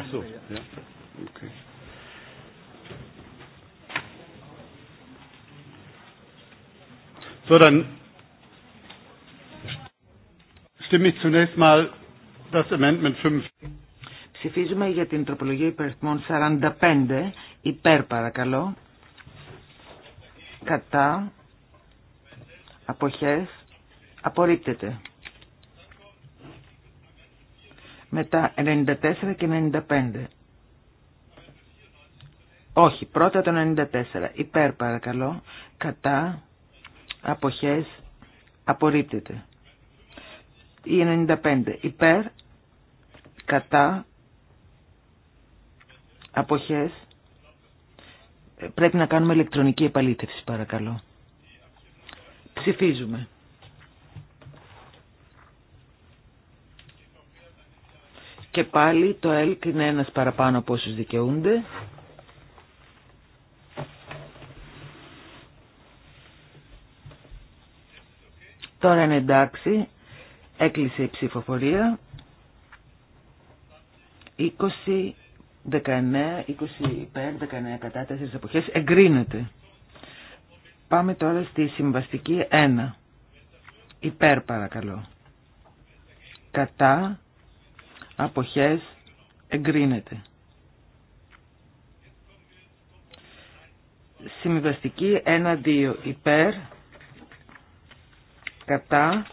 Ach so, ja. Okay. So, dann stimme ich zunächst mal das Amendment 5. Ψηφίζουμε για την τροπολογία υπαριθμών 45, υπέρ παρακαλώ, κατά, αποχές, απορρίπτεται μετά 94 και 95. Όχι, πρώτα το 94. Υπέρ παρακαλώ, κατά, αποχές, απορρίπτεται. Η 95. Υπέρ, κατά, αποχές, ε, πρέπει να κάνουμε ηλεκτρονική επαλήθευση παρακαλώ. Ψηφίζουμε. Και πάλι το ΕΛΚ είναι ένας παραπάνω από όσους δικαιούνται. Τώρα είναι εντάξει. Έκλεισε η ψηφοφορία. 20 19, 25, 19 κατά, τέσσερις εποχές, εγκρίνεται. Πάμε τώρα στη συμβαστική 1. Υπέρ παρακαλώ. Κατά, αποχές εγκρίνεται. Συμβαστική 1-2 υπέρ, κατά,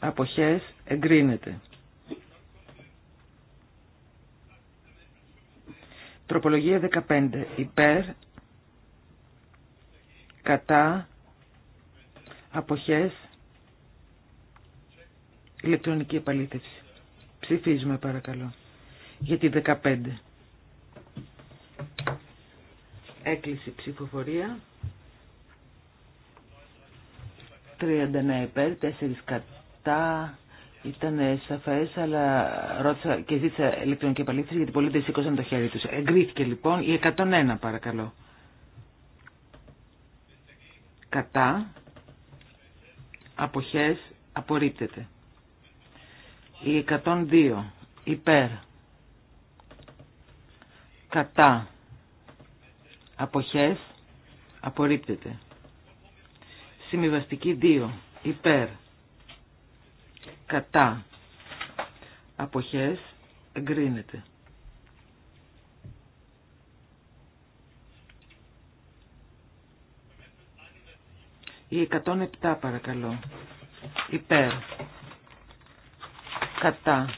αποχές εγκρίνεται. Τροπολογία 15 υπέρ, κατά, αποχές, ηλεκτρονική επαλήθευση. Ψηφίζουμε παρακαλώ. Για τη 15. Έκλεισε ψηφοφορία. 39 υπέρ, 4 κατά. Ήταν σαφέ, αλλά ρώτησα και ζήτησα ηλεκτρονική επαλήθευση γιατί πολλοί δεν σήκωσαν το χέρι του. Εγκρίθηκε λοιπόν η 101 παρακαλώ. Κατά. Αποχές απορρίπτεται. Η 102 υπέρ κατά αποχές απορρίπτεται. Συμβιβαστική 2 υπέρ κατά αποχές εγκρίνεται. Η 107 παρακαλώ. Υπέρ κατά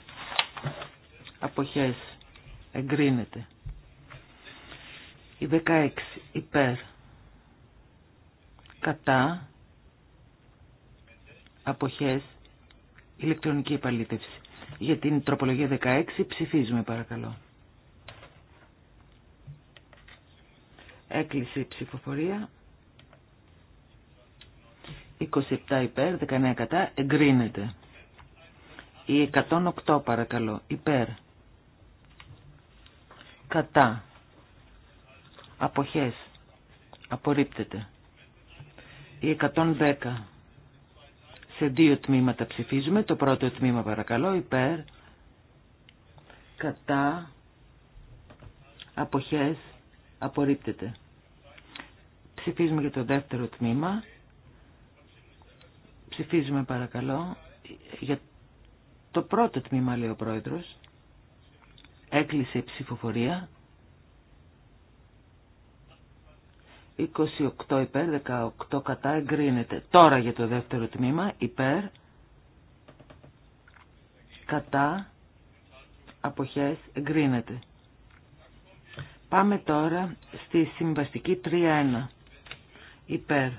αποχές εγκρίνεται η 16 υπέρ κατά αποχές ηλεκτρονική επαλήθευση για την τροπολογία 16 ψηφίζουμε παρακαλώ έκλεισε η ψηφοφορία 27 υπέρ 19 κατά εγκρίνεται η 108 παρακαλώ. Υπέρ. Κατά. Αποχές. Απορρίπτεται. Η 110. Σε δύο τμήματα ψηφίζουμε. Το πρώτο τμήμα παρακαλώ. Υπέρ. Κατά. Αποχές. Απορρίπτεται. Ψηφίζουμε για το δεύτερο τμήμα. Ψηφίζουμε παρακαλώ για το πρώτο τμήμα, λέει ο πρόεδρος, έκλεισε η ψηφοφορία. 28 υπέρ, 18 κατά εγκρίνεται. Τώρα για το δεύτερο τμήμα, υπέρ, κατά, αποχές, εγκρίνεται. Πάμε τώρα στη συμβαστική 3-1. Υπέρ.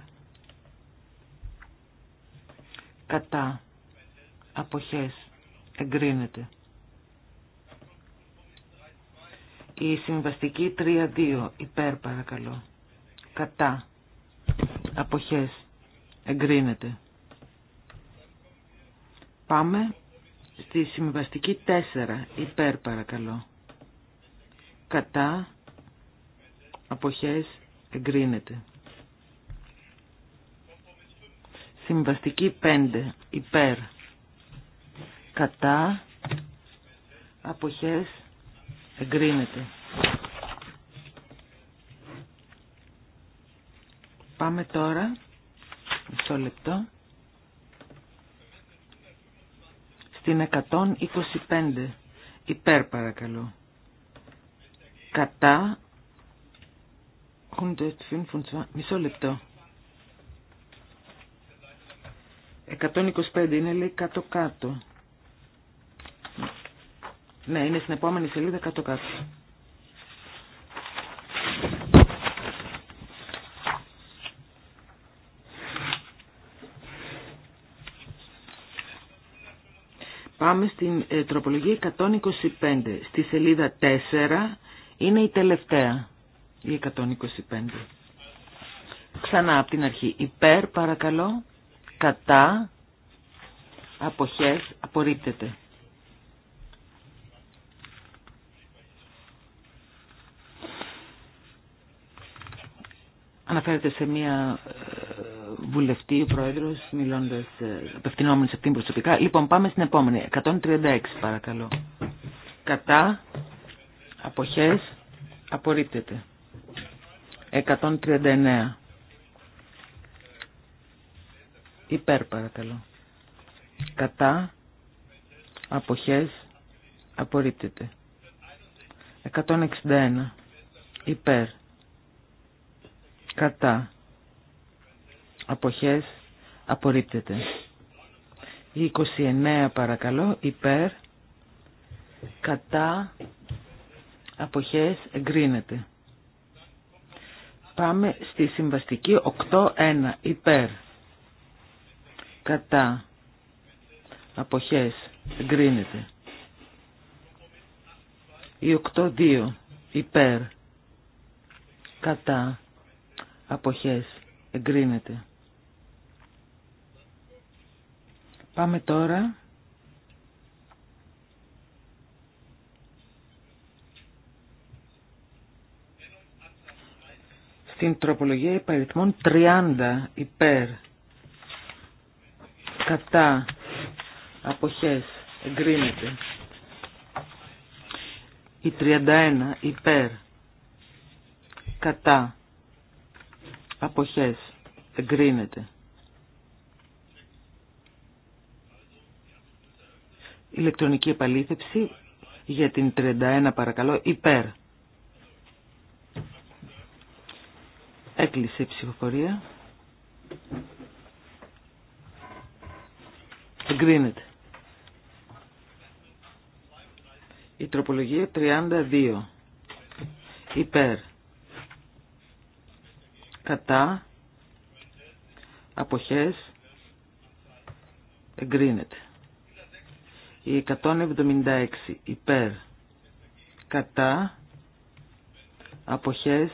Κατά. Αποχές εγκρίνεται. Η συμβαστική 3-2 υπέρ παρακαλώ. Κατά. Αποχές. Εγκρίνεται. Πάμε στη συμβαστική 4 υπέρ παρακαλώ. Κατά. Αποχές. Εγκρίνεται. Συμβαστική 5 υπέρ κατά αποχές εγκρίνεται. Πάμε τώρα, μισό λεπτό, στην 125, υπέρ παρακαλώ. Κατά, μισό λεπτό. 125 είναι λέει κάτω-κάτω. Ναι, είναι στην επόμενη σελίδα κάτω κάτω. Πάμε στην ε, τροπολογία 125. Στη σελίδα 4 είναι η τελευταία, η 125. Ξανά από την αρχή. Υπέρ, παρακαλώ, κατά, αποχές, απορρίπτεται. Αναφέρεται σε μία ε, βουλευτή, πρόεδρος, μιλώντας, ε, απευθυνόμενη σε αυτήν προσωπικά. Λοιπόν, πάμε στην επόμενη. 136 παρακαλώ. Κατά, αποχές, απορρίπτεται. 139. Υπέρ παρακαλώ. Κατά, αποχές, απορρίπτεται. 161. Υπέρ κατά αποχές απορρίπτεται. Η 29 παρακαλώ υπέρ κατά αποχές εγκρίνεται. Πάμε στη συμβαστική 8-1 υπέρ κατά αποχές εγκρίνεται. Η 8-2 υπέρ κατά αποχές εγκρίνεται. Πάμε τώρα στην τροπολογία υπαριθμών 30 υπέρ κατά αποχές εγκρίνεται. Η 31 υπέρ κατά αποχές εγκρίνεται. Ηλεκτρονική επαλήθευση για την 31 παρακαλώ υπέρ. Έκλεισε η ψηφοφορία. Εγκρίνεται. Η τροπολογία 32. Υπέρ κατά αποχές εγκρίνεται. Η 176 υπέρ κατά αποχές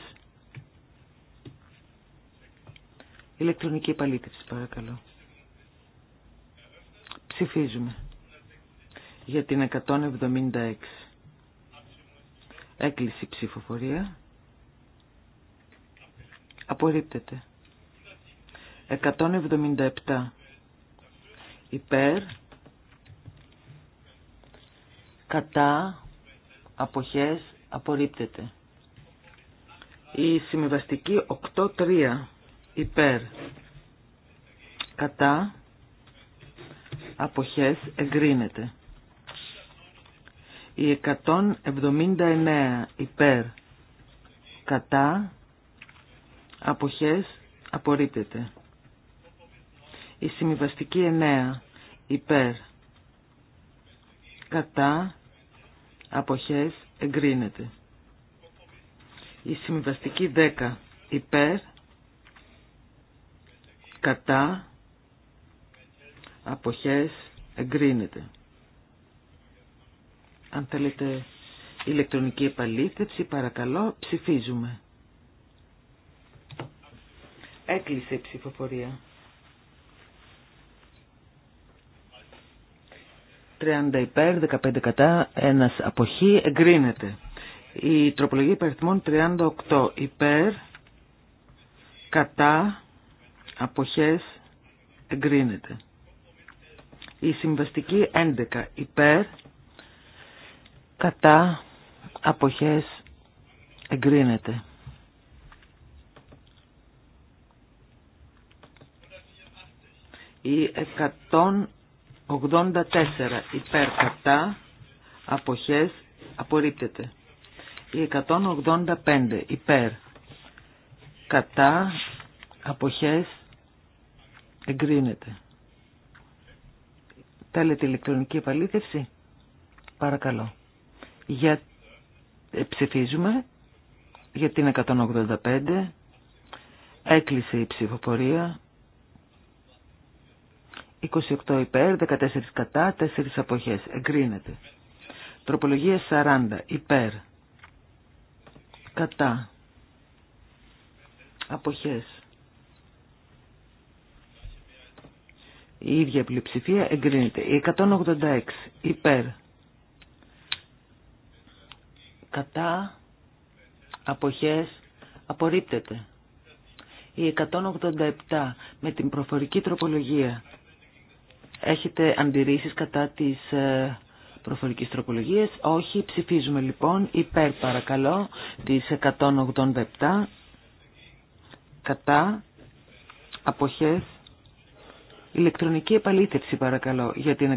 ηλεκτρονική επαλήθευση παρακαλώ. Ψηφίζουμε για την 176. έκλειση ψηφοφορία. Απορρίπτεται. 177 υπέρ κατά αποχές απορρίπτεται. Η συμβαστικη 8 8-3 υπέρ κατά αποχές εγκρίνεται. Η 179 υπέρ κατά αποχές απορρίπτεται. Η συμβιβαστική 9 υπέρ κατά αποχές εγκρίνεται. Η συμβιβαστική 10 υπέρ κατά αποχές εγκρίνεται. Αν θέλετε ηλεκτρονική επαλήθευση παρακαλώ ψηφίζουμε. Έκλεισε η ψηφοφορία. 30 υπέρ, 15 κατά, ένας αποχή, εγκρίνεται. Η τροπολογία υπεριθμών 38 υπέρ, κατά, αποχές, εγκρίνεται. Η συμβαστική 11 υπέρ, κατά, αποχές, εγκρίνεται. ή 184 υπέρ κατά αποχές απορρίπτεται. Η 185 υπέρ κατά αποχές εγκρίνεται. Θέλετε ηλεκτρονική επαλήθευση. Παρακαλώ. Για... Ε, ψηφίζουμε για την 185. Έκλεισε η ψηφοφορία. 28 υπέρ, 14 κατά, 4 αποχές. Εγκρίνεται. Τροπολογία 40 υπέρ, κατά, αποχές. Η ίδια πλειοψηφία εγκρίνεται. Η 186 υπέρ, κατά, αποχές, απορρίπτεται. Η 187 με την προφορική τροπολογία Έχετε αντιρρήσεις κατά της ε, προφορικής τροπολογίας. Όχι, ψηφίζουμε λοιπόν υπέρ παρακαλώ της 187 κατά αποχές ηλεκτρονική επαλήθευση παρακαλώ για την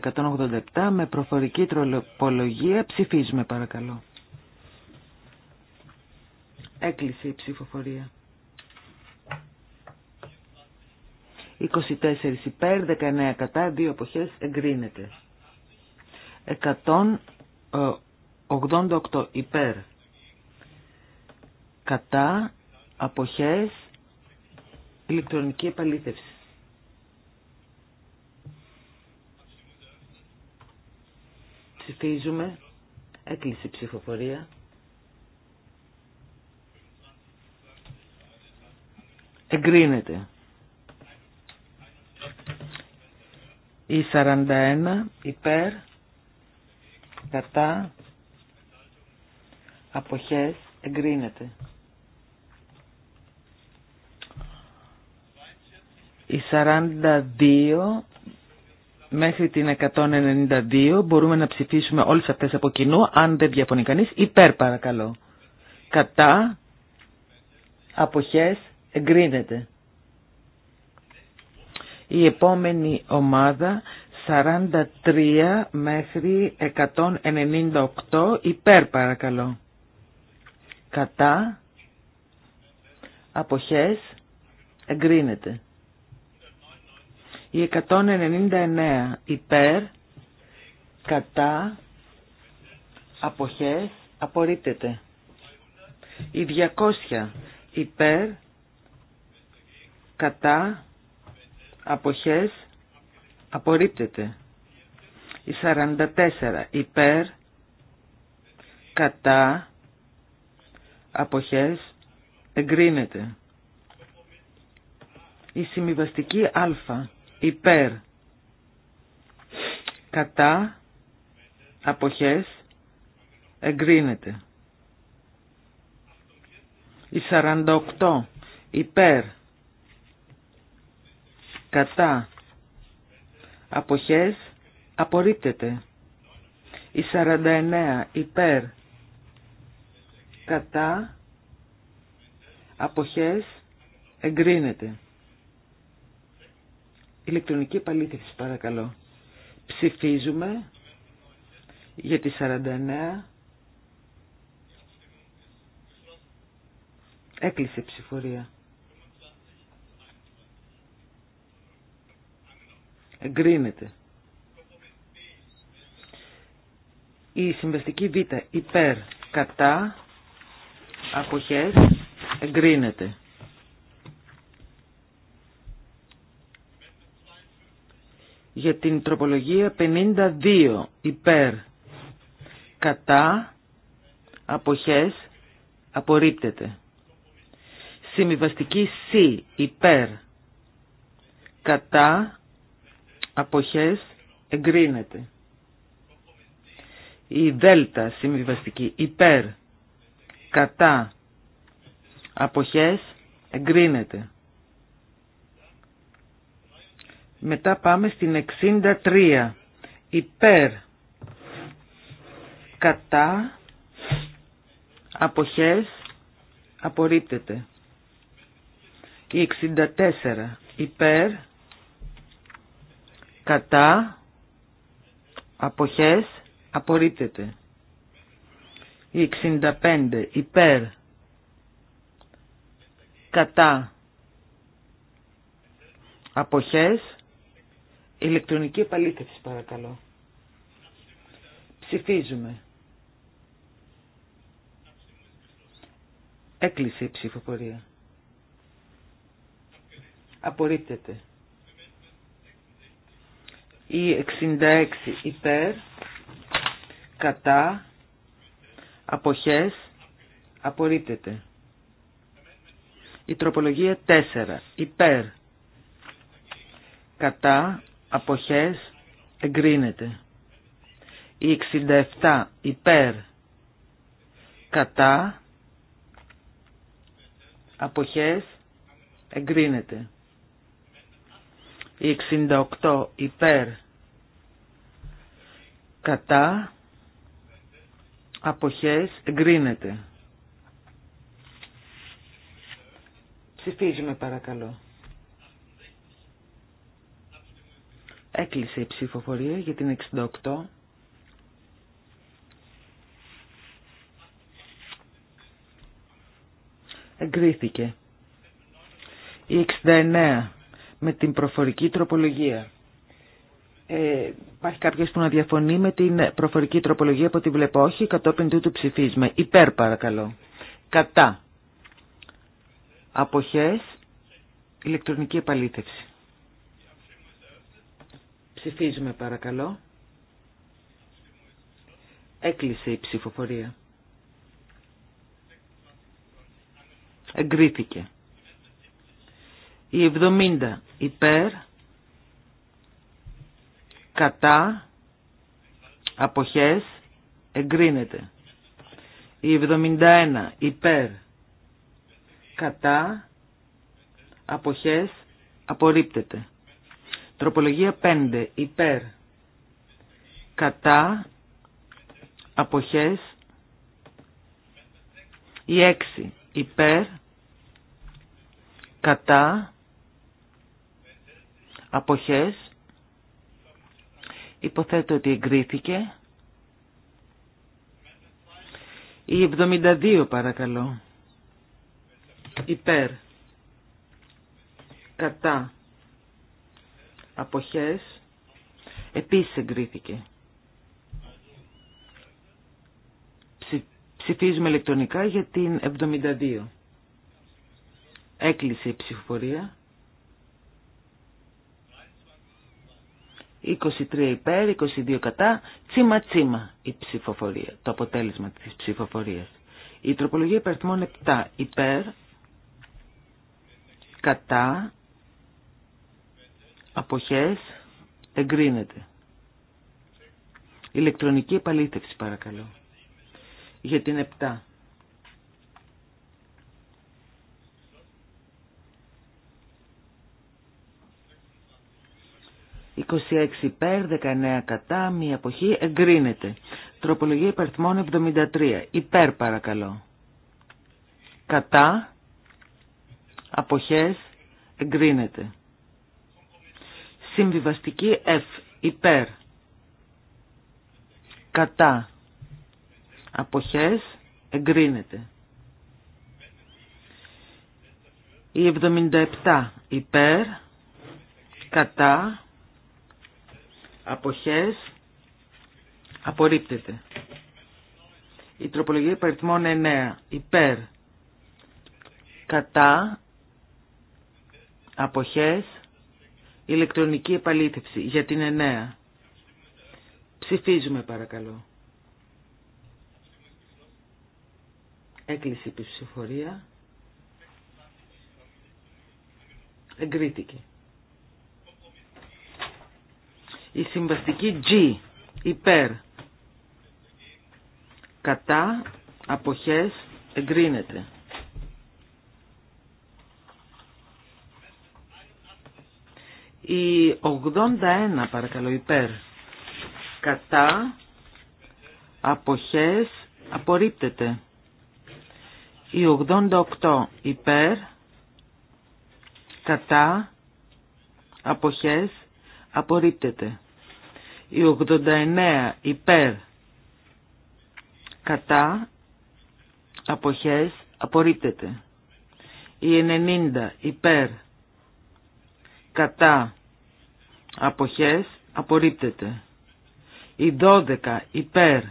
187 με προφορική τροπολογία ψηφίζουμε παρακαλώ. Έκλεισε η ψηφοφορία. 24 υπέρ, 19 κατά, 2 εποχές εγκρίνεται. 188 ε, υπέρ, κατά, αποχές, ηλεκτρονική επαλήθευση. Ψηφίζουμε. Έκλεισε η ψηφοφορία. εγκρίνεται. Η 41 υπέρ κατά αποχές εγκρίνεται. Η 42 μέχρι την 192 μπορούμε να ψηφίσουμε όλες αυτές από κοινού αν δεν διαφωνεί κανείς υπέρ παρακαλώ. Κατά αποχές εγκρίνεται. Η επόμενη ομάδα 43 μέχρι 198 υπέρ παρακαλώ. Κατά αποχές εγκρίνεται. Η 199 υπέρ κατά αποχές απορρίπτεται. Η 200 υπέρ κατά αποχές απορρίπτεται. Η 44 υπέρ κατά αποχές εγκρίνεται. Η συμβιβαστική α υπέρ κατά αποχές εγκρίνεται. Η 48 υπέρ κατά αποχές απορρίπτεται. Η 49 υπέρ κατά αποχές εγκρίνεται. Ηλεκτρονική παλήθευση παρακαλώ. Ψηφίζουμε για τη 49. Έκλεισε ψηφορία. εγκρίνεται. Η συμβαστική β υπέρ κατά αποχές εγκρίνεται. Για την τροπολογία 52 υπέρ κατά αποχές απορρίπτεται. Συμβαστική C υπέρ κατά αποχές εγκρίνεται. Η δέλτα συμβιβαστική υπέρ κατά αποχές εγκρίνεται. Μετά πάμε στην 63 υπέρ κατά αποχές απορρίπτεται. Η 64 υπέρ κατά, αποχές, απορρίπτεται. 65 υπέρ, κατά, αποχές, ηλεκτρονική επαλήθευση παρακαλώ. Ψηφίζουμε. Έκλεισε η ψηφοφορία. Απορρίπτεται ή 66 υπέρ, κατά, αποχές, απορρίπτεται. Η τροπολογία 4 υπέρ, κατά, αποχές, εγκρίνεται. Η 67 υπέρ, κατά, αποχές, εγκρίνεται. Η 68 υπέρ κατά αποχές εγκρίνεται. Ψηφίζουμε παρακαλώ. Έκλεισε η ψηφοφορία για την 68. Εγκρίθηκε. Η 69 με την προφορική τροπολογία. Ε, υπάρχει κάποιο που να διαφωνεί με την προφορική τροπολογία από τη βλέπω όχι κατόπιν τούτου ψηφίζουμε. Υπέρ παρακαλώ. Κατά. Αποχές. Ηλεκτρονική επαλήθευση. Ψηφίζουμε παρακαλώ. Έκλεισε η ψηφοφορία. Εγκρίθηκε. Η 70 υπέρ, κατά, αποχές, εγκρίνεται. Η 71 υπέρ, κατά, αποχές, απορρίπτεται. Τροπολογία 5 υπέρ, κατά, αποχές, η 6 υπέρ, κατά, αποχές υποθέτω ότι εγκρίθηκε η 72 παρακαλώ υπέρ κατά αποχές επίσης εγκρίθηκε ψηφίζουμε ηλεκτρονικά για την 72 έκλεισε η ψηφοφορία 23 υπέρ, 22 κατά, τσίμα τσίμα η ψηφοφορία, το αποτέλεσμα της ψηφοφορίας. Η τροπολογία υπερθμών 7 υπέρ, κατά, αποχές, εγκρίνεται. Ηλεκτρονική επαλήθευση παρακαλώ. Για την 7. 26 υπέρ, 19 κατά, μία αποχή, εγκρίνεται. Τροπολογία υπαριθμών 73. Υπέρ παρακαλώ. Κατά, αποχές, εγκρίνεται. Συμβιβαστική F. Υπέρ. Κατά. Αποχές, εγκρίνεται. Η 77 υπέρ, κατά, αποχές απορρίπτεται. Η τροπολογία υπαριθμών 9 υπέρ κατά αποχές ηλεκτρονική επαλήθευση για την 9. Ψηφίζουμε παρακαλώ. Έκλεισε η ψηφοφορία. Εγκρίθηκε. Η συμβαστική G υπέρ κατά αποχές εγκρίνεται. Η 81 παρακαλώ υπέρ κατά αποχές απορρίπτεται. Η 88 υπέρ κατά αποχές απορρίπτεται. Η 89 υπέρ κατά αποχές απορρίπτεται. Η 90 υπέρ κατά αποχές απορρίπτεται. Η 12 υπέρ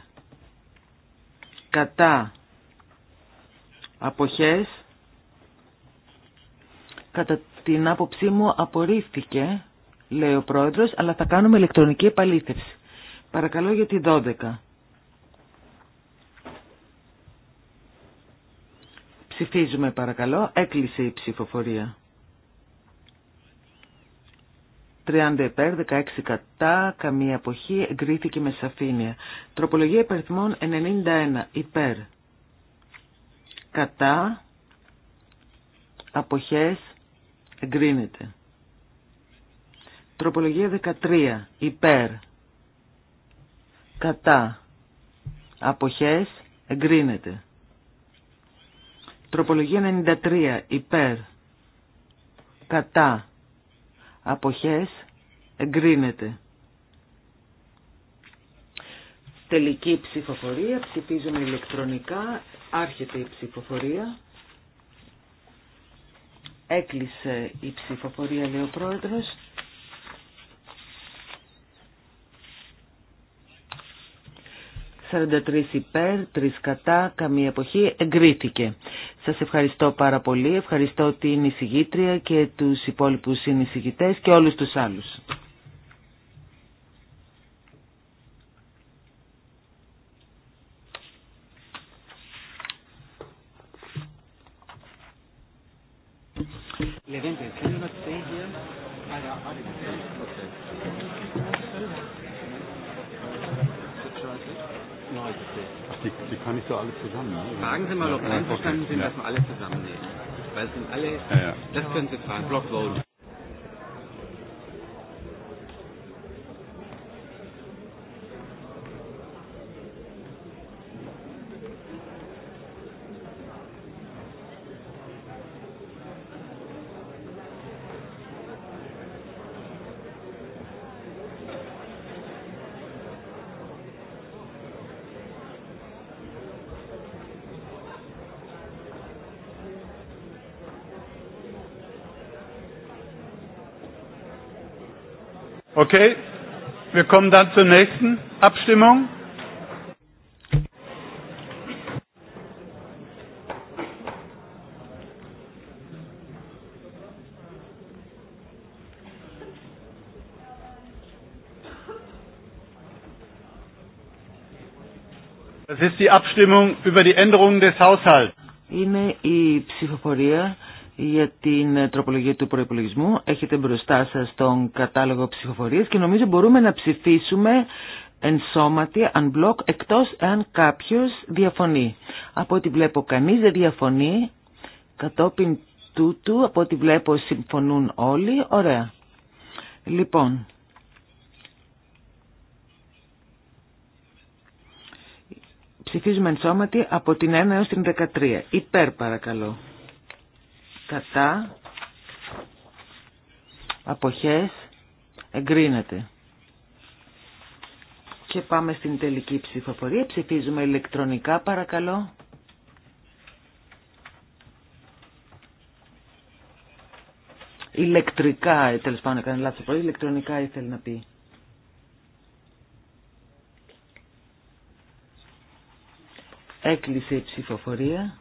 κατά αποχές κατά την άποψή μου απορρίφθηκε λέει ο πρόεδρος, αλλά θα κάνουμε ηλεκτρονική επαλήθευση. Παρακαλώ για τη 12. Ψηφίζουμε παρακαλώ. Έκλεισε η ψηφοφορία. 30 υπέρ, 16 κατά, καμία αποχή, εγκρίθηκε με σαφήνεια. Τροπολογία υπερθμών 91 υπέρ. Κατά, αποχές, εγκρίνεται. Τροπολογία 13. Υπέρ. Κατά. Αποχές. Εγκρίνεται. Τροπολογία 93. Υπέρ. Κατά. Αποχές. Εγκρίνεται. Τελική ψηφοφορία. Ψηφίζουμε ηλεκτρονικά. Άρχεται η ψηφοφορία. Έκλεισε η ψηφοφορία, λέει ο πρόεδρος. 43 υπέρ, 3 κατά, καμία εποχή, εγκρίθηκε. Σας ευχαριστώ πάρα πολύ, ευχαριστώ την εισηγήτρια και τους υπόλοιπους συνεισηγητές και όλους τους άλλους. Alle, das können Sie Okay, wir kommen dann zur nächsten Abstimmung. Das ist die Abstimmung über die Änderungen des Haushalts. η για την τροπολογία του προϋπολογισμού. Έχετε μπροστά σας τον κατάλογο ψηφοφορίας και νομίζω μπορούμε να ψηφίσουμε ενσώματι, unblock, εκτός εάν κάποιος διαφωνεί. Από ό,τι βλέπω κανείς δεν διαφωνεί, κατόπιν τούτου, από ό,τι βλέπω συμφωνούν όλοι, ωραία. Λοιπόν, ψηφίζουμε σώματι από την 1 έως την 13. Υπέρ παρακαλώ κατά αποχές εγκρίνεται. Και πάμε στην τελική ψηφοφορία. Ψηφίζουμε ηλεκτρονικά παρακαλώ. Ηλεκτρικά, ε, τέλος πάνω, έκανε λάθος πολύ, ηλεκτρονικά ήθελε να πει. Έκλεισε η ψηφοφορία.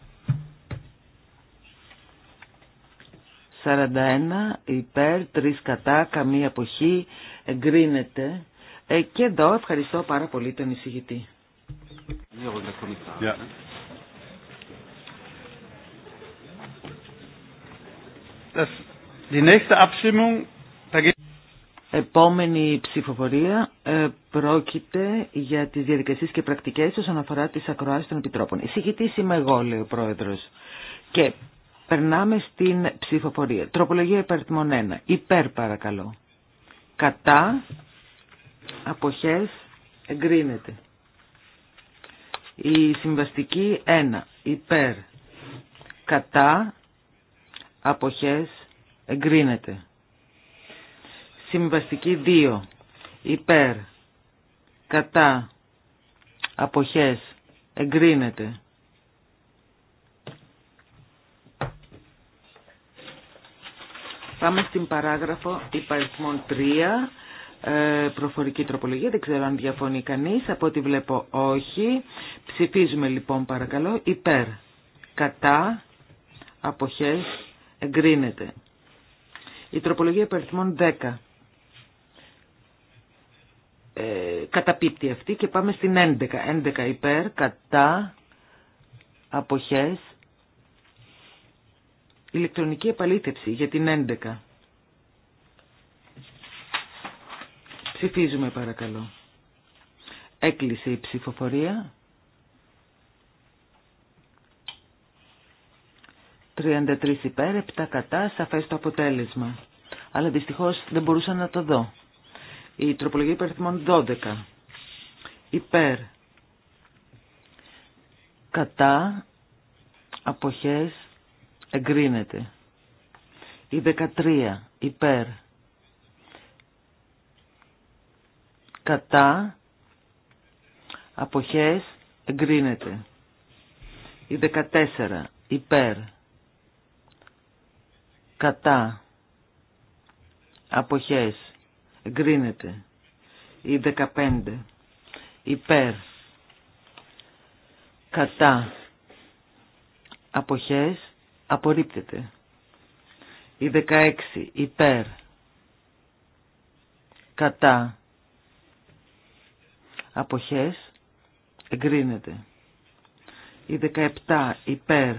41 υπέρ, 3 κατά, καμία αποχή, εγκρίνεται. Ε, και εδώ ευχαριστώ πάρα πολύ τον εισηγητή. Επόμενη ψηφοφορία ε, πρόκειται για τις διαδικασίες και πρακτικές όσον αφορά τις ακροάσεις των επιτρόπων. Εισηγητής είμαι εγώ, λέει ο Πρόεδρος. Και Περνάμε στην ψηφοφορία. Τροπολογία υπερτιμών 1. Υπέρ παρακαλώ. Κατά αποχές εγκρίνεται. Η συμβαστική 1. Υπέρ. Κατά αποχές εγκρίνεται. Συμβαστική 2. Υπέρ. Κατά αποχές εγκρίνεται. Πάμε στην παράγραφο υπαριθμών 3 ε, προφορική τροπολογία, δεν ξέρω αν διαφωνεί κανείς, από ό,τι βλέπω όχι. Ψηφίζουμε λοιπόν παρακαλώ υπέρ, κατά, αποχές, εγκρίνεται. Η τροπολογία υπαριθμών 10. Ε, καταπίπτει αυτή και πάμε στην 11. 11 υπέρ, κατά, αποχές, ηλεκτρονική επαλήθευση για την 11. Ψηφίζουμε παρακαλώ. Έκλεισε η ψηφοφορία. 33 υπέρ, 7 κατά, σαφές το αποτέλεσμα. Αλλά δυστυχώς δεν μπορούσα να το δω. Η τροπολογία υπερθυμών 12. Υπέρ. Κατά. Αποχές εγκρίνεται. Η 13 υπέρ κατά αποχές εγκρίνεται. Η 14 υπέρ κατά αποχές εγκρίνεται. Η 15 υπέρ κατά αποχές απορρίπτεται. Η 16 υπέρ κατά αποχές εγκρίνεται. Η 17 υπέρ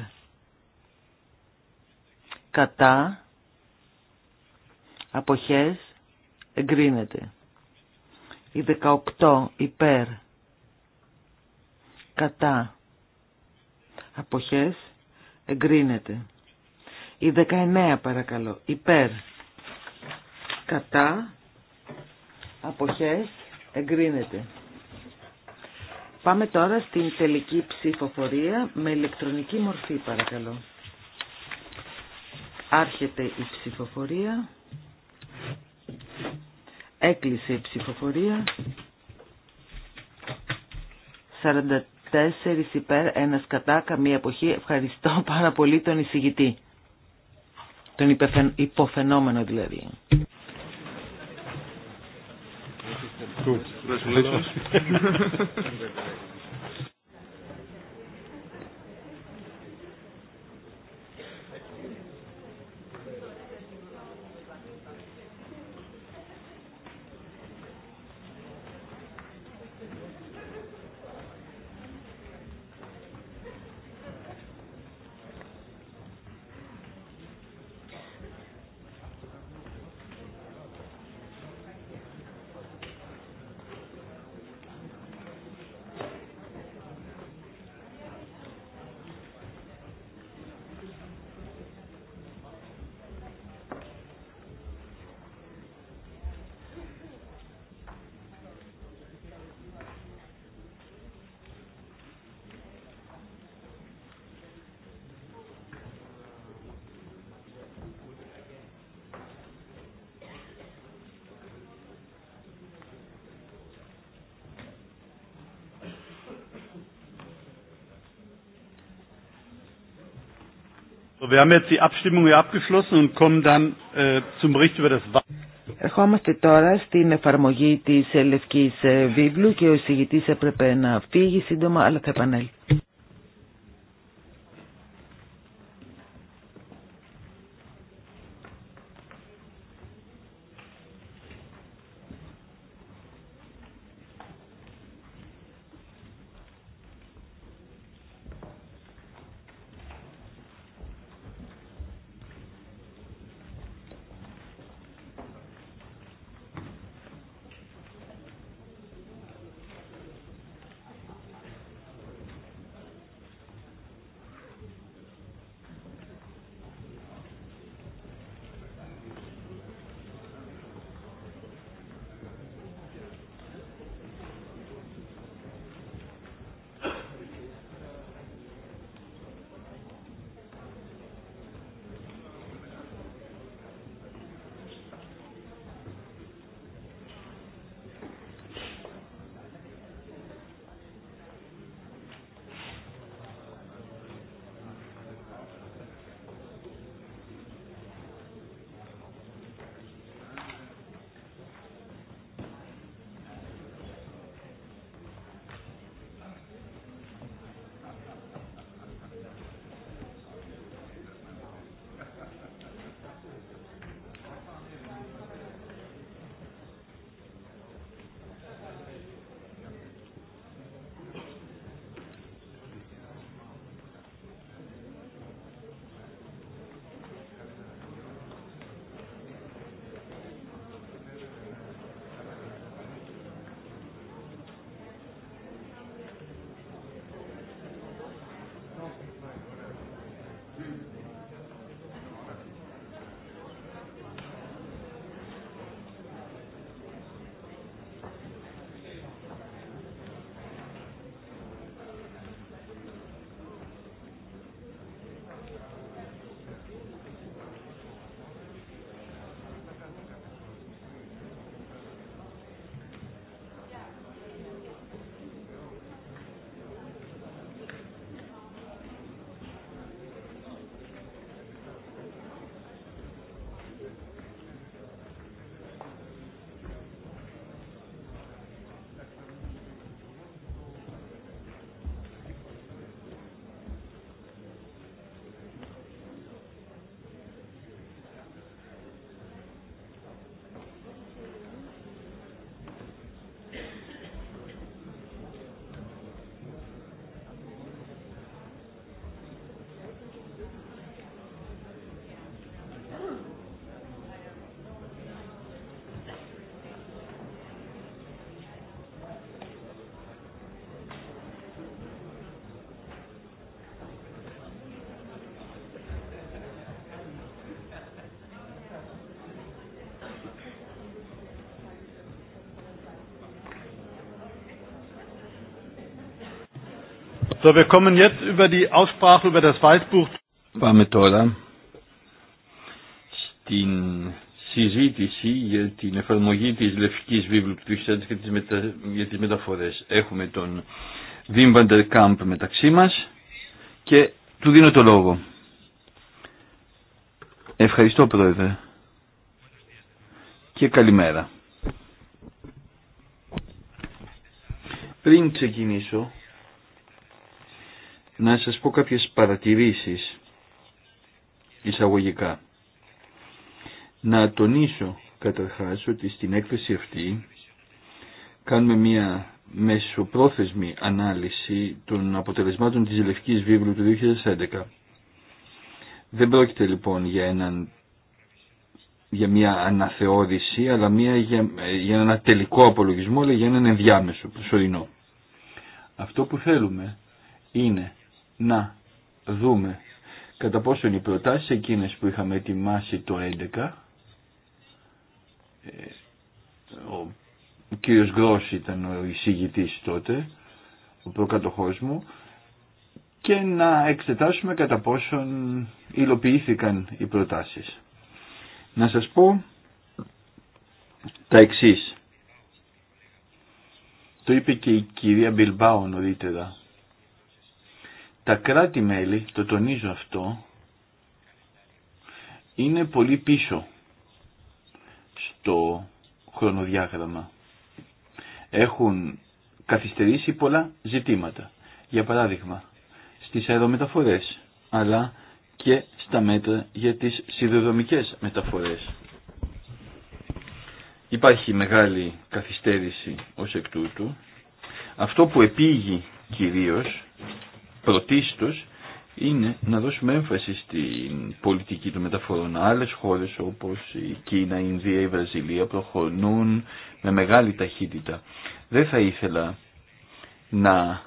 κατά αποχές εγκρίνεται. Η 18 υπέρ κατά αποχές εγκρίνεται. Η 19 παρακαλώ, υπέρ, κατά, αποχές, εγκρίνεται. Πάμε τώρα στην τελική ψηφοφορία με ηλεκτρονική μορφή παρακαλώ. Άρχεται η ψηφοφορία. Έκλεισε η ψηφοφορία. Τέσσερις υπέρ, ένας κατά, καμία εποχή. Ευχαριστώ πάρα πολύ τον εισηγητή. Τον υποφαινόμενο δηλαδή. Ερχόμαστε τώρα στην εφαρμογή της Λευκής ε, Βίβλου και ο εισηγητής έπρεπε να φύγει σύντομα αλλά θα επανέλθει. So, Πάμε τώρα στην συζήτηση για την εφαρμογή της Λευκής Βίβλου του και για τις μεταφορές. Έχουμε τον Βιμ Καμπ μεταξύ μας και του δίνω το λόγο. Ευχαριστώ Πρόεδρε και καλημέρα. Πριν ξεκινήσω να σας πω κάποιες παρατηρήσεις εισαγωγικά. Να τονίσω καταρχάς ότι στην έκθεση αυτή κάνουμε μια μεσοπρόθεσμη ανάλυση των αποτελεσμάτων της Λευκής Βίβλου του 2011. Δεν πρόκειται λοιπόν για, έναν, για μια αναθεώρηση, αλλά μια, για, για ένα τελικό απολογισμό, αλλά για έναν ενδιάμεσο, προσωρινό. Αυτό που θέλουμε είναι να δούμε κατά πόσον οι προτάσεις εκείνες που είχαμε ετοιμάσει το 11 ε, ο κύριος Γκρός ήταν ο εισηγητής τότε ο προκατοχός μου και να εξετάσουμε κατά πόσον υλοποιήθηκαν οι προτάσεις. Να σας πω τα εξής. Το είπε και η κυρία Μπιλμπάου νωρίτερα τα κράτη-μέλη, το τονίζω αυτό, είναι πολύ πίσω στο χρονοδιάγραμμα. Έχουν καθυστερήσει πολλά ζητήματα. Για παράδειγμα, στις αερομεταφορές, αλλά και στα μέτρα για τις σιδηροδρομικές μεταφορές. Υπάρχει μεγάλη καθυστέρηση ως εκ τούτου. Αυτό που επήγει κυρίως πρωτίστως είναι να δώσουμε έμφαση στην πολιτική των μεταφορών. Άλλες χώρες όπως η Κίνα, η Ινδία, η Βραζιλία προχωρούν με μεγάλη ταχύτητα. Δεν θα ήθελα να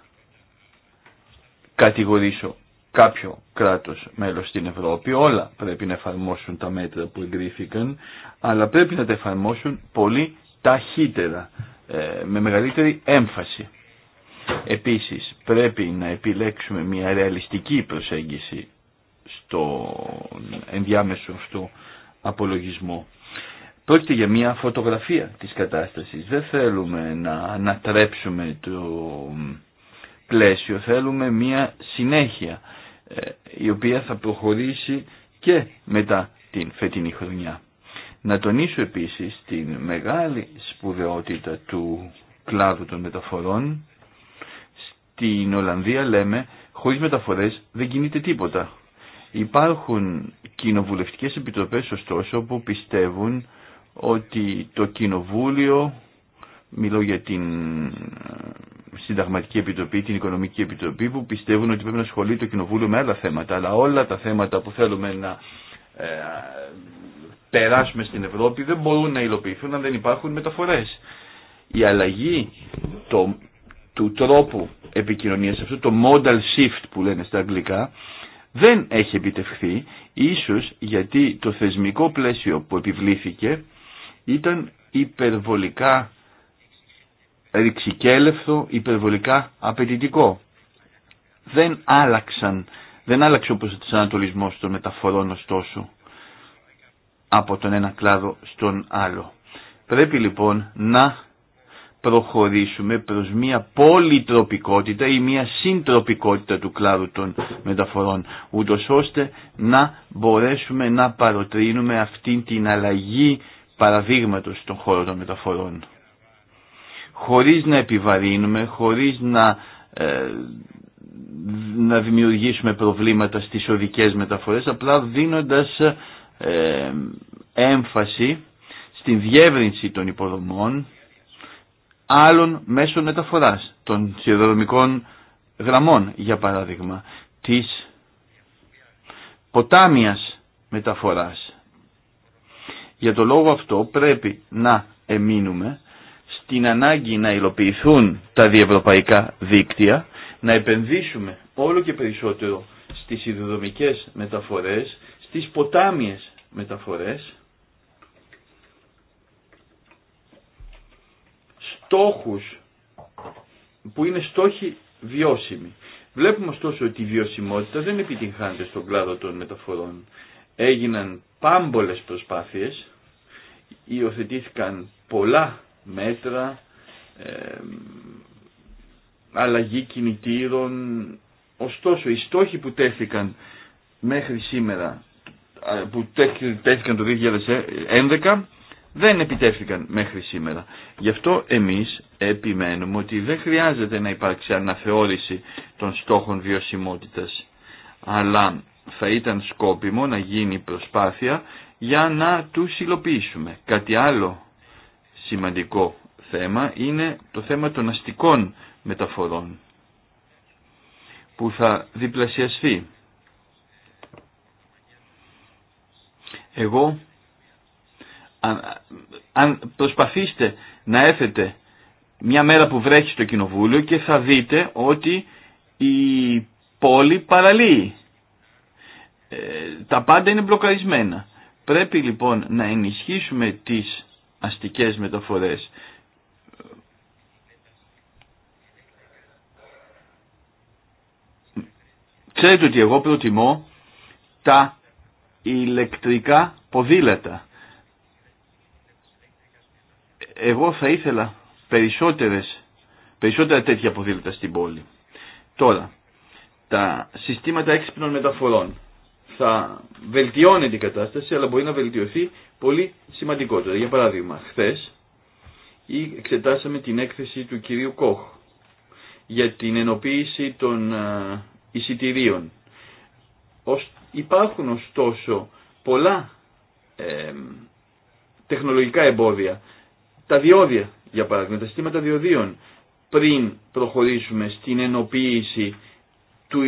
κατηγορήσω κάποιο κράτος μέλος στην Ευρώπη. Όλα πρέπει να εφαρμόσουν τα μέτρα που εγκρίθηκαν, αλλά πρέπει να τα εφαρμόσουν πολύ ταχύτερα, ε, με μεγαλύτερη έμφαση. Επίσης, πρέπει να επιλέξουμε μια ρεαλιστική προσέγγιση στον ενδιάμεσο αυτό απολογισμό. Πρόκειται για μια φωτογραφία της κατάστασης. Δεν θέλουμε να ανατρέψουμε το πλαίσιο, θέλουμε μια συνέχεια ε, η οποία θα προχωρήσει και μετά την φετινή χρονιά. Να τονίσω επίσης την μεγάλη σπουδαιότητα του κλάδου των μεταφορών στην Ολλανδία λέμε χωρίς μεταφορές δεν κινείται τίποτα. Υπάρχουν κοινοβουλευτικές επιτροπές ωστόσο που πιστεύουν ότι το κοινοβούλιο, μιλώ για την ε, συνταγματική επιτροπή, την οικονομική επιτροπή που πιστεύουν ότι πρέπει να ασχολεί το κοινοβούλιο με άλλα θέματα, αλλά όλα τα θέματα που θέλουμε να ε, περάσουμε στην Ευρώπη δεν μπορούν να υλοποιηθούν αν δεν υπάρχουν μεταφορές. Η αλλαγή το, του τρόπου επικοινωνίας, αυτό το modal shift που λένε στα αγγλικά, δεν έχει επιτευχθεί, ίσως γιατί το θεσμικό πλαίσιο που επιβλήθηκε ήταν υπερβολικά ρηξικέλευθο, υπερβολικά απαιτητικό. Δεν άλλαξαν, δεν άλλαξε ο ανατολισμός των μεταφορών ωστόσο από τον ένα κλάδο στον άλλο. Πρέπει λοιπόν να προχωρήσουμε προς μια πολυτροπικότητα ή μια συντροπικότητα του κλάδου των μεταφορών, ούτω ώστε να μπορέσουμε να παροτρύνουμε αυτή την αλλαγή παραδείγματος στον χώρο των μεταφορών. Χωρίς να επιβαρύνουμε, χωρίς να, ε, να δημιουργήσουμε προβλήματα στις οδικές μεταφορές, απλά δίνοντας ε, έμφαση στην διεύρυνση των υποδομών, άλλων μέσων μεταφοράς, των σιδεροδρομικών γραμμών για παράδειγμα, της ποτάμιας μεταφοράς. Για το λόγο αυτό πρέπει να εμείνουμε στην ανάγκη να υλοποιηθούν τα διευρωπαϊκά δίκτυα, να επενδύσουμε όλο και περισσότερο στις σιδεροδρομικές μεταφορές, στις ποτάμιες μεταφορές, στόχους που είναι στόχοι βιώσιμοι. Βλέπουμε ωστόσο ότι η βιωσιμότητα δεν επιτυγχάνεται στον κλάδο των μεταφορών. Έγιναν πάμπολες προσπάθειες, υιοθετήθηκαν πολλά μέτρα, αλλαγή κινητήρων. Ωστόσο, οι στόχοι που τέθηκαν μέχρι σήμερα, που τέθηκαν το 2011, δεν επιτεύχθηκαν μέχρι σήμερα. Γι' αυτό εμείς επιμένουμε ότι δεν χρειάζεται να υπάρξει αναθεώρηση των στόχων βιωσιμότητας, αλλά θα ήταν σκόπιμο να γίνει προσπάθεια για να τους υλοποιήσουμε. Κάτι άλλο σημαντικό θέμα είναι το θέμα των αστικών μεταφορών που θα διπλασιαστεί. Εγώ αν προσπαθήσετε να έρθετε μια μέρα που βρέχει στο κοινοβούλιο και θα δείτε ότι η πόλη παραλύει. Ε, τα πάντα είναι μπλοκαρισμένα. Πρέπει λοιπόν να ενισχύσουμε τις αστικές μεταφορές. Ξέρετε ότι εγώ προτιμώ τα ηλεκτρικά ποδήλατα εγώ θα ήθελα περισσότερες, περισσότερα τέτοια ποδήλατα στην πόλη. Τώρα, τα συστήματα έξυπνων μεταφορών θα βελτιώνει την κατάσταση, αλλά μπορεί να βελτιωθεί πολύ σημαντικότερα. Για παράδειγμα, χθε. εξετάσαμε την έκθεση του κυρίου Κόχ για την ενοποίηση των ε, εισιτηρίων. Υπάρχουν ωστόσο πολλά ε, τεχνολογικά εμπόδια τα διόδια, για παράδειγμα, τα συστήματα διοδίων, πριν προχωρήσουμε στην ενοποίηση του,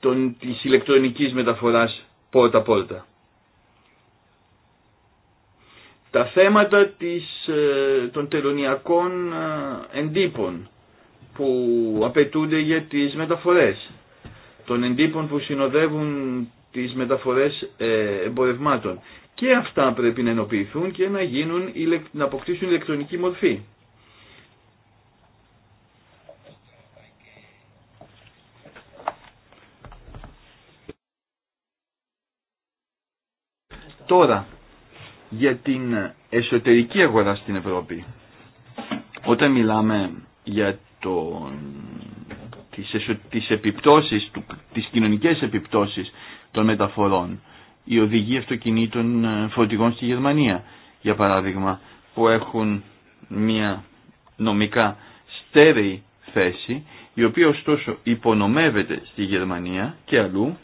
των, της ηλεκτρονικής μεταφοράς πόρτα-πόρτα. Τα θέματα της, ε, των τελωνιακών ε, εντύπων που απαιτούνται για τις μεταφορές, των εντύπων που συνοδεύουν τις μεταφορές ε, εμπορευμάτων και αυτά πρέπει να ενοποιηθούν και να, γίνουν, να αποκτήσουν ηλεκτρονική μορφή. Τώρα, για την εσωτερική αγορά στην Ευρώπη, όταν μιλάμε για το, τις, τις επιπτώσεις, τις κοινωνικές επιπτώσεις των μεταφορών, οι οδηγοί αυτοκινήτων ε, φορτηγών στη Γερμανία, για παράδειγμα, που έχουν μια νομικά στέρεη θέση, η οποία ωστόσο υπονομεύεται στη Γερμανία και αλλού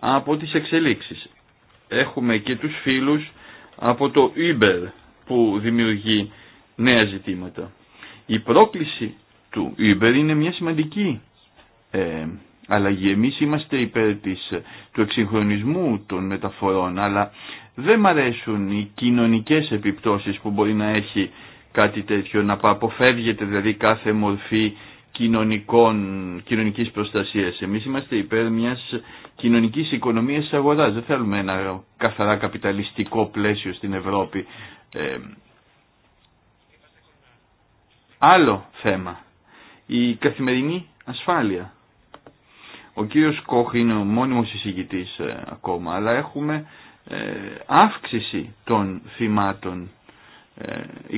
από τις εξελίξεις. Έχουμε και τους φίλους από το Uber που δημιουργεί νέα ζητήματα. Η πρόκληση του Uber είναι μια σημαντική ε, αλλά Εμείς είμαστε υπέρ του εξυγχρονισμού των μεταφορών, αλλά δεν μ' αρέσουν οι κοινωνικές επιπτώσεις που μπορεί να έχει κάτι τέτοιο, να αποφεύγεται δηλαδή κάθε μορφή κοινωνικών, κοινωνικής προστασίας. Εμείς είμαστε υπέρ μιας κοινωνικής οικονομίας αγοράς. Δεν θέλουμε ένα καθαρά καπιταλιστικό πλαίσιο στην Ευρώπη. Ε, άλλο θέμα. Η καθημερινή ασφάλεια. Ο κύριος Κόχ είναι ο μόνιμος εισηγητής ε, ακόμα, αλλά έχουμε ε, αύξηση των θυμάτων.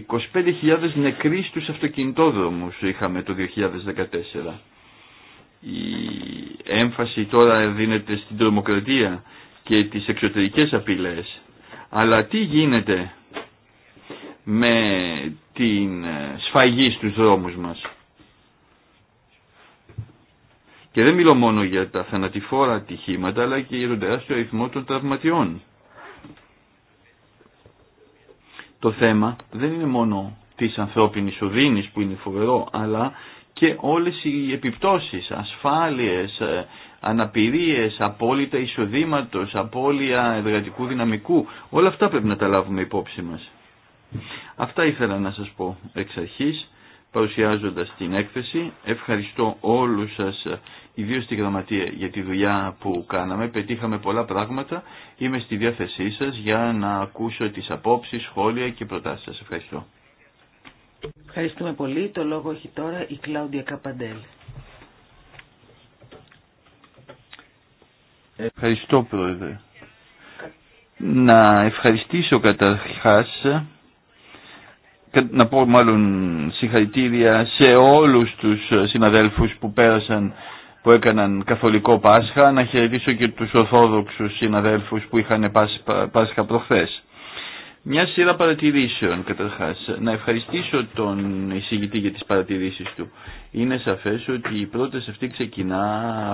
25.000 ε, νεκροί στους αυτοκινητόδρομους είχαμε το 2014. Η έμφαση τώρα δίνεται στην τρομοκρατία και τις εξωτερικές απειλές. Αλλά τι γίνεται με την σφαγή στους δρόμους μας. Και δεν μιλώ μόνο για τα θανατηφόρα ατυχήματα, αλλά και για τον τεράστιο αριθμό των τραυματιών. Το θέμα δεν είναι μόνο της ανθρώπινης οδύνης που είναι φοβερό, αλλά και όλες οι επιπτώσεις, ασφάλειες, ε, αναπηρίες, απόλυτα εισοδήματος, απώλεια εργατικού δυναμικού. Όλα αυτά πρέπει να τα λάβουμε υπόψη μας. Αυτά ήθελα να σας πω εξ αρχής παρουσιάζοντας την έκθεση. Ευχαριστώ όλους σας, ιδίως τη Γραμματεία, για τη δουλειά που κάναμε. Πετύχαμε πολλά πράγματα. Είμαι στη διάθεσή σας για να ακούσω τις απόψεις, σχόλια και προτάσεις σας. Ευχαριστώ. Ευχαριστούμε πολύ. Το λόγο έχει τώρα η Κλάουντια Καπαντέλ. Ευχαριστώ Πρόεδρε. Να ευχαριστήσω καταρχάς να πω μάλλον συγχαρητήρια σε όλους τους συναδέλφους που πέρασαν που έκαναν καθολικό Πάσχα, να χαιρετήσω και τους Ορθόδοξους συναδέλφους που είχαν Πάσχα προχθές. Μια σειρά παρατηρήσεων καταρχάς. Να ευχαριστήσω τον εισηγητή για τις παρατηρήσεις του. Είναι σαφές ότι η πρόταση αυτή ξεκινά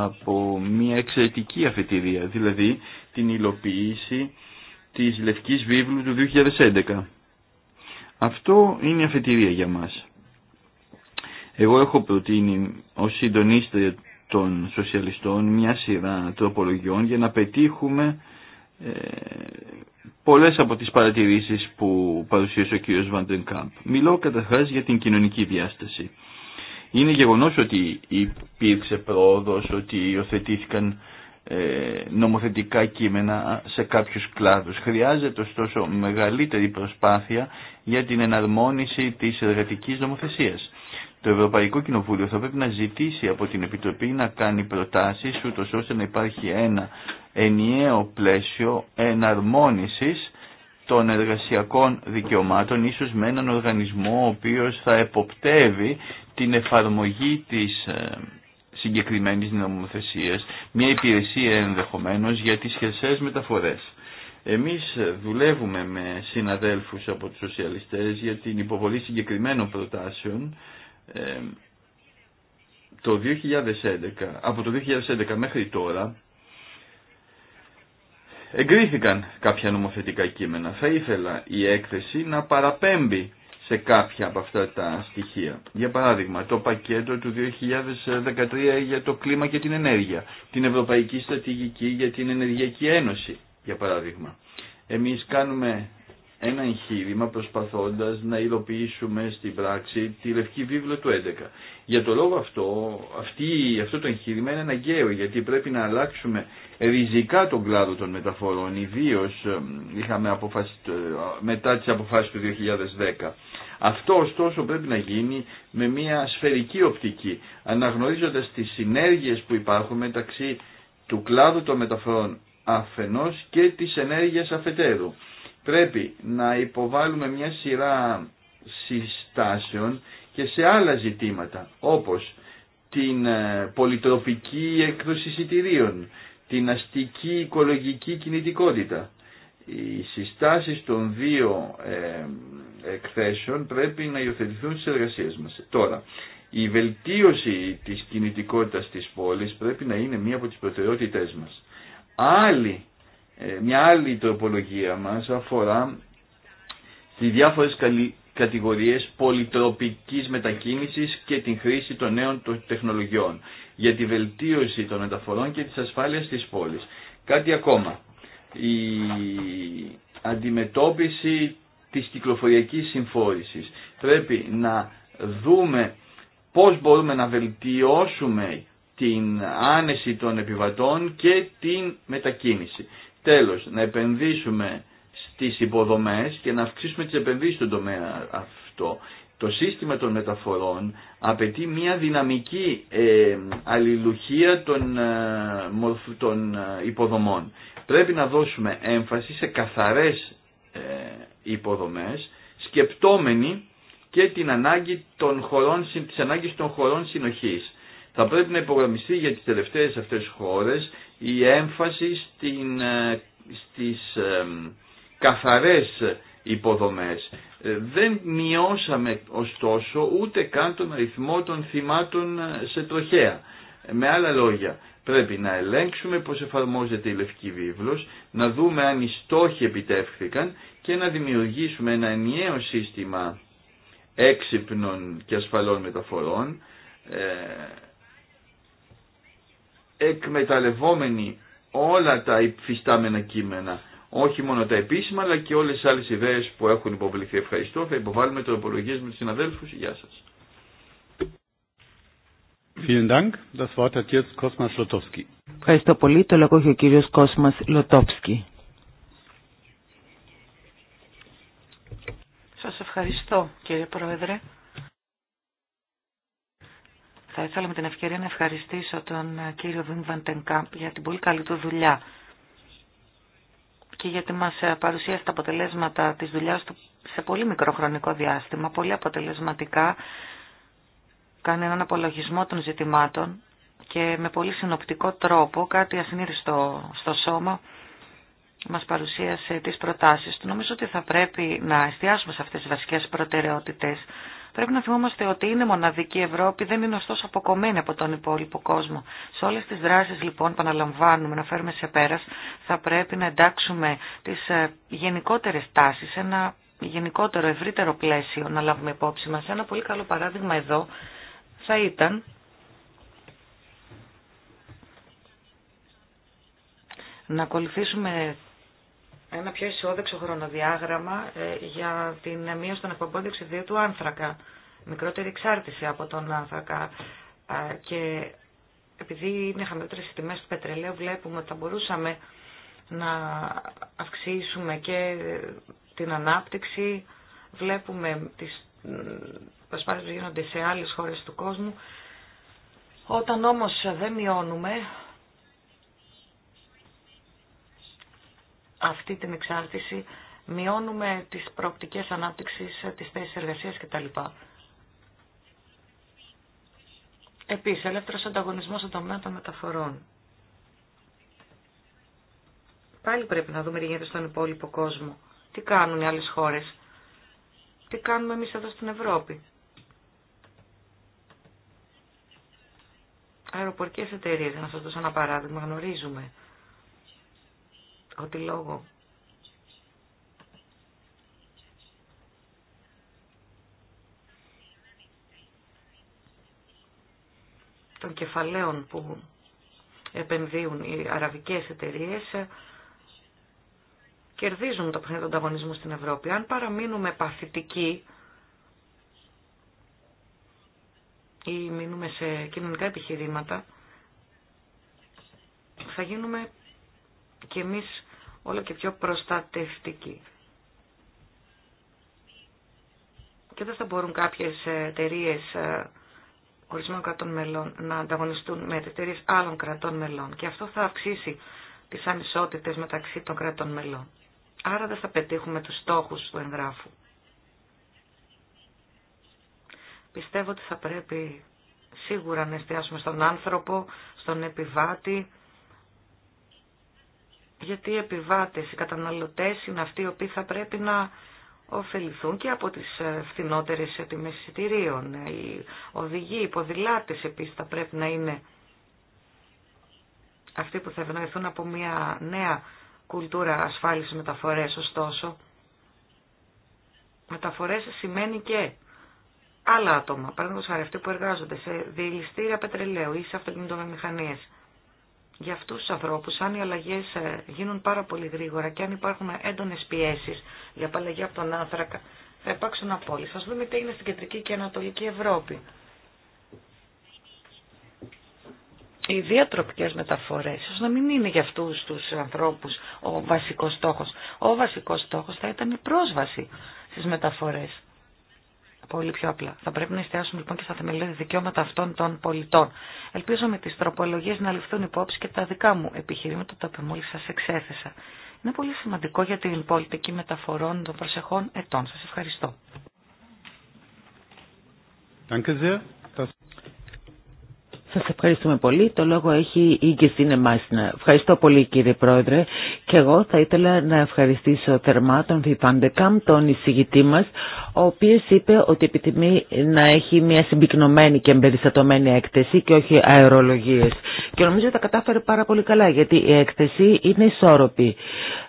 από μια εξαιρετική αφετηρία, δηλαδή την υλοποίηση της Λευκής Βίβλου του 2011. Αυτό είναι αφετηρία για μας. Εγώ έχω προτείνει ως συντονίστρια των σοσιαλιστών μια σειρά τροπολογιών για να πετύχουμε ε, πολλές από τις παρατηρήσεις που παρουσίασε ο κ. Κάμπ. Μιλώ καταρχάς για την κοινωνική διάσταση. Είναι γεγονός ότι υπήρξε πρόοδος, ότι υιοθετήθηκαν ε, νομοθετικά κείμενα σε κάποιους κλάδους. Χρειάζεται ωστόσο μεγαλύτερη προσπάθεια για την εναρμόνιση της εργατικής νομοθεσίας. Το Ευρωπαϊκό Κοινοβούλιο θα πρέπει να ζητήσει από την Επιτροπή να κάνει προτάσεις ούτως ώστε να υπάρχει ένα ενιαίο πλαίσιο εναρμόνισης των εργασιακών δικαιωμάτων ίσως με έναν οργανισμό ο οποίος θα εποπτεύει την εφαρμογή της ε, συγκεκριμένης νομοθεσίες, μια υπηρεσία ενδεχομένως για τις χερσέ μεταφορές. Εμείς δουλεύουμε με συναδέλφους από τους σοσιαλιστές για την υποβολή συγκεκριμένων προτάσεων ε, το 2011, από το 2011 μέχρι τώρα εγκρίθηκαν κάποια νομοθετικά κείμενα. Θα ήθελα η έκθεση να παραπέμπει σε κάποια από αυτά τα στοιχεία. Για παράδειγμα, το πακέτο του 2013 για το κλίμα και την ενέργεια, την Ευρωπαϊκή Στρατηγική για την Ενεργειακή Ένωση, για παράδειγμα. Εμείς κάνουμε ένα εγχείρημα προσπαθώντας να υλοποιήσουμε στην πράξη τη Λευκή Βίβλο του 11. Για το λόγο αυτό, αυτή, αυτό το εγχείρημα είναι αναγκαίο γιατί πρέπει να αλλάξουμε ριζικά τον κλάδο των μεταφορών, ιδίω ε, είχαμε ε, μετά τις αποφάσεις του 2010. Αυτό ωστόσο πρέπει να γίνει με μια σφαιρική οπτική, αναγνωρίζοντας τις συνέργειες που υπάρχουν μεταξύ του κλάδου των μεταφορών αφενός και της ενέργειας αφετέρου. Πρέπει να υποβάλουμε μια σειρά συστάσεων και σε άλλα ζητήματα όπως την ε, πολυτροφική έκδοση εισιτηρίων, την αστική οικολογική κινητικότητα. Οι συστάσεις των δύο ε, εκθέσεων πρέπει να υιοθετηθούν στις εργασίες μας. Τώρα, η βελτίωση της κινητικότητας της πόλης πρέπει να είναι μία από τις προτεραιότητές μας. Άλλη, ε, μια άλλη τροπολογία μας αφορά τις διάφορες κατηγορίες πολυτροπικής μετακίνησης και την χρήση των νέων τεχνολογιών για τη βελτίωση των μεταφορών και της ασφάλειας της πόλης. Κάτι ακόμα, η αντιμετώπιση της κυκλοφοριακής συμφόρησης. Πρέπει να δούμε πώς μπορούμε να βελτιώσουμε την άνεση των επιβατών και την μετακίνηση. Τέλος, να επενδύσουμε τις υποδομές και να αυξήσουμε τις επενδύσεις στον τομέα αυτό. Το σύστημα των μεταφορών απαιτεί μια δυναμική ε, αλληλουχία των, ε, ε, υποδομών. Πρέπει να δώσουμε έμφαση σε καθαρές ε, υποδομές, σκεπτόμενοι και την ανάγκη των χωρών, τις ανάγκες των χωρών συνοχής. Θα πρέπει να υπογραμμιστεί για τις τελευταίες αυτές χώρες η έμφαση στην, στις καθαρές υποδομές. Ε, δεν μειώσαμε ωστόσο ούτε καν τον αριθμό των θυμάτων ε, σε τροχέα. Ε, με άλλα λόγια, πρέπει να ελέγξουμε πώς εφαρμόζεται η Λευκή Βίβλος, να δούμε αν οι στόχοι επιτεύχθηκαν και να δημιουργήσουμε ένα ενιαίο σύστημα έξυπνων και ασφαλών μεταφορών, εκμεταλλευόμενοι όλα τα υφιστάμενα κείμενα όχι μόνο τα επίσημα αλλά και όλες τις άλλες ιδέες που έχουν υποβληθεί. Ευχαριστώ. Θα υποβάλουμε τροπολογίες με του συναδέλφου Γεια σας. Ευχαριστώ πολύ. Το λόγο έχει ο κύριος Κόσμας Λοτόφσκι. Σας ευχαριστώ κύριε Πρόεδρε. Θα ήθελα με την ευκαιρία να ευχαριστήσω τον κύριο Βιμ Βαντενκάμπ για την πολύ καλή του δουλειά και γιατί μας ε, παρουσίασε τα αποτελέσματα της δουλειάς του σε πολύ μικρό χρονικό διάστημα, πολύ αποτελεσματικά, κάνει έναν απολογισμό των ζητημάτων και με πολύ συνοπτικό τρόπο, κάτι ασυνήθιστο στο σώμα, μας παρουσίασε τις προτάσεις του. Νομίζω ότι θα πρέπει να εστιάσουμε σε αυτές τις βασικές προτεραιότητες Πρέπει να θυμόμαστε ότι είναι μοναδική η Ευρώπη, δεν είναι ωστόσο αποκομμένη από τον υπόλοιπο κόσμο. Σε όλε τις δράσεις λοιπόν που αναλαμβάνουμε να φέρουμε σε πέρας θα πρέπει να εντάξουμε τις ε, γενικότερες σε ένα γενικότερο ευρύτερο πλαίσιο να λάβουμε υπόψη μα. Ένα πολύ καλό παράδειγμα εδώ θα ήταν να ακολουθήσουμε ένα πιο αισιόδοξο χρονοδιάγραμμα ε, για την μείωση των εκπομπών διοξιδίου του άνθρακα. Μικρότερη εξάρτηση από τον άνθρακα και επειδή είναι χαμηλότερε οι τιμέ του πετρελαίου βλέπουμε ότι θα μπορούσαμε να αυξήσουμε και την ανάπτυξη. Βλέπουμε τις προσπάθειε που γίνονται σε άλλε χώρες του κόσμου. Όταν όμως δεν μειώνουμε αυτή την εξάρτηση, μειώνουμε τις προοπτικές ανάπτυξης, τις θέσεις εργασίας κτλ. Επίσης, ελεύθερος ανταγωνισμός στον τομέα των μεταφορών. Πάλι πρέπει να δούμε τι γίνεται στον υπόλοιπο κόσμο. Τι κάνουν οι άλλες χώρες. Τι κάνουμε εμείς εδώ στην Ευρώπη. Αεροπορικές εταιρείες, να σας δώσω ένα παράδειγμα, γνωρίζουμε ότι λόγο των κεφαλαίων που επενδύουν οι αραβικές εταιρείες κερδίζουν το πνεύμα ανταγωνισμού στην Ευρώπη. Αν παραμείνουμε παθητικοί ή μείνουμε σε κοινωνικά επιχειρήματα, θα γίνουμε και εμείς όλο και πιο προστατευτική. Και δεν θα μπορούν κάποιες ε, εταιρείε ε, ορισμένων κρατών μελών να ανταγωνιστούν με εταιρείε άλλων κρατών μελών. Και αυτό θα αυξήσει τις ανισότητες μεταξύ των κρατών μελών. Άρα δεν θα πετύχουμε τους στόχους του εγγράφου. Πιστεύω ότι θα πρέπει σίγουρα να εστιάσουμε στον άνθρωπο, στον επιβάτη, γιατί οι επιβάτες, οι καταναλωτές είναι αυτοί οι οποίοι θα πρέπει να ωφεληθούν και από τις ε, φθηνότερες τιμές εισιτηρίων. Οι οδηγοί, οι ποδηλάτες επίσης θα πρέπει να είναι αυτοί που θα ευνοηθούν από μια νέα κουλτούρα ασφάλισης μεταφορές. Ωστόσο, μεταφορές σημαίνει και άλλα άτομα, παραδείγματος χάρη αυτοί που εργάζονται σε διελιστήρια πετρελαίου ή σε αυτοκινητοβιομηχανίες για αυτούς τους ανθρώπους, αν οι αλλαγές ε, γίνουν πάρα πολύ γρήγορα και αν υπάρχουν έντονες πιέσεις για απαλλαγή από τον άνθρακα, θα υπάρξουν απόλυες. Ας δούμε τι έγινε στην Κεντρική και Ανατολική Ευρώπη. Οι διατροπικές μεταφορές, ώστε να μην είναι για αυτούς τους ανθρώπους ο βασικός στόχος. Ο βασικός στόχος θα ήταν η πρόσβαση στις μεταφορές. Πολύ πιο απλά. Θα πρέπει να εστιάσουμε λοιπόν και στα θεμελιώδη δικαιώματα αυτών των πολιτών. Ελπίζω με τι τροπολογίε να ληφθούν υπόψη και τα δικά μου επιχειρήματα τα οποία μόλι σα εξέθεσα. Είναι πολύ σημαντικό για την πολιτική μεταφορών των προσεχών ετών. Σα ευχαριστώ. Σας ευχαριστούμε πολύ. Το λόγο έχει η Γκεστίνε Μάσινα. Ευχαριστώ πολύ κύριε Πρόεδρε και εγώ θα ήθελα να ευχαριστήσω θερμά τον Βιφαντεκάμ, τον εισηγητή μας, ο οποίος είπε ότι επιθυμεί να έχει μια συμπυκνωμένη και εμπεριστατωμένη έκθεση και όχι αερολογίες. Και νομίζω ότι τα κατάφερε πάρα πολύ καλά γιατί η έκθεση είναι ισόρροπη.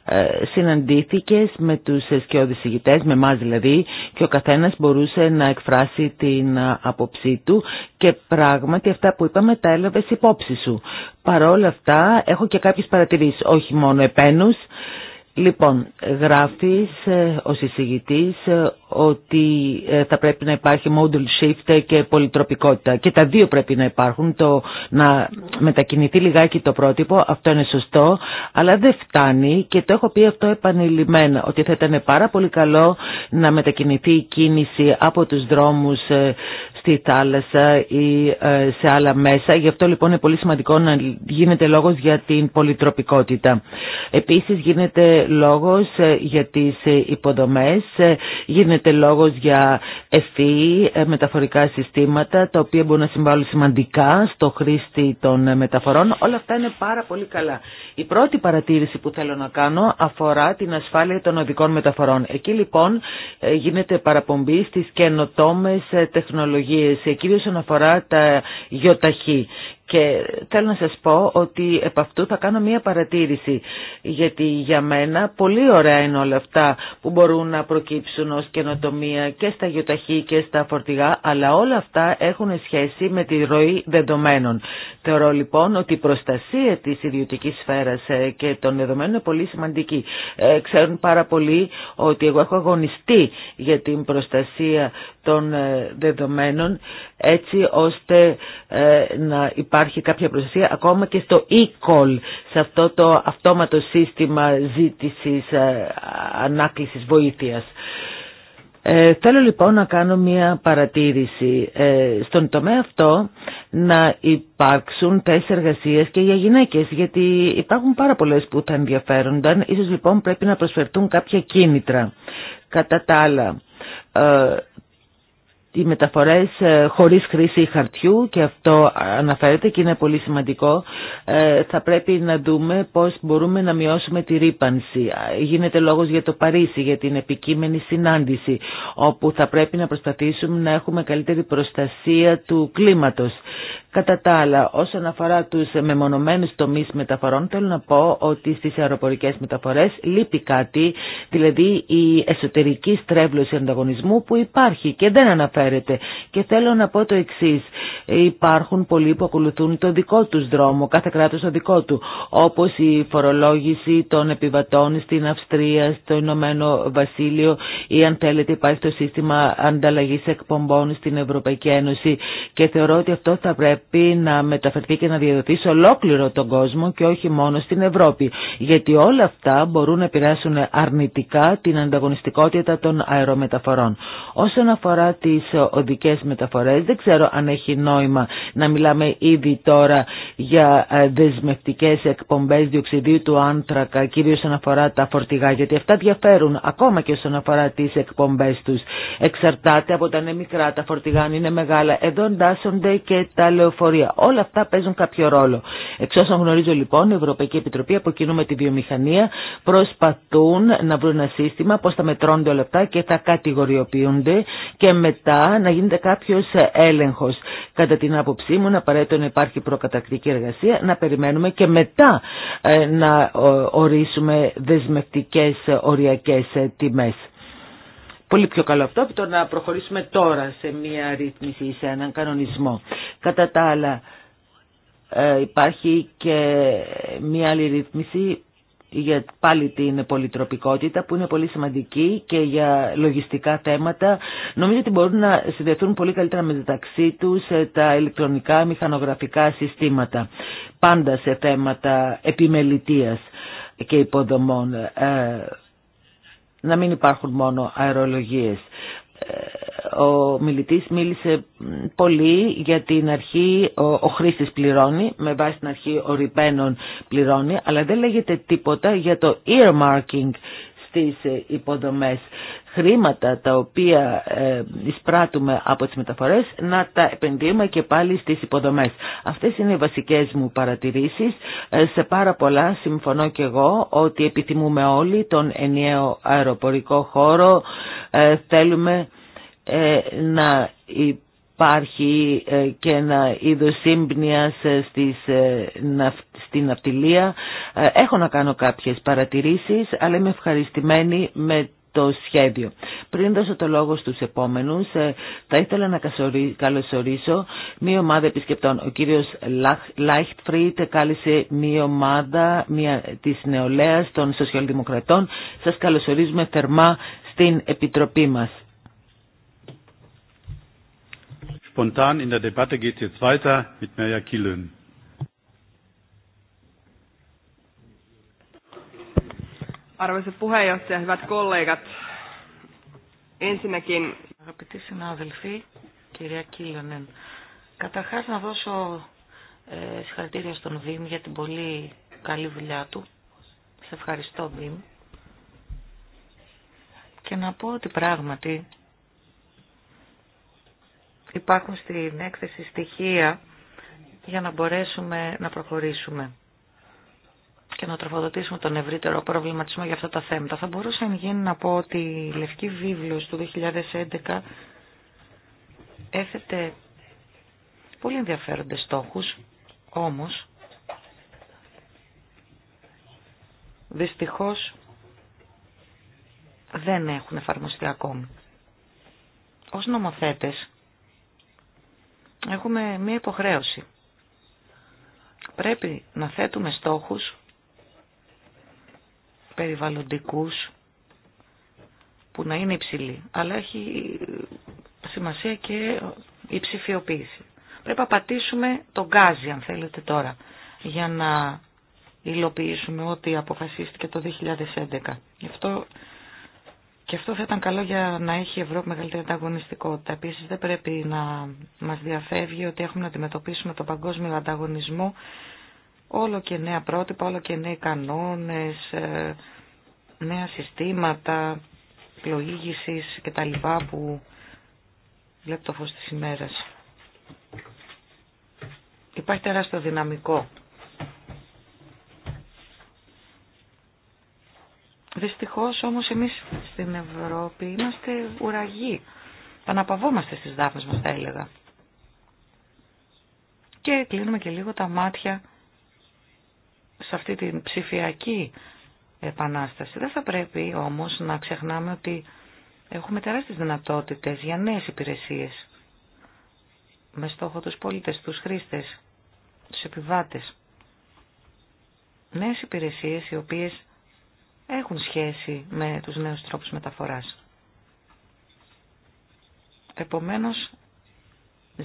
Ε, συναντήθηκε με τους σκιώδης ηγητές, με εμά δηλαδή, και ο καθένας μπορούσε να εκφράσει την ε, άποψή του και πράγματι αυτά που είπαμε τα έλαβε υπόψη σου. Παρόλα αυτά έχω και κάποιες παρατηρήσεις, όχι μόνο επένους, Λοιπόν, γράφεις ο ε, ότι ε, θα πρέπει να υπάρχει modal shift και πολυτροπικότητα και τα δύο πρέπει να υπάρχουν, το να μετακινηθεί λιγάκι το πρότυπο, αυτό είναι σωστό, αλλά δεν φτάνει και το έχω πει αυτό επανειλημμένα, ότι θα ήταν πάρα πολύ καλό να μετακινηθεί η κίνηση από τους δρόμους ε, στη θάλασσα ή ε, σε άλλα μέσα. Γι' αυτό λοιπόν είναι πολύ σημαντικό να γίνεται λόγος για την πολυτροπικότητα. Επίσης γίνεται λόγος ε, για τις ε, υποδομές, γίνεται λόγος για ευθύ μεταφορικά συστήματα τα οποία μπορούν να συμβάλλουν σημαντικά στο χρήστη των μεταφορών. Όλα αυτά είναι πάρα πολύ καλά. Η πρώτη παρατήρηση που θέλω να κάνω αφορά την ασφάλεια των οδικών μεταφορών. Εκεί λοιπόν γίνεται παραπομπή στις καινοτόμες τεχνολογίες σε κυρίως όσον αφορά τα γιοταχή. Και θέλω να σας πω ότι επ' αυτού θα κάνω μία παρατήρηση, γιατί για μένα πολύ ωραία είναι όλα αυτά που μπορούν να προκύψουν ως καινοτομία και στα γιοταχή και στα φορτηγά, αλλά όλα αυτά έχουν σχέση με τη ροή δεδομένων. Θεωρώ λοιπόν ότι η προστασία της ιδιωτικής σφαίρας ε, και των δεδομένων είναι πολύ σημαντική. Ε, ξέρουν πάρα πολύ ότι εγώ έχω αγωνιστεί για την προστασία των ε, δεδομένων έτσι ώστε ε, να υπάρχει κάποια προστασία ακόμα και στο e-call, σε αυτό το αυτόματο σύστημα ζήτησης ε, ανάκλησης βοήθειας. Ε, θέλω λοιπόν να κάνω μία παρατήρηση. Ε, στον τομέα αυτό να υπάρξουν θέσει εργασία και για γυναίκες, γιατί υπάρχουν πάρα πολλές που θα ενδιαφέρονταν. Ίσως λοιπόν πρέπει να προσφερθούν κάποια κίνητρα. Κατά τα άλλα, οι μεταφορές ε, χωρίς χρήση χαρτιού και αυτό αναφέρεται και είναι πολύ σημαντικό ε, θα πρέπει να δούμε πώς μπορούμε να μειώσουμε τη ρήπανση γίνεται λόγος για το Παρίσι για την επικείμενη συνάντηση όπου θα πρέπει να προσπαθήσουμε να έχουμε καλύτερη προστασία του κλίματος Κατά τα άλλα, όσον αφορά τους μεμονωμένους τομείς μεταφορών, θέλω να πω ότι στις αεροπορικές μεταφορές λείπει κάτι, δηλαδή η εσωτερική στρέβλωση ανταγωνισμού που υπάρχει και δεν αναφέρεται αναφέρεται. Και θέλω να πω το εξή. Υπάρχουν πολλοί που ακολουθούν το δικό του δρόμο, κάθε κράτο το δικό του. Όπω η φορολόγηση των επιβατών στην Αυστρία, στο Ηνωμένο Βασίλειο ή αν θέλετε υπάρχει το σύστημα ανταλλαγή εκπομπών στην Ευρωπαϊκή Ένωση. Και θεωρώ ότι αυτό θα πρέπει να μεταφερθεί και να διαδοθεί σε ολόκληρο τον κόσμο και όχι μόνο στην Ευρώπη. Γιατί όλα αυτά μπορούν να επηρεάσουν αρνητικά την ανταγωνιστικότητα των αερομεταφορών. Όσον αφορά τις σε οδικές μεταφορές. Δεν ξέρω αν έχει νόημα να μιλάμε ήδη τώρα για ε, δεσμευτικές εκπομπές διοξιδίου του άνθρακα, κυρίως όσον αφορά τα φορτηγά, γιατί αυτά διαφέρουν ακόμα και όσον αφορά τις εκπομπές τους. Εξαρτάται από τα είναι μικρά, τα φορτηγά αν είναι μεγάλα. Εδώ εντάσσονται και τα λεωφορεία. Όλα αυτά παίζουν κάποιο ρόλο. Εξ όσων γνωρίζω λοιπόν, η Ευρωπαϊκή Επιτροπή από κοινού με τη βιομηχανία προσπαθούν να βρουν ένα σύστημα πώ θα μετρώνται όλα αυτά και θα κατηγοριοποιούνται και μετά να γίνεται κάποιος έλεγχος. Κατά την άποψή μου να απαραίτητο να υπάρχει προκατακτική εργασία, να περιμένουμε και μετά ε, να ε, ορίσουμε δεσμευτικές ε, οριακές τιμές. Πολύ πιο καλό αυτό από το να προχωρήσουμε τώρα σε μία ρύθμιση ή σε έναν κανονισμό. Κατά τα άλλα υπάρχει και μία άλλη ρύθμιση για πάλι την πολυτροπικότητα που είναι πολύ σημαντική και για λογιστικά θέματα. Νομίζω ότι μπορούν να συνδεθούν πολύ καλύτερα μεταξύ τους ε, τα ηλεκτρονικά μηχανογραφικά συστήματα πάντα σε θέματα επιμελητίας και υποδομών. Ε, να μην υπάρχουν μόνο αερολογίες ε, ο μιλητής μίλησε πολύ για την αρχή ο, ο χρήστης πληρώνει, με βάση την αρχή ο ρηπαίνων πληρώνει, αλλά δεν λέγεται τίποτα για το earmarking στις ε, υποδομές. Χρήματα τα οποία ε, εισπράττουμε από τις μεταφορές να τα επενδύουμε και πάλι στις υποδομές. Αυτές είναι οι βασικές μου παρατηρήσεις. Ε, σε πάρα πολλά συμφωνώ και εγώ ότι επιθυμούμε όλοι τον ενιαίο αεροπορικό χώρο. Θέλουμε ε, να υπάρχει ε, και ένα είδος σύμπνοιας ε, στην ναυτιλία. Έχω να κάνω κάποιες παρατηρήσεις, αλλά είμαι ευχαριστημένη με το σχέδιο. Πριν δώσω το λόγο στους επόμενους, θα ήθελα να καλωσορίσω μία ομάδα επισκεπτών. Ο κύριος Λάιχτφριτ κάλεσε μία ομάδα μία, της νεολαίας των σοσιαλδημοκρατών. Σας καλωσορίζουμε θερμά στην Επιτροπή μας. Spontan in der Debatte geht jetzt weiter mit Merja Kielön. Arvoisa puheenjohtaja, hyvät kollegat. Ensinnäkin... Αγαπητοί συνάδελφοι, κυρία Κίλωνεν, καταρχάς να δώσω ε, συγχαρητήρια στον Βίμ για την πολύ καλή δουλειά του. Σε ευχαριστώ Βίμ. Και να πω ότι πράγματι υπάρχουν στην έκθεση στοιχεία για να μπορέσουμε να προχωρήσουμε και να τροφοδοτήσουμε τον ευρύτερο προβληματισμό για αυτά τα θέματα. Θα μπορούσα να γίνει να πω ότι η Λευκή Βίβλος του 2011 έθετε πολύ ενδιαφέροντες στόχους, όμως δυστυχώς δεν έχουν εφαρμοστεί ακόμη. Ως νομοθέτες έχουμε μία υποχρέωση. Πρέπει να θέτουμε στόχους περιβαλλοντικούς που να είναι υψηλοί, αλλά έχει σημασία και η ψηφιοποίηση. Πρέπει να πατήσουμε τον γκάζι, αν θέλετε τώρα, για να υλοποιήσουμε ό,τι αποφασίστηκε το 2011. Γι' Και αυτό θα ήταν καλό για να έχει η Ευρώπη μεγαλύτερη ανταγωνιστικότητα. Επίση, δεν πρέπει να μα διαφεύγει ότι έχουμε να αντιμετωπίσουμε τον παγκόσμιο ανταγωνισμό όλο και νέα πρότυπα, όλο και νέοι κανόνε, ε, νέα συστήματα πλοήγηση κτλ. που βλέπει το φω τη ημέρα. Υπάρχει τεράστιο δυναμικό Δυστυχώς όμως εμείς στην Ευρώπη είμαστε ουραγοί. Παναπαυόμαστε στις δάφνες μας θα έλεγα. Και κλείνουμε και λίγο τα μάτια σε αυτή την ψηφιακή επανάσταση. Δεν θα πρέπει όμως να ξεχνάμε ότι έχουμε τεράστιες δυνατότητες για νέες υπηρεσίες. Με στόχο τους πολίτες, τους χρήστες, τους επιβάτες. Νέες υπηρεσίες οι οποίες έχουν σχέση με τους νέους τρόπους μεταφοράς. Επομένως,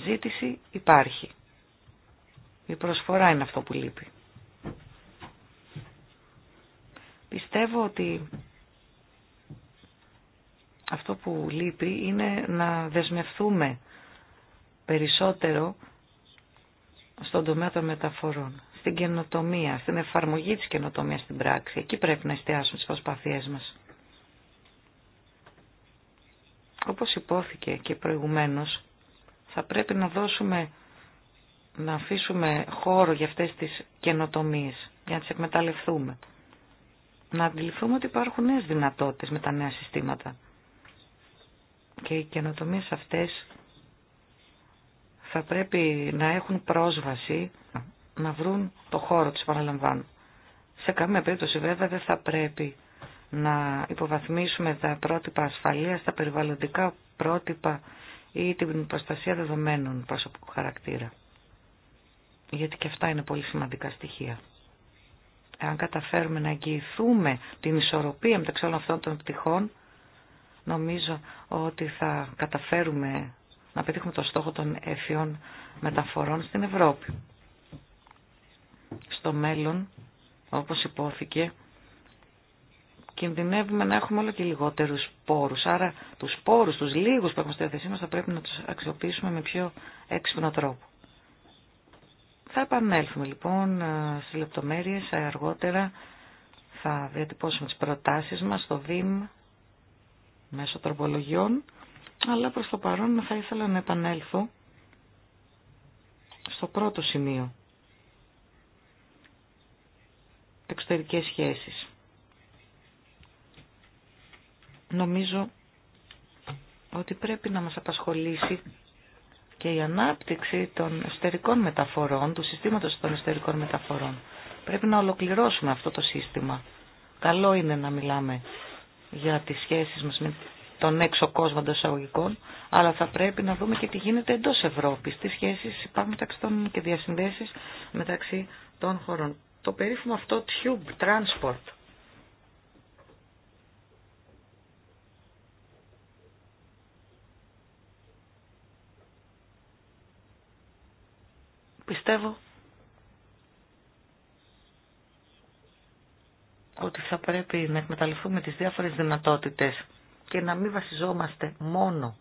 ζήτηση υπάρχει. Η προσφορά είναι αυτό που λείπει. Πιστεύω ότι αυτό που λείπει είναι να δεσμευθούμε περισσότερο στον τομέα των μεταφορών στην καινοτομία, στην εφαρμογή της καινοτομίας στην πράξη. Εκεί πρέπει να εστιάσουμε τις προσπάθειές μας. Όπως υπόθηκε και προηγουμένως, θα πρέπει να δώσουμε, να αφήσουμε χώρο για αυτές τις καινοτομίες, για να τις εκμεταλλευτούμε. Να αντιληφθούμε ότι υπάρχουν νέες δυνατότητες με τα νέα συστήματα. Και οι καινοτομίες αυτές θα πρέπει να έχουν πρόσβαση να βρουν το χώρο τους, παραλαμβάνω. Σε καμία περίπτωση βέβαια δεν θα πρέπει να υποβαθμίσουμε τα πρότυπα ασφαλείας, τα περιβαλλοντικά πρότυπα ή την προστασία δεδομένων προσωπικού χαρακτήρα. Γιατί και αυτά είναι πολύ σημαντικά στοιχεία. Αν καταφέρουμε να εγγυηθούμε την ισορροπία μεταξύ όλων αυτών των πτυχών, νομίζω ότι θα καταφέρουμε να πετύχουμε το στόχο των έφιων μεταφορών στην Ευρώπη στο μέλλον, όπως υπόθηκε, κινδυνεύουμε να έχουμε όλο και λιγότερους πόρους. Άρα τους πόρους, τους λίγους που έχουμε στη μας θα πρέπει να τους αξιοποιήσουμε με πιο έξυπνο τρόπο. Θα επανέλθουμε λοιπόν σε λεπτομέρειες ε, αργότερα. Θα διατυπώσουμε τις προτάσεις μας στο ΔΥΜ μέσω τροπολογιών. Αλλά προς το παρόν θα ήθελα να επανέλθω στο πρώτο σημείο εξωτερικές σχέσεις. Νομίζω ότι πρέπει να μας απασχολήσει και η ανάπτυξη των εσωτερικών μεταφορών, του συστήματος των εσωτερικών μεταφορών. Πρέπει να ολοκληρώσουμε αυτό το σύστημα. Καλό είναι να μιλάμε για τις σχέσεις μας με τον έξω κόσμο των εισαγωγικών, αλλά θα πρέπει να δούμε και τι γίνεται εντός Ευρώπης, τι σχέσεις υπάρχουν και διασυνδέσεις μεταξύ των χωρών το περίφημο αυτό tube transport. Πιστεύω ότι θα πρέπει να εκμεταλλευτούμε τις διάφορες δυνατότητες και να μην βασιζόμαστε μόνο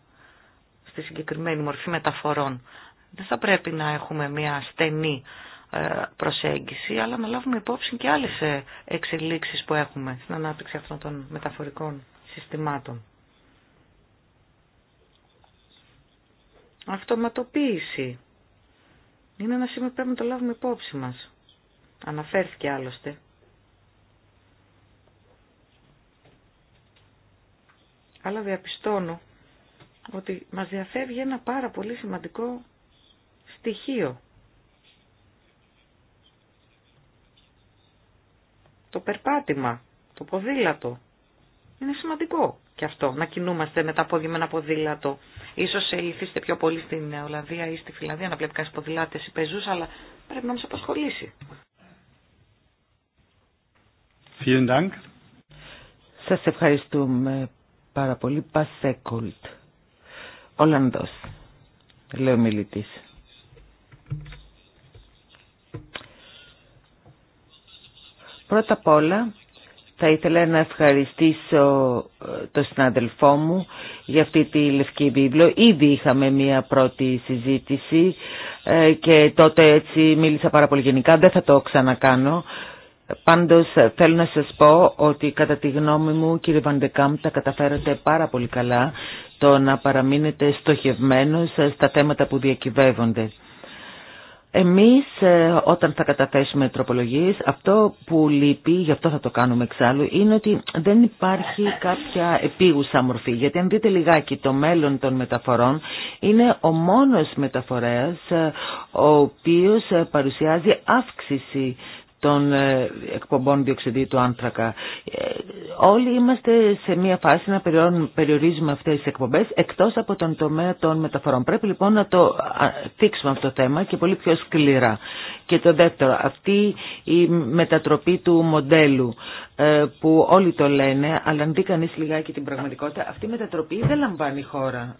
στη συγκεκριμένη μορφή μεταφορών. Δεν θα πρέπει να έχουμε μια στενή ε, προσέγγιση, αλλά να λάβουμε υπόψη και άλλες ε, εξελίξεις που έχουμε στην ανάπτυξη αυτών των μεταφορικών συστημάτων. Αυτοματοποίηση. Είναι ένα σημείο που πρέπει να το λάβουμε υπόψη μας. Αναφέρθηκε άλλωστε. Αλλά διαπιστώνω ότι μας διαφεύγει ένα πάρα πολύ σημαντικό στοιχείο το περπάτημα, το ποδήλατο. Είναι σημαντικό και αυτό, να κινούμαστε με τα πόδια με ένα ποδήλατο. Ίσως ήθιστε πιο πολύ στην Ολλανδία ή στη Φιλανδία να βλέπει κανείς ποδηλάτες ή πεζούς, αλλά πρέπει να μας απασχολήσει. Vielen Σας ευχαριστούμε πάρα πολύ. Πασέκολτ. Ολλανδός, λέω μιλητής. Πρώτα απ' όλα θα ήθελα να ευχαριστήσω ε, τον συνάδελφό μου για αυτή τη Λευκή Βίβλο. Ήδη είχαμε μία πρώτη συζήτηση ε, και τότε έτσι μίλησα πάρα πολύ γενικά. Δεν θα το ξανακάνω. Πάντως θέλω να σας πω ότι κατά τη γνώμη μου κύριε Βαντεκάμ τα καταφέρατε πάρα πολύ καλά το να παραμείνετε στοχευμένος ε, στα θέματα που διακυβεύονται. Εμείς ε, όταν θα καταθέσουμε τροπολογίες, αυτό που λείπει, γι' αυτό θα το κάνουμε εξάλλου, είναι ότι δεν υπάρχει κάποια επίγουσα μορφή. Γιατί αν δείτε λιγάκι το μέλλον των μεταφορών, είναι ο μόνος μεταφορέας ε, ο οποίος ε, παρουσιάζει αύξηση των ε, εκπομπών διοξιδίου του άνθρακα. Ε, όλοι είμαστε σε μια φάση να περιορίζουμε αυτές τις εκπομπές εκτός από τον τομέα των μεταφορών. Πρέπει λοιπόν να το θίξουμε αυτό το θέμα και πολύ πιο σκληρά. Και το δεύτερο, αυτή η μετατροπή του μοντέλου ε, που όλοι το λένε, αλλά αν δει κανείς λιγάκι την πραγματικότητα, αυτή η μετατροπή δεν λαμβάνει χώρα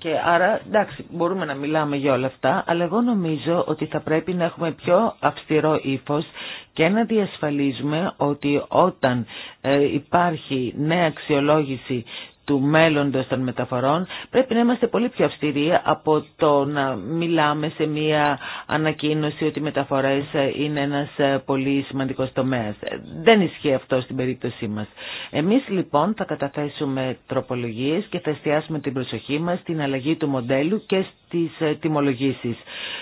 και άρα, εντάξει, μπορούμε να μιλάμε για όλα αυτά, αλλά εγώ νομίζω ότι θα πρέπει να έχουμε πιο αυστηρό ύφο και να διασφαλίζουμε ότι όταν ε, υπάρχει νέα αξιολόγηση του μέλλοντος των μεταφορών πρέπει να είμαστε πολύ πιο αυστηροί από το να μιλάμε σε μια ανακοίνωση ότι οι μεταφορές είναι ένας ε, πολύ σημαντικός τομέας. Ε, δεν ισχύει αυτό στην περίπτωσή μας. Εμείς λοιπόν θα καταθέσουμε τροπολογίες και θα εστιάσουμε την προσοχή μας στην αλλαγή του μοντέλου και τις ε, τιμολογήσεις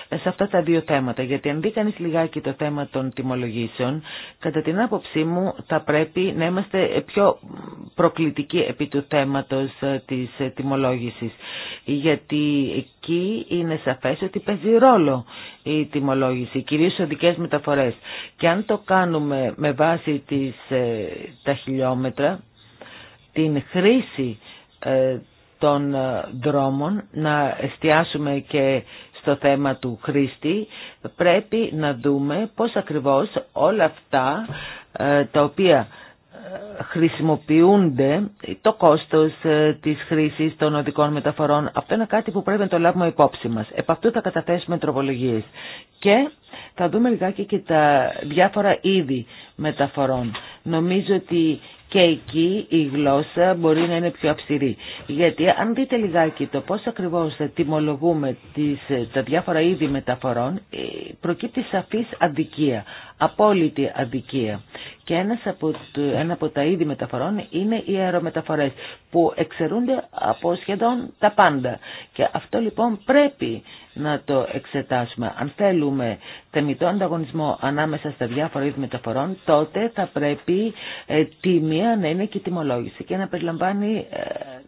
ε, σε αυτά τα δύο θέματα. Γιατί αν δει κανείς λιγάκι το θέμα των τιμολογήσεων, κατά την άποψή μου θα πρέπει να είμαστε πιο προκλητικοί επί του θέματος ε, της τιμολόγησης. Γιατί εκεί είναι σαφές ότι παίζει ρόλο η τιμολόγηση, κυρίως στις οδικές μεταφορές. Και αν το κάνουμε με βάση τις, τα χιλιόμετρα, την χρήση των ε, δρόμων, να εστιάσουμε και στο θέμα του χρήστη, πρέπει να δούμε πώς ακριβώς όλα αυτά ε, τα οποία ε, χρησιμοποιούνται το κόστος της χρήσης των οδικών μεταφορών. Αυτό είναι κάτι που πρέπει να το λάβουμε υπόψη μας. Επ' αυτού θα καταθέσουμε τροπολογίες. Και θα δούμε λιγάκι και τα διάφορα είδη μεταφορών. Νομίζω ότι και εκεί η γλώσσα μπορεί να είναι πιο αυστηρή. Γιατί αν δείτε λιγάκι το πώς ακριβώς τιμολογούμε τις, τα διάφορα είδη μεταφορών, ε, προκύπτει σαφής αδικία απόλυτη αδικία. Και ένας από, ένα από τα είδη μεταφορών είναι οι αερομεταφορές που εξαιρούνται από σχεδόν τα πάντα. Και αυτό λοιπόν πρέπει να το εξετάσουμε. Αν θέλουμε θεμητό ανταγωνισμό ανάμεσα στα διάφορα είδη μεταφορών, τότε θα πρέπει ε, τιμία να είναι και τιμολόγηση και να περιλαμβάνει ε,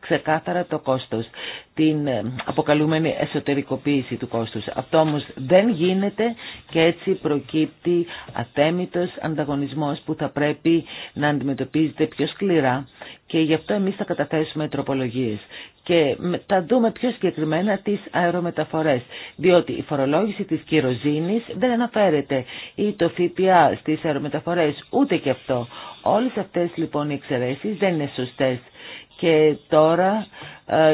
ξεκάθαρα το κόστος, την ε, αποκαλούμενη εσωτερικοποίηση του κόστους. Αυτό όμως δεν γίνεται και έτσι προκύπτει Αθέμητος ανταγωνισμός που θα πρέπει να αντιμετωπίζεται πιο σκληρά και γι' αυτό εμείς θα καταθέσουμε τροπολογίες. Και θα δούμε πιο συγκεκριμένα τις αερομεταφορές, διότι η φορολόγηση της κυροζήνης δεν αναφέρεται ή το ΦΠΑ στις αερομεταφορές, ούτε και αυτό. Όλες αυτές λοιπόν οι εξαιρέσεις δεν είναι σωστές και τώρα ε,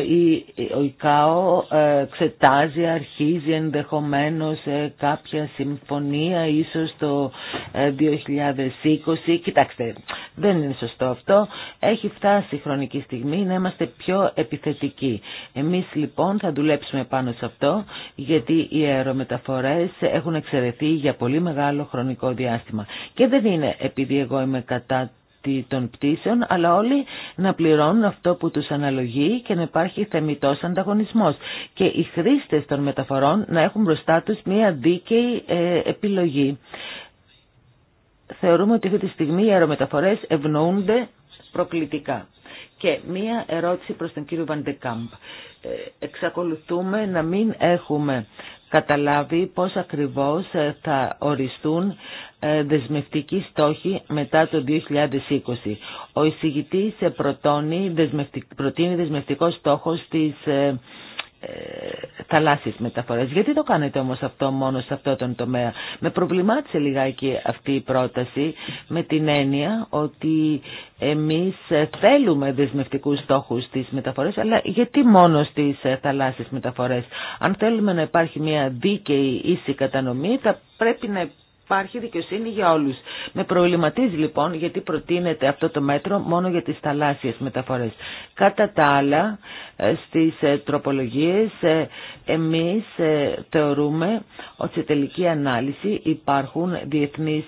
ο ΙΚΑΟ ε, ξετάζει, αρχίζει ενδεχομένως ε, κάποια συμφωνία ίσως το 2020. Κοιτάξτε, δεν είναι σωστό αυτό. Έχει φτάσει η χρονική στιγμή να είμαστε πιο επιθετικοί. Εμείς λοιπόν θα δουλέψουμε πάνω σε αυτό γιατί οι αερομεταφορές έχουν εξαιρεθεί για πολύ μεγάλο χρονικό διάστημα. Και δεν είναι επειδή εγώ είμαι κατά των πτήσεων, αλλά όλοι να πληρώνουν αυτό που τους αναλογεί και να υπάρχει θεμητός ανταγωνισμός. Και οι χρήστες των μεταφορών να έχουν μπροστά τους μία δίκαιη ε, επιλογή. Θεωρούμε ότι αυτή τη στιγμή οι αερομεταφορές ευνοούνται προκλητικά. Και μία ερώτηση προς τον κύριο Βαντεκάμπ εξακολουθούμε να μην έχουμε καταλάβει πώς ακριβώς ε, θα οριστούν ε, δεσμευτικοί στόχοι μετά το 2020. Ο εισηγητής ε, προτείνει δεσμευτικό στόχο στις θαλάσσιες μεταφορές. Γιατί το κάνετε όμως αυτό μόνο σε αυτό τον τομέα. Με προβλημάτισε λιγάκι αυτή η πρόταση με την έννοια ότι εμείς θέλουμε δεσμευτικού στόχους στις μεταφορές αλλά γιατί μόνο στις θαλάσσιες μεταφορές. Αν θέλουμε να υπάρχει μια δίκαιη ίση κατανομή θα πρέπει να υπάρχει δικαιοσύνη για όλους. Με προβληματίζει λοιπόν γιατί προτείνεται αυτό το μέτρο μόνο για τις θαλάσσιες μεταφορές. Κατά τα άλλα, ε, στις ε, τροπολογίες ε, εμείς θεωρούμε ότι σε τελική ανάλυση υπάρχουν διεθνείς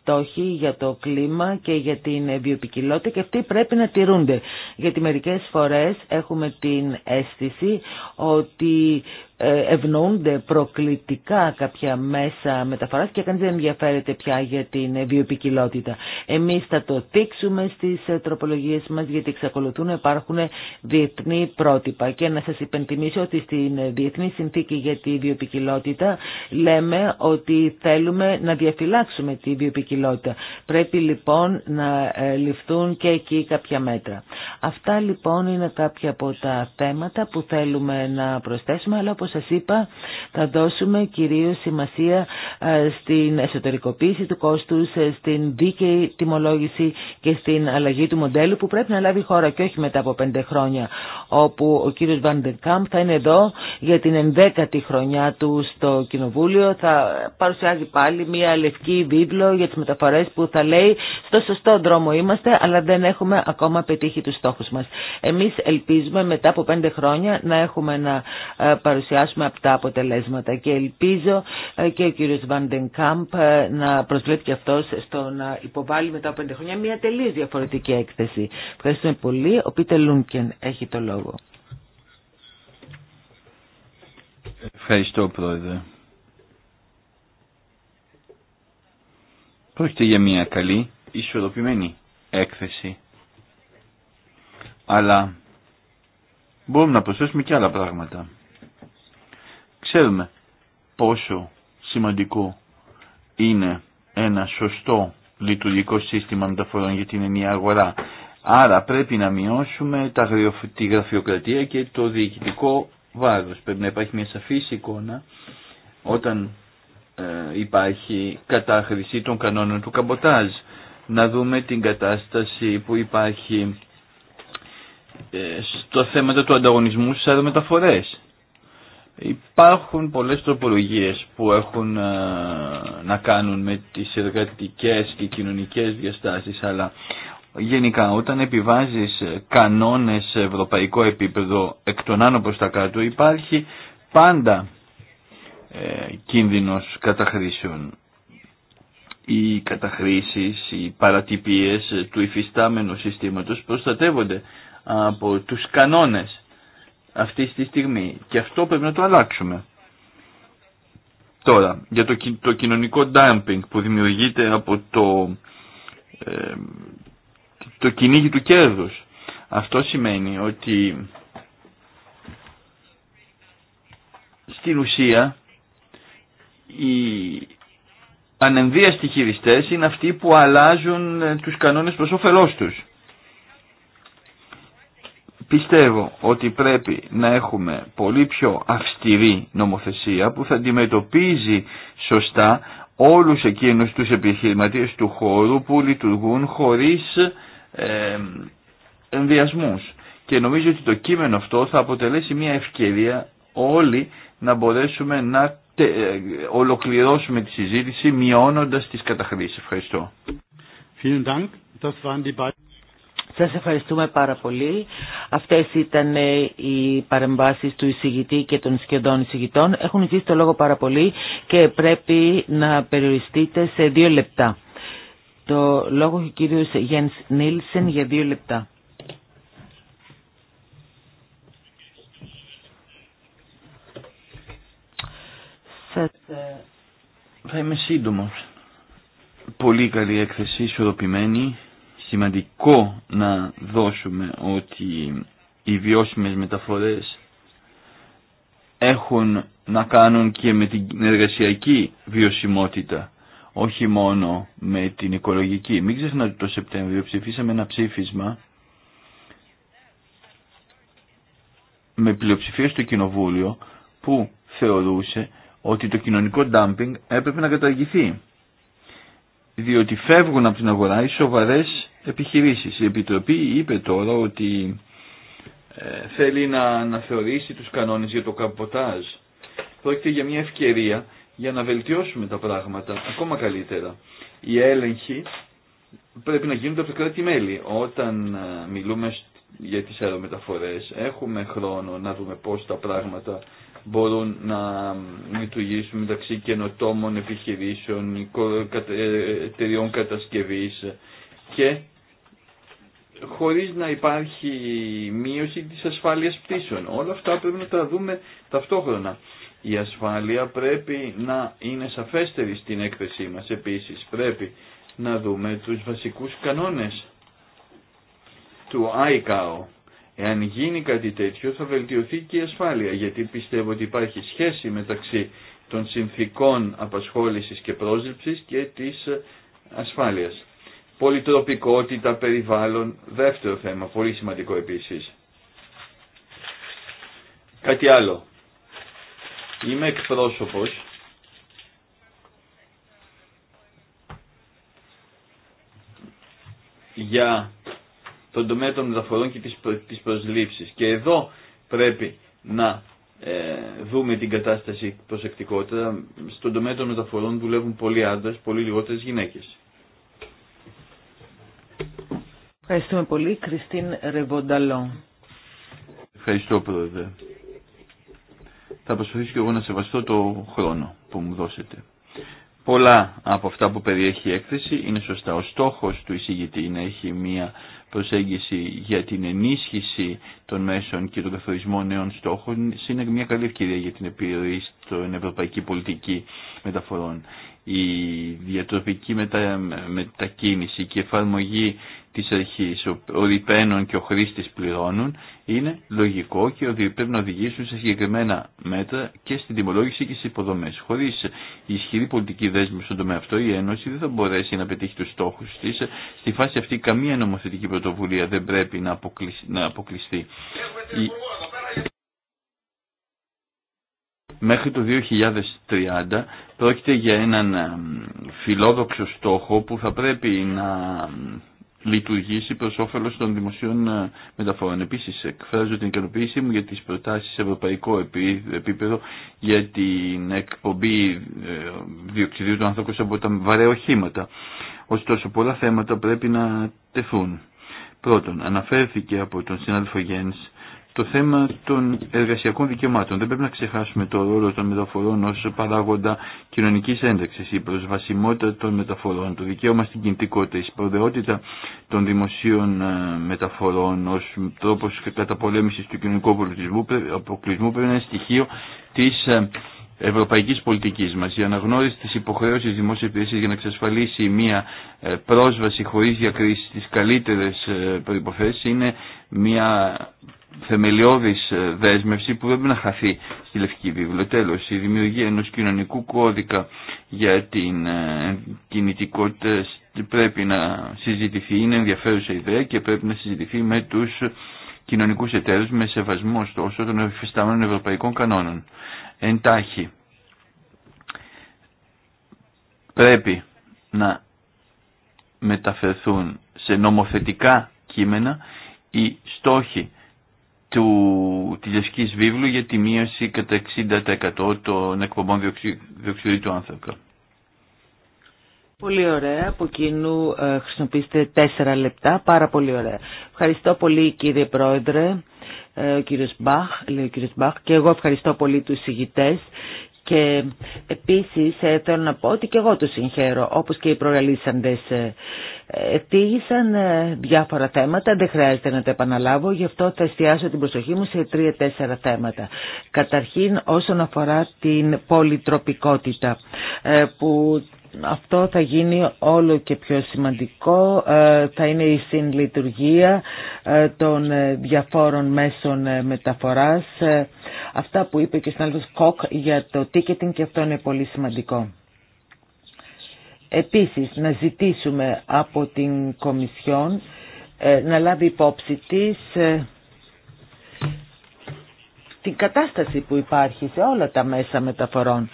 στόχοι για το κλίμα και για την βιοπικιλότητα και αυτοί πρέπει να τηρούνται. Γιατί μερικές φορές έχουμε την αίσθηση ότι ε, ευνοούνται προκλητικά κάποια μέσα μεταφοράς και κανείς δεν ενδιαφέρεται πια για την βιοπικιλότητα. Εμείς θα το δείξουμε στις ε, τροπολογίες μας γιατί εξακολουθούν να υπάρχουν διεθνή πρότυπα και να σας υπενθυμίσω ότι στην ε, Διεθνή Συνθήκη για τη Βιοπικιλότητα λέμε ότι θέλουμε να διαφυλάξουμε τη βιοπικιλότητα. Πρέπει λοιπόν να ληφθούν και εκεί κάποια μέτρα. Αυτά λοιπόν είναι κάποια από τα θέματα που θέλουμε να προσθέσουμε αλλά όπως σας είπα θα δώσουμε κυρίως σημασία στην εσωτερικοποίηση του κόστου ε, στην δίκαιη τιμολόγηση και στην αλλαγή του μοντέλου που πρέπει να λάβει η χώρα και όχι μετά από πέντε χρόνια όπου ο κύριος Βαντεκάμπ θα είναι εδώ για την ενδέκατη χρονιά του στο Κοινοβούλιο θα παρουσιάζει πάλι μια λευκή βίβλο για τις μεταφορές που θα λέει στο σωστό δρόμο είμαστε αλλά δεν έχουμε ακόμα πετύχει τους στόχους μας. Εμείς ελπίζουμε μετά από πέντε χρόνια να έχουμε να ε, παρουσιάσουμε από τα αποτελέσματα και ελπίζω ε, και ο κύριος Βαντενκάμπ ε, να προσβλέπει και αυτός στο να υποβάλει μετά από πέντε χρόνια μια τελείως διαφορετική έκθεση. Ευχαριστούμε πολύ. Ο Πίτερ Λούνκεν έχει το λόγο. Ευχαριστώ πρόεδρε. Πρόκειται για μια καλή, ισορροπημένη έκθεση. Αλλά μπορούμε να προσθέσουμε και άλλα πράγματα. Ξέρουμε πόσο σημαντικό είναι ένα σωστό λειτουργικό σύστημα μεταφορών για την ενιαία αγορά. Άρα πρέπει να μειώσουμε τη γραφειοκρατία και το διοικητικό βάρος. Πρέπει να υπάρχει μια σαφής εικόνα όταν ε, υπάρχει κατάχρηση των κανόνων του καμποτάζ. Να δούμε την κατάσταση που υπάρχει ε, στο θέμα του ανταγωνισμού στις αερομεταφορές. Υπάρχουν πολλές τροπολογίες που έχουν ε, να κάνουν με τις εργατικές και κοινωνικές διαστάσεις, αλλά γενικά όταν επιβάζεις ε, κανόνες σε ευρωπαϊκό επίπεδο εκ των άνω προς τα κάτω υπάρχει πάντα ε, κίνδυνος καταχρήσεων. Οι καταχρήσεις, οι παρατυπίες του υφιστάμενου συστήματος προστατεύονται από τους κανόνες αυτή τη στιγμή. Και αυτό πρέπει να το αλλάξουμε. Τώρα, για το, το κοινωνικό dumping που δημιουργείται από το, το κυνήγι του κέρδους. Αυτό σημαίνει ότι στην ουσία οι ανεμβίαστοι χειριστές είναι αυτοί που αλλάζουν ε, τους κανόνες προς όφελός τους πιστεύω ότι πρέπει να έχουμε πολύ πιο αυστηρή νομοθεσία που θα αντιμετωπίζει σωστά όλους εκείνους τους επιχειρηματίες του χώρου που λειτουργούν χωρίς ε, ενδιασμούς. Και νομίζω ότι το κείμενο αυτό θα αποτελέσει μια ευκαιρία όλοι να μπορέσουμε να ε, ολοκληρώσουμε τη συζήτηση μειώνοντας τις καταχρήσεις. Ευχαριστώ. Σας ευχαριστούμε πάρα πολύ. Αυτές ήταν ε, οι παρεμβάσεις του εισηγητή και των σχεδόν εισηγητών. Έχουν ζήσει το λόγο πάρα πολύ και πρέπει να περιοριστείτε σε δύο λεπτά. Το λόγο έχει κύριου κύριος Νίλσεν για δύο λεπτά. Ε, θα είμαι σύντομος. Πολύ καλή έκθεση, ισορροπημένη σημαντικό να δώσουμε ότι οι βιώσιμες μεταφορές έχουν να κάνουν και με την εργασιακή βιωσιμότητα, όχι μόνο με την οικολογική. Μην ξεχνάτε ότι το Σεπτέμβριο ψηφίσαμε ένα ψήφισμα με πλειοψηφία στο Κοινοβούλιο που θεωρούσε ότι το κοινωνικό ντάμπινγκ έπρεπε να καταργηθεί. Διότι φεύγουν από την αγορά οι σοβαρές επιχειρήσεις. Η Επιτροπή είπε τώρα ότι ε, θέλει να αναθεωρήσει τους κανόνες για το καμποτάζ. Πρόκειται για μια ευκαιρία για να βελτιώσουμε τα πράγματα ακόμα καλύτερα. Η έλεγχοι πρέπει να γίνονται από το κράτη-μέλη. Όταν ε, μιλούμε για τις αερομεταφορές έχουμε χρόνο να δούμε πώς τα πράγματα μπορούν να λειτουργήσουν μεταξύ καινοτόμων επιχειρήσεων, ε, εταιριών κατασκευής και χωρίς να υπάρχει μείωση της ασφάλειας πτήσεων. Όλα αυτά πρέπει να τα δούμε ταυτόχρονα. Η ασφάλεια πρέπει να είναι σαφέστερη στην έκθεσή μας. Επίσης πρέπει να δούμε τους βασικούς κανόνες του ICAO. Εάν γίνει κάτι τέτοιο θα βελτιωθεί και η ασφάλεια γιατί πιστεύω ότι υπάρχει σχέση μεταξύ των συνθήκων απασχόλησης και πρόσληψης και της ασφάλειας. Πολυτροπικότητα, περιβάλλον, δεύτερο θέμα, πολύ σημαντικό επίσης. Κάτι άλλο. Είμαι εκπρόσωπος για τον τομέα των μεταφορών και της προσλήψης. Και εδώ πρέπει να ε, δούμε την κατάσταση προσεκτικότερα. Στον τομέα των μεταφορών δουλεύουν πολλοί άντρες, πολύ λιγότερες γυναίκες. Ευχαριστούμε πολύ. Κριστίν Ρεβονταλό. Ευχαριστώ πρόεδρε. Θα προσπαθήσω και εγώ να σεβαστώ το χρόνο που μου δώσετε. Πολλά από αυτά που περιέχει η έκθεση είναι σωστά. Ο στόχος του εισηγητή είναι να έχει μία προσέγγιση για την ενίσχυση των μέσων και τον καθορισμό νέων στόχων είναι μια καλή ευκαιρία για την επιρροή στην ευρωπαϊκή πολιτική μεταφορών η διατροπική μετα, μετακίνηση και η εφαρμογή της αρχής, ο, ο και ο χρήστης πληρώνουν, είναι λογικό και ότι πρέπει να οδηγήσουν σε συγκεκριμένα μέτρα και στην τιμολόγηση και στις υποδομές. Χωρίς η ισχυρή πολιτική δέσμη στον τομέα αυτό, η Ένωση δεν θα μπορέσει να πετύχει τους στόχους της. Στη φάση αυτή καμία νομοθετική πρωτοβουλία δεν πρέπει να αποκλειστεί μέχρι το 2030 πρόκειται για έναν φιλόδοξο στόχο που θα πρέπει να λειτουργήσει προ όφελο των δημοσίων ε, μεταφορών. Επίσης, εκφράζω την ικανοποίησή μου για τις προτάσεις σε ευρωπαϊκό επίπεδο για την εκπομπή ε, διοξιδίου του ανθρώπου από τα βαρέα οχήματα. Ωστόσο, πολλά θέματα πρέπει να τεθούν. Πρώτον, αναφέρθηκε από τον συνάδελφο Γέννη το θέμα των εργασιακών δικαιωμάτων. Δεν πρέπει να ξεχάσουμε το ρόλο των μεταφορών ως παράγοντα κοινωνικής ένταξης, η προσβασιμότητα των μεταφορών, το δικαίωμα στην κινητικότητα, η προτεραιότητα των δημοσίων ε, μεταφορών ως τρόπος καταπολέμησης του κοινωνικού αποκλεισμού πρέπει να είναι στοιχείο της ε, ευρωπαϊκής πολιτικής μας. Η αναγνώριση της υποχρέωσης δημόσιας υπηρεσία για να εξασφαλίσει μια ε, πρόσβαση χωρίς διακρίσεις στις καλύτερε προποθέσει είναι μια θεμελιώδης ε, δέσμευση που δεν πρέπει να χαθεί στη Λευκή Βίβλο. Τέλος, η δημιουργία ενός κοινωνικού κώδικα για την ε, κινητικότητα πρέπει να συζητηθεί, είναι ενδιαφέρουσα ιδέα και πρέπει να συζητηθεί με τους κοινωνικούς εταίρους με σεβασμό ωστόσο των εφιστάμενων ευρωπαϊκών κανόνων. Εντάχει, πρέπει να μεταφερθούν σε νομοθετικά κείμενα οι στόχοι του, της Βίβλου για τη μείωση κατά 60% των εκπομπών διοξιδίου του άνθρακα. Πολύ ωραία. Από κοινού ε, χρησιμοποιήστε τέσσερα λεπτά. Πάρα πολύ ωραία. Ευχαριστώ πολύ κύριε Πρόεδρε ε, ο κύριος Μπαχ, λέει κύριος Μπαχ, και εγώ ευχαριστώ πολύ τους συγητές και επίσης ε, θέλω να πω ότι και εγώ το συγχαίρω, όπως και οι προλαλήσαντες ε, Ετήγησαν ε, διάφορα θέματα, δεν χρειάζεται να τα επαναλάβω, γι' αυτό θα εστιάσω την προσοχή μου σε τρία-τέσσερα θέματα. Καταρχήν όσον αφορά την πολυτροπικότητα που αυτό θα γίνει όλο και πιο σημαντικό, ε, θα είναι η συνλειτουργία ε, των ε, διαφόρων μέσων μεταφοράς. Αυτά που είπε και ο συνάδελφος Κοκ για το ticketing και αυτό είναι πολύ σημαντικό. Επίσης, να ζητήσουμε από την Κομισιόν να λάβει υπόψη της την κατάσταση που υπάρχει σε όλα τα μέσα μεταφορών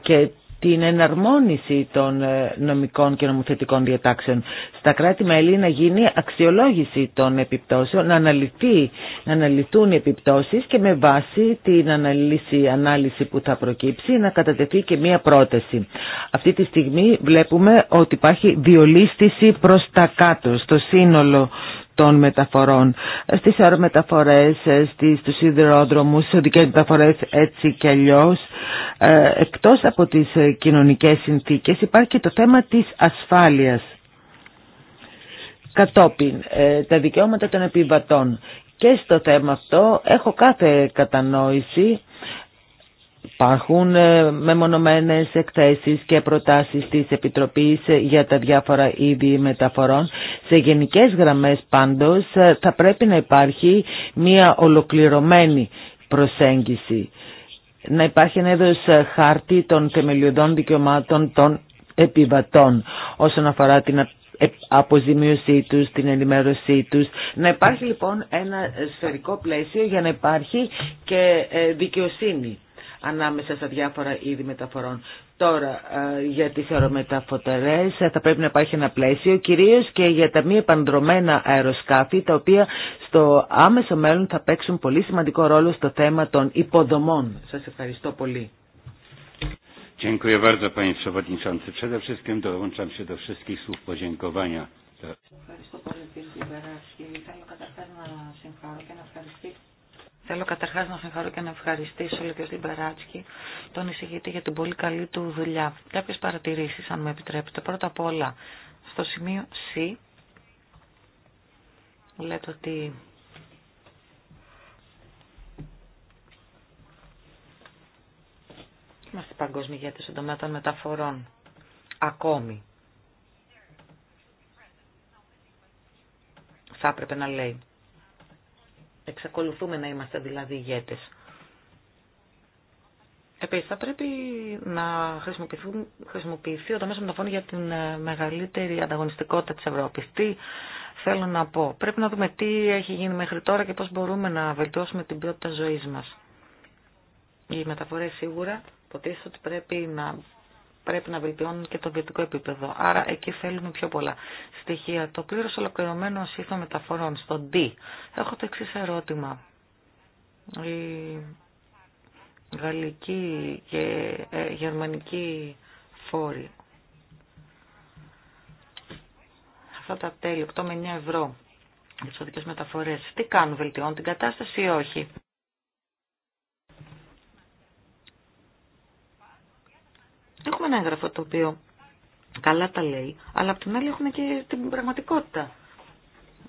και την εναρμόνιση των ε, νομικών και νομοθετικών διατάξεων. Στα κράτη-μέλη να γίνει αξιολόγηση των επιπτώσεων, να, αναλυθεί, να αναλυθούν οι επιπτώσεις και με βάση την αναλύση, ανάλυση που θα προκύψει να κατατεθεί και μία πρόταση. Αυτή τη στιγμή βλέπουμε ότι υπάρχει διολίστηση προς τα κάτω, στο σύνολο των μεταφορών. Στις αερομεταφορές, στις, στους σιδηρόδρομους, στις οδικές μεταφορές έτσι και αλλιώ. Ε, εκτός από τις ε, κοινωνικές συνθήκες υπάρχει και το θέμα της ασφάλειας. Κατόπιν, ε, τα δικαιώματα των επιβατών. Και στο θέμα αυτό έχω κάθε κατανόηση Υπάρχουν ε, μεμονωμένες εκθέσεις και προτάσεις της Επιτροπής ε, για τα διάφορα είδη μεταφορών. Σε γενικές γραμμές πάντως ε, θα πρέπει να υπάρχει μια ολοκληρωμένη προσέγγιση. Να υπάρχει ένα έδος χάρτη των θεμελιωδών δικαιωμάτων των επιβατών όσον αφορά την αποζημίωσή τους, την ενημέρωσή τους. Να υπάρχει λοιπόν ένα σφαιρικό πλαίσιο για να υπάρχει και δικαιοσύνη ανάμεσα στα διάφορα είδη μεταφορών. Τώρα, ε, για τις αερομεταφοτερές ε, θα πρέπει να υπάρχει ένα πλαίσιο, κυρίως και για τα μη επανδρομένα αεροσκάφη, τα οποία στο άμεσο μέλλον θα παίξουν πολύ σημαντικό ρόλο στο θέμα των υποδομών. Σας ευχαριστώ πολύ. Dziękuję Ευχαριστώ πολύ κύριε Θέλω καταφέρω να συγχαρώ και να ευχαριστήσω Θέλω καταρχά να συγχαρώ και να ευχαριστήσω όλο και Παράτσκη τον εισηγητή για την πολύ καλή του δουλειά. Κάποιε παρατηρήσεις, αν με επιτρέπετε. Πρώτα απ' όλα, στο σημείο C, λέτε ότι είμαστε παγκόσμιοι για στον τομέα των μεταφορών. Ακόμη. Θα έπρεπε να λέει. Εξακολουθούμε να είμαστε δηλαδή ηγέτες. Επίσης, θα πρέπει να χρησιμοποιηθεί ο τομέας μεταφορών για την ε, μεγαλύτερη ανταγωνιστικότητα της Ευρώπης. Τι θέλω να πω. Πρέπει να δούμε τι έχει γίνει μέχρι τώρα και πώς μπορούμε να βελτιώσουμε την ποιότητα ζωής μας. Οι μεταφορές σίγουρα υποτίθεται ότι πρέπει να πρέπει να βελτιώνουν και το βιωτικό επίπεδο. Άρα εκεί θέλουμε πιο πολλά στοιχεία. Το πλήρω ολοκληρωμένο σύστημα μεταφορών, στο D. Έχω το εξή ερώτημα. Η γαλλική και ε, γερμανική φόρη. Αυτά τα τέλη, 8 με 9 ευρώ για τι μεταφορέ. Τι κάνουν, βελτιώνουν την κατάσταση ή όχι. Έχουμε ένα έγγραφο το οποίο καλά τα λέει, αλλά από την άλλη έχουμε και την πραγματικότητα.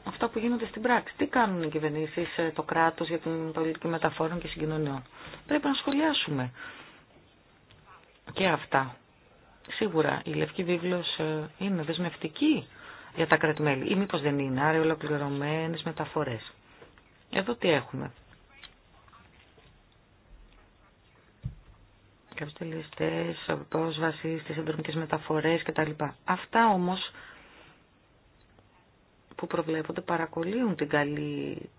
Αυτά που γίνονται στην πράξη. Τι κάνουν οι κυβερνήσει, ε, το κράτο για την πολιτική μεταφόρων και συγκοινωνιών. Πρέπει να σχολιάσουμε και αυτά. Σίγουρα η Λευκή Βίβλος ε, είναι δεσμευτική για τα κρατημέλη ή μήπω δεν είναι, άρα ολοκληρωμένε μεταφορέ. Εδώ τι έχουμε. σε πρόσβαση στι συνδρομικέ μεταφορέ κτλ. Αυτά όμω που προβλέπονται παρακολύουν την καλή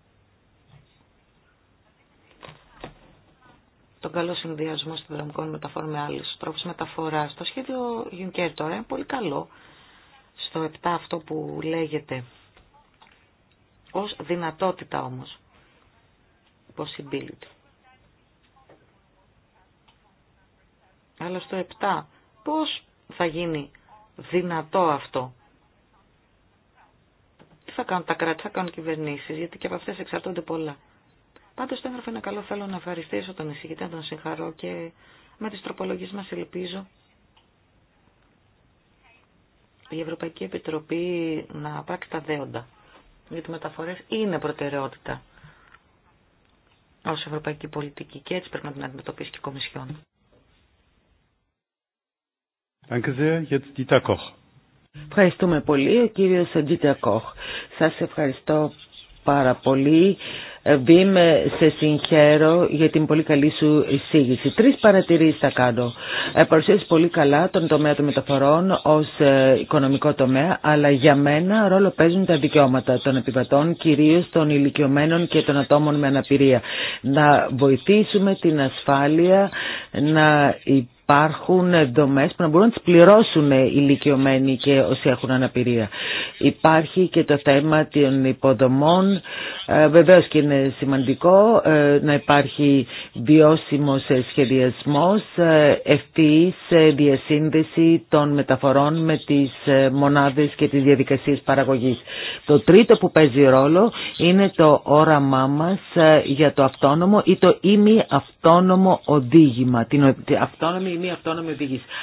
τον καλό συνδυασμό συνδρομικών μεταφορών με άλλους τρόπους μεταφοράς. Το σχέδιο Juncker τώρα είναι πολύ καλό στο 7 αυτό που λέγεται ως δυνατότητα όμως possibility. Αλλά στο 7 πώς θα γίνει δυνατό αυτό. Τι θα κάνουν τα κράτη, θα κάνουν κυβερνήσει, γιατί και από αυτέ εξαρτώνται πολλά. Πάντω το έγγραφο είναι καλό. Θέλω να ευχαριστήσω τον εισηγητή, να τον συγχαρώ και με τι τροπολογίε μα ελπίζω η Ευρωπαϊκή Επιτροπή να πράξει τα δέοντα. Γιατί μεταφορέ είναι προτεραιότητα ω ευρωπαϊκή πολιτική και έτσι πρέπει να την αντιμετωπίσει και η Κομισιόν. Ευχαριστούμε πολύ, ο κύριος Κοχ. Σας ευχαριστώ πάρα πολύ. Ε, Βίμ, σε συγχαίρω για την πολύ καλή σου εισήγηση. Τρει παρατηρήσει θα κάνω. Ε, πολύ καλά τον τομέα των μεταφορών ω ε, οικονομικό τομέα, αλλά για μένα ρόλο παίζουν τα δικαιώματα των επιβατών, κυρίω των ηλικιωμένων και των ατόμων με αναπηρία. Να βοηθήσουμε την ασφάλεια να υπάρχει υπάρχουν δομές που να μπορούν να τις πληρώσουν οι ηλικιωμένοι και όσοι έχουν αναπηρία. Υπάρχει και το θέμα των υποδομών. Ε, βεβαίως και είναι σημαντικό ε, να υπάρχει βιώσιμος σχεδιασμός, ε, ευθύης διασύνδεση των μεταφορών με τις μονάδες και τις διαδικασίες παραγωγής. Το τρίτο που παίζει ρόλο είναι το όραμά μας για το αυτόνομο ή το ημι αυτόνομο οδήγημα, την αυτόνομη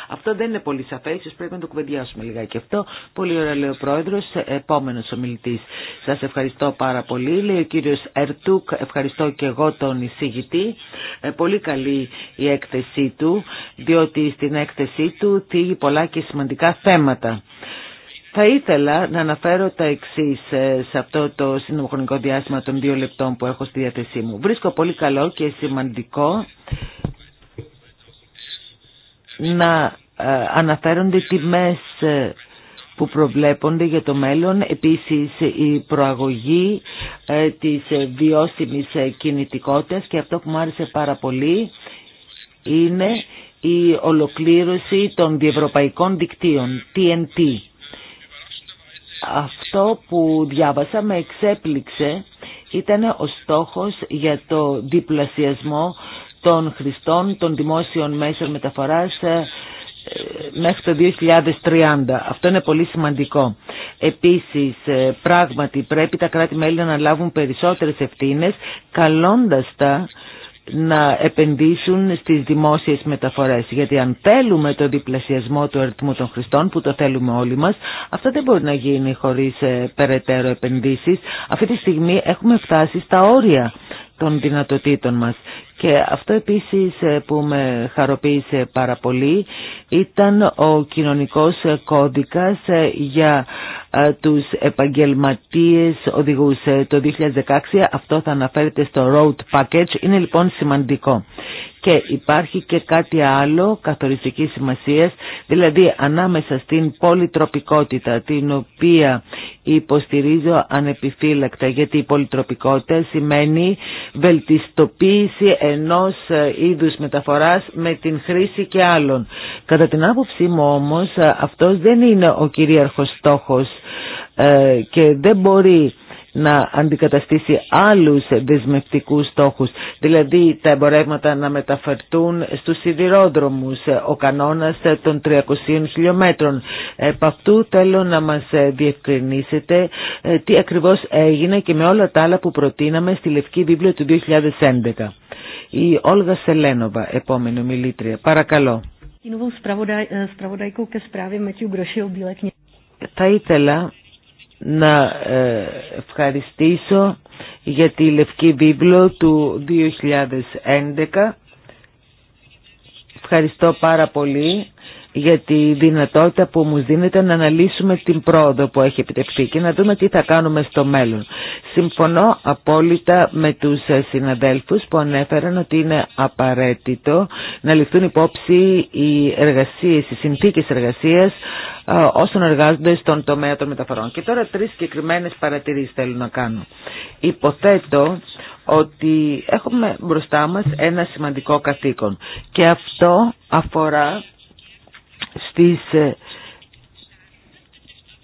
αυτό δεν είναι πολύ σαφέ, ίσω πρέπει να το κουβεντιάσουμε λιγάκι αυτό. Πολύ ωραία λέει ο πρόεδρο, επόμενο ομιλητή. Σα ευχαριστώ πάρα πολύ. Λέει ο κύριο Ερτούκ, ευχαριστώ και εγώ τον εισηγητή. Ε, πολύ καλή η έκθεσή του, διότι στην έκθεσή του θίγει πολλά και σημαντικά θέματα. Θα ήθελα να αναφέρω τα εξή ε, σε αυτό το σύντομο χρονικό διάστημα των δύο λεπτών που έχω στη διάθεσή μου. Βρίσκω πολύ καλό και σημαντικό να ε, αναφέρονται τιμές ε, που προβλέπονται για το μέλλον. Επίσης η προαγωγή ε, της βιώσιμης κινητικότητας και αυτό που μου άρεσε πάρα πολύ είναι η ολοκλήρωση των διευρωπαϊκών δικτύων, TNT. Αυτό που διάβασα με εξέπληξε ήταν ο στόχος για το διπλασιασμό των χρηστών των δημόσιων μέσων μεταφοράς ε, μέχρι το 2030. Αυτό είναι πολύ σημαντικό. Επίσης, ε, πράγματι πρέπει τα κράτη-μέλη να αναλάβουν περισσότερες ευθύνες, καλώντας τα να επενδύσουν στις δημόσιες μεταφορές. Γιατί αν θέλουμε το διπλασιασμό του αριθμού των χρηστών, που το θέλουμε όλοι μας, αυτό δεν μπορεί να γίνει χωρίς ε, περαιτέρω επενδύσεις. Αυτή τη στιγμή έχουμε φτάσει στα όρια των δυνατοτήτων μας και αυτό επίσης ε, που με χαροποίησε πάρα πολύ ήταν ο κοινωνικός ε, κώδικας ε, για τους επαγγελματίες οδηγούς το 2016. Αυτό θα αναφέρεται στο Road Package. Είναι λοιπόν σημαντικό. Και υπάρχει και κάτι άλλο καθοριστικής σημασίας, δηλαδή ανάμεσα στην πολυτροπικότητα την οποία υποστηρίζω ανεπιφύλακτα γιατί η πολυτροπικότητα σημαίνει βελτιστοποίηση ενός ε, είδους μεταφοράς με την χρήση και άλλων. Κατά την άποψή μου όμως ε, αυτός δεν είναι ο κυρίαρχος στόχος ε, και δεν μπορεί να αντικαταστήσει άλλους δεσμευτικούς στόχους, δηλαδή τα εμπορεύματα να μεταφερθούν στους σιδηρόδρομους, ο κανόνας των 300 χιλιόμετρων. Επ' αυτού θέλω να μας διευκρινίσετε ε, τι ακριβώς έγινε και με όλα τα άλλα που προτείναμε στη Λευκή Βίβλιο του 2011. Η Όλγα Σελένοβα, επόμενη μιλήτρια. Παρακαλώ. Ε, Θα ήθελα να ε, ευχαριστήσω για τη Λευκή Βίβλο του 2011. Ευχαριστώ πάρα πολύ για τη δυνατότητα που μου δίνεται να αναλύσουμε την πρόοδο που έχει επιτευχθεί και να δούμε τι θα κάνουμε στο μέλλον. Συμφωνώ απόλυτα με τους συναδέλφους που ανέφεραν ότι είναι απαραίτητο να ληφθούν υπόψη οι εργασίες, οι συνθήκες εργασίας όσων εργάζονται στον τομέα των μεταφορών. Και τώρα τρεις συγκεκριμένε παρατηρήσεις θέλω να κάνω. Υποθέτω ότι έχουμε μπροστά μας ένα σημαντικό καθήκον και αυτό αφορά στις ε,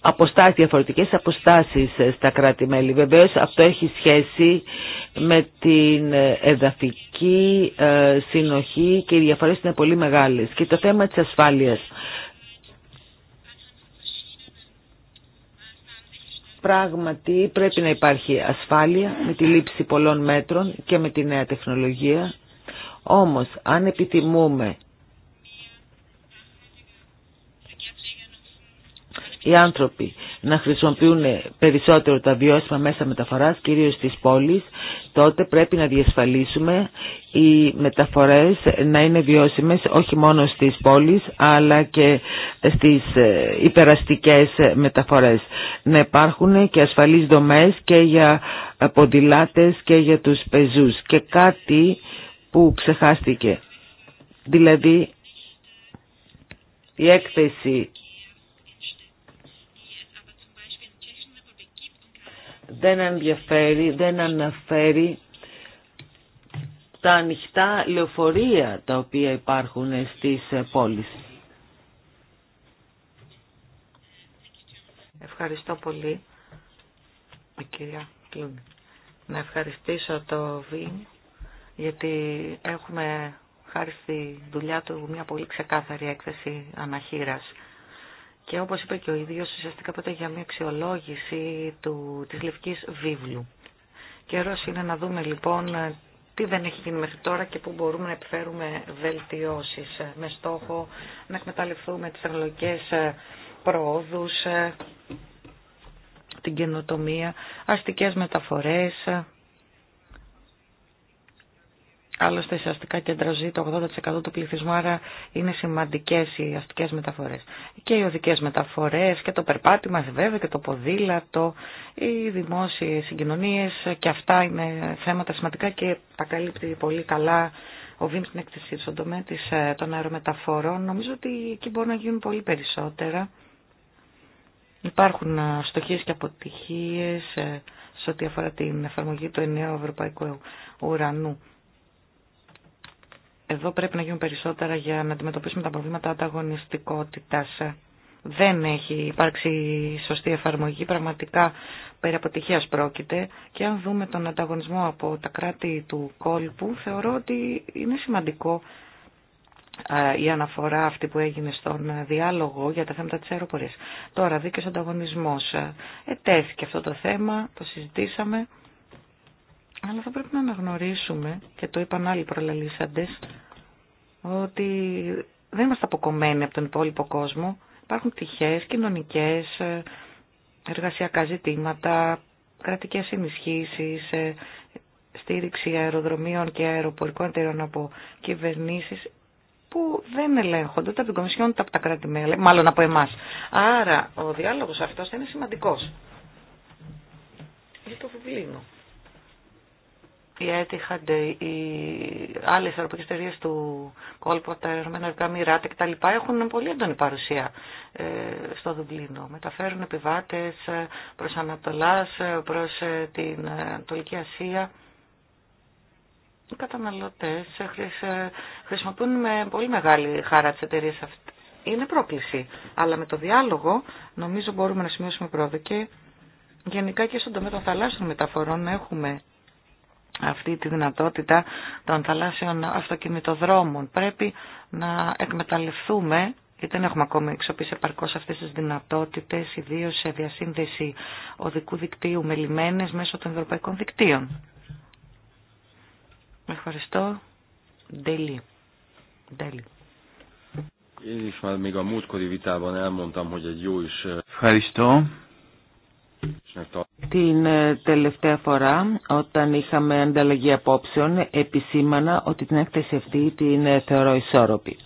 αποστάσεις, διαφορετικές αποστάσεις ε, στα κράτη-μέλη. Βεβαίως αυτό έχει σχέση με την ε, εδαφική συνοχή και οι διαφορές είναι πολύ μεγάλες. Και το θέμα της ασφάλειας. Πράγματι πρέπει να υπάρχει ασφάλεια με τη λήψη πολλών μέτρων και με τη νέα τεχνολογία. Όμως αν επιτιμούμε οι άνθρωποι να χρησιμοποιούν περισσότερο τα βιώσιμα μέσα μεταφοράς, κυρίως στις πόλεις, τότε πρέπει να διασφαλίσουμε οι μεταφορές να είναι βιώσιμες όχι μόνο στις πόλεις αλλά και στις ε, υπεραστικές μεταφορές. Να υπάρχουν και ασφαλείς δομές και για ε, ποδηλάτες και για τους πεζούς και κάτι που ξεχάστηκε. Δηλαδή η έκθεση δεν ενδιαφέρει, δεν αναφέρει τα ανοιχτά λεωφορεία τα οποία υπάρχουν στις πόλεις. Ευχαριστώ πολύ, κυρία Κλούν. Να ευχαριστήσω το ΒΙΜ, γιατί έχουμε χάρη στη δουλειά του μια πολύ ξεκάθαρη έκθεση αναχείρας. Και όπως είπε και ο ίδιος, ουσιαστικά πρόκειται για μια αξιολόγηση του, της Λευκής Βίβλου. Καιρός είναι να δούμε λοιπόν τι δεν έχει γίνει μέχρι τώρα και πού μπορούμε να επιφέρουμε βελτιώσεις με στόχο να εκμεταλλευτούμε τις τεχνολογικές προόδους, την καινοτομία, αστικές μεταφορές, Άλλωστε, σε αστικά κέντρα ζει το 80% του πληθυσμού, άρα είναι σημαντικέ οι αστικέ μεταφορέ. Και οι οδικέ μεταφορέ και το περπάτημα, βέβαια, και το ποδήλατο, οι δημόσιε συγκοινωνίε και αυτά είναι θέματα σημαντικά και τα καλύπτει πολύ καλά ο Βίμ στην έκθεση στον τομέα ε, των αερομεταφορών. Νομίζω ότι εκεί μπορούν να γίνουν πολύ περισσότερα. Υπάρχουν ε, στοχίες και αποτυχίες ε, σε ό,τι αφορά την εφαρμογή του ενιαίου ευρωπαϊκού ουρανού. Εδώ πρέπει να γίνουν περισσότερα για να αντιμετωπίσουμε τα προβλήματα ανταγωνιστικότητα. Δεν έχει υπάρξει σωστή εφαρμογή, πραγματικά περί αποτυχίας πρόκειται και αν δούμε τον ανταγωνισμό από τα κράτη του κόλπου θεωρώ ότι είναι σημαντικό η αναφορά αυτή που έγινε στον διάλογο για τα θέματα της αεροπορίας. Τώρα, δίκαιος ανταγωνισμός. Ετέθηκε αυτό το θέμα, το συζητήσαμε. Αλλά θα πρέπει να αναγνωρίσουμε, και το είπαν άλλοι προλαλήσαντες, ότι δεν είμαστε αποκομμένοι από τον υπόλοιπο κόσμο. Υπάρχουν πτυχές, κοινωνικές, ε, εργασιακά ζητήματα, κρατικές ενισχύσεις, ε, στήριξη αεροδρομίων και αεροπορικών εταιρεών από κυβερνήσεις που δεν ελέγχονται ούτε από την Κομισιόν ούτε από τα κράτη-μέλη, μάλλον από εμάς. Άρα ο διάλογος αυτός θα είναι σημαντικός. για το βιβλίο η οι άλλες ευρωπαϊκές εταιρείε του κόλπου, τα ερωμένα μοιράτε κτλ. έχουν πολύ έντονη παρουσία ε, στο Δουμπλίνο. Μεταφέρουν επιβάτες ε, προς Ανατολάς, ε, προς την Ανατολική Ασία. Οι καταναλωτές χρησιμοποιούν με πολύ μεγάλη χαρά τις εταιρείε αυτές. Είναι πρόκληση, αλλά με το διάλογο νομίζω μπορούμε να σημειώσουμε πρόοδο και γενικά και στον τομέα των θαλάσσιων μεταφορών έχουμε αυτή τη δυνατότητα των θαλάσσιων αυτοκινητοδρόμων. Πρέπει να εκμεταλλευτούμε γιατί δεν έχουμε ακόμη εξοπλίσει επαρκώ αυτέ τι δυνατότητε, ιδίω σε διασύνδεση οδικού δικτύου με λιμένε μέσω των ευρωπαϊκών δικτύων. Ευχαριστώ. Ντέλη. Ευχαριστώ. Την ε, τελευταία φορά όταν είχαμε ανταλλαγή απόψεων επισήμανα ότι την έκθεση αυτή την ε, θεωρώ ισόρροπη.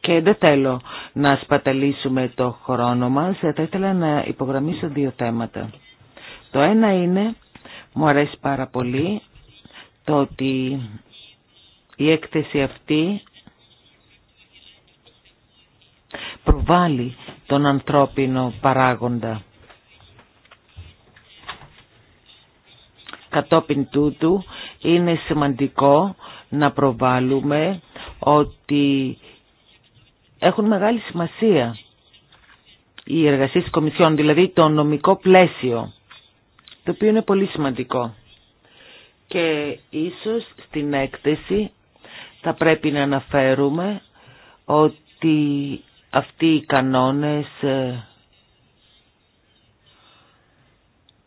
Και δεν θέλω να σπαταλήσουμε το χρόνο μας, ε, θα ήθελα να υπογραμμίσω δύο θέματα. Το ένα είναι, μου αρέσει πάρα πολύ, το ότι η έκθεση αυτή προβάλλει τον ανθρώπινο παράγοντα Κατόπιν τούτου είναι σημαντικό να προβάλλουμε ότι έχουν μεγάλη σημασία οι εργασίες της Κομισιόν, δηλαδή το νομικό πλαίσιο, το οποίο είναι πολύ σημαντικό. Και ίσως στην έκθεση θα πρέπει να αναφέρουμε ότι αυτοί οι κανόνες ε,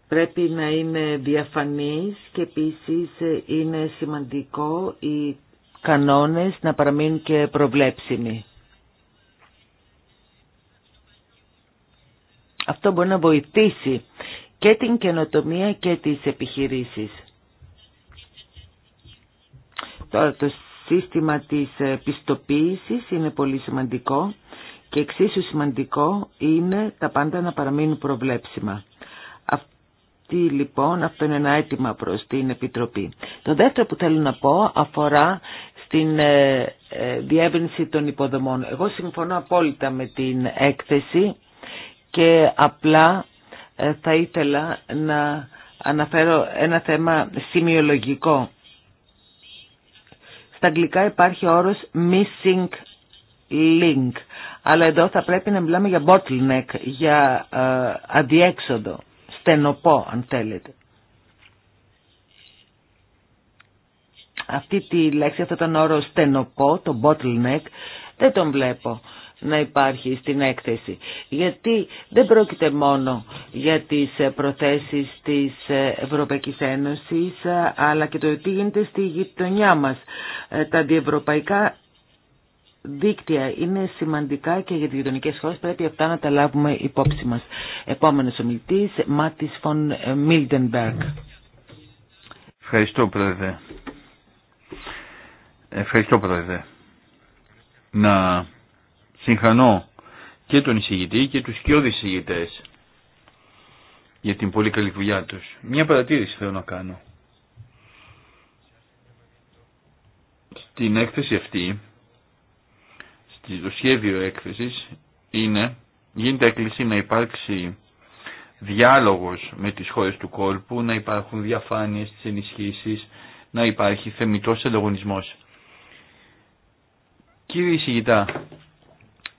πρέπει να είναι διαφανής και επίσης ε, είναι σημαντικό οι κανόνες να παραμείνουν και προβλέψιμοι. Αυτό μπορεί να βοηθήσει και την καινοτομία και τις επιχειρήσεις. Τώρα το σύστημα της ε, πιστοποίησης είναι πολύ σημαντικό και εξίσου σημαντικό είναι τα πάντα να παραμείνουν προβλέψιμα. Αυτό... Τι λοιπόν, αυτό είναι ένα αίτημα προς την Επιτροπή. Το δεύτερο που θέλω να πω αφορά στην ε, ε, διεύρυνση των υποδομών. Εγώ συμφωνώ απόλυτα με την έκθεση και απλά ε, θα ήθελα να αναφέρω ένα θέμα σημειολογικό. Στα αγγλικά υπάρχει όρος missing link, αλλά εδώ θα πρέπει να μιλάμε για bottleneck, για ε, στενοπό αν θέλετε. Αυτή τη λέξη, αυτόν τον όρο στενοπό, το bottleneck, δεν τον βλέπω να υπάρχει στην έκθεση. Γιατί δεν πρόκειται μόνο για τις προθέσεις της Ευρωπαϊκής Ένωσης αλλά και το τι γίνεται στη γειτονιά μας. Τα αντιευρωπαϊκά δίκτυα είναι σημαντικά και για τις γειτονικέ χώρες πρέπει αυτά να τα λάβουμε υπόψη μας. Επόμενος ομιλητής, Μάτις Φον Μίλτενμπεργκ. Ευχαριστώ πρόεδρε. Ευχαριστώ πρόεδρε. Να συγχανώ και τον εισηγητή και τους κοιόδης εισηγητές για την πολύ καλή δουλειά τους. Μια παρατήρηση θέλω να κάνω. Στην έκθεση αυτή το σχέδιο έκθεσης είναι, γίνεται έκκληση να υπάρξει διάλογος με τις χώρες του κόλπου, να υπάρχουν διαφάνειες τις ενισχύσεις, να υπάρχει θεμητός ελογονισμός. Κύριε Ισηγητά,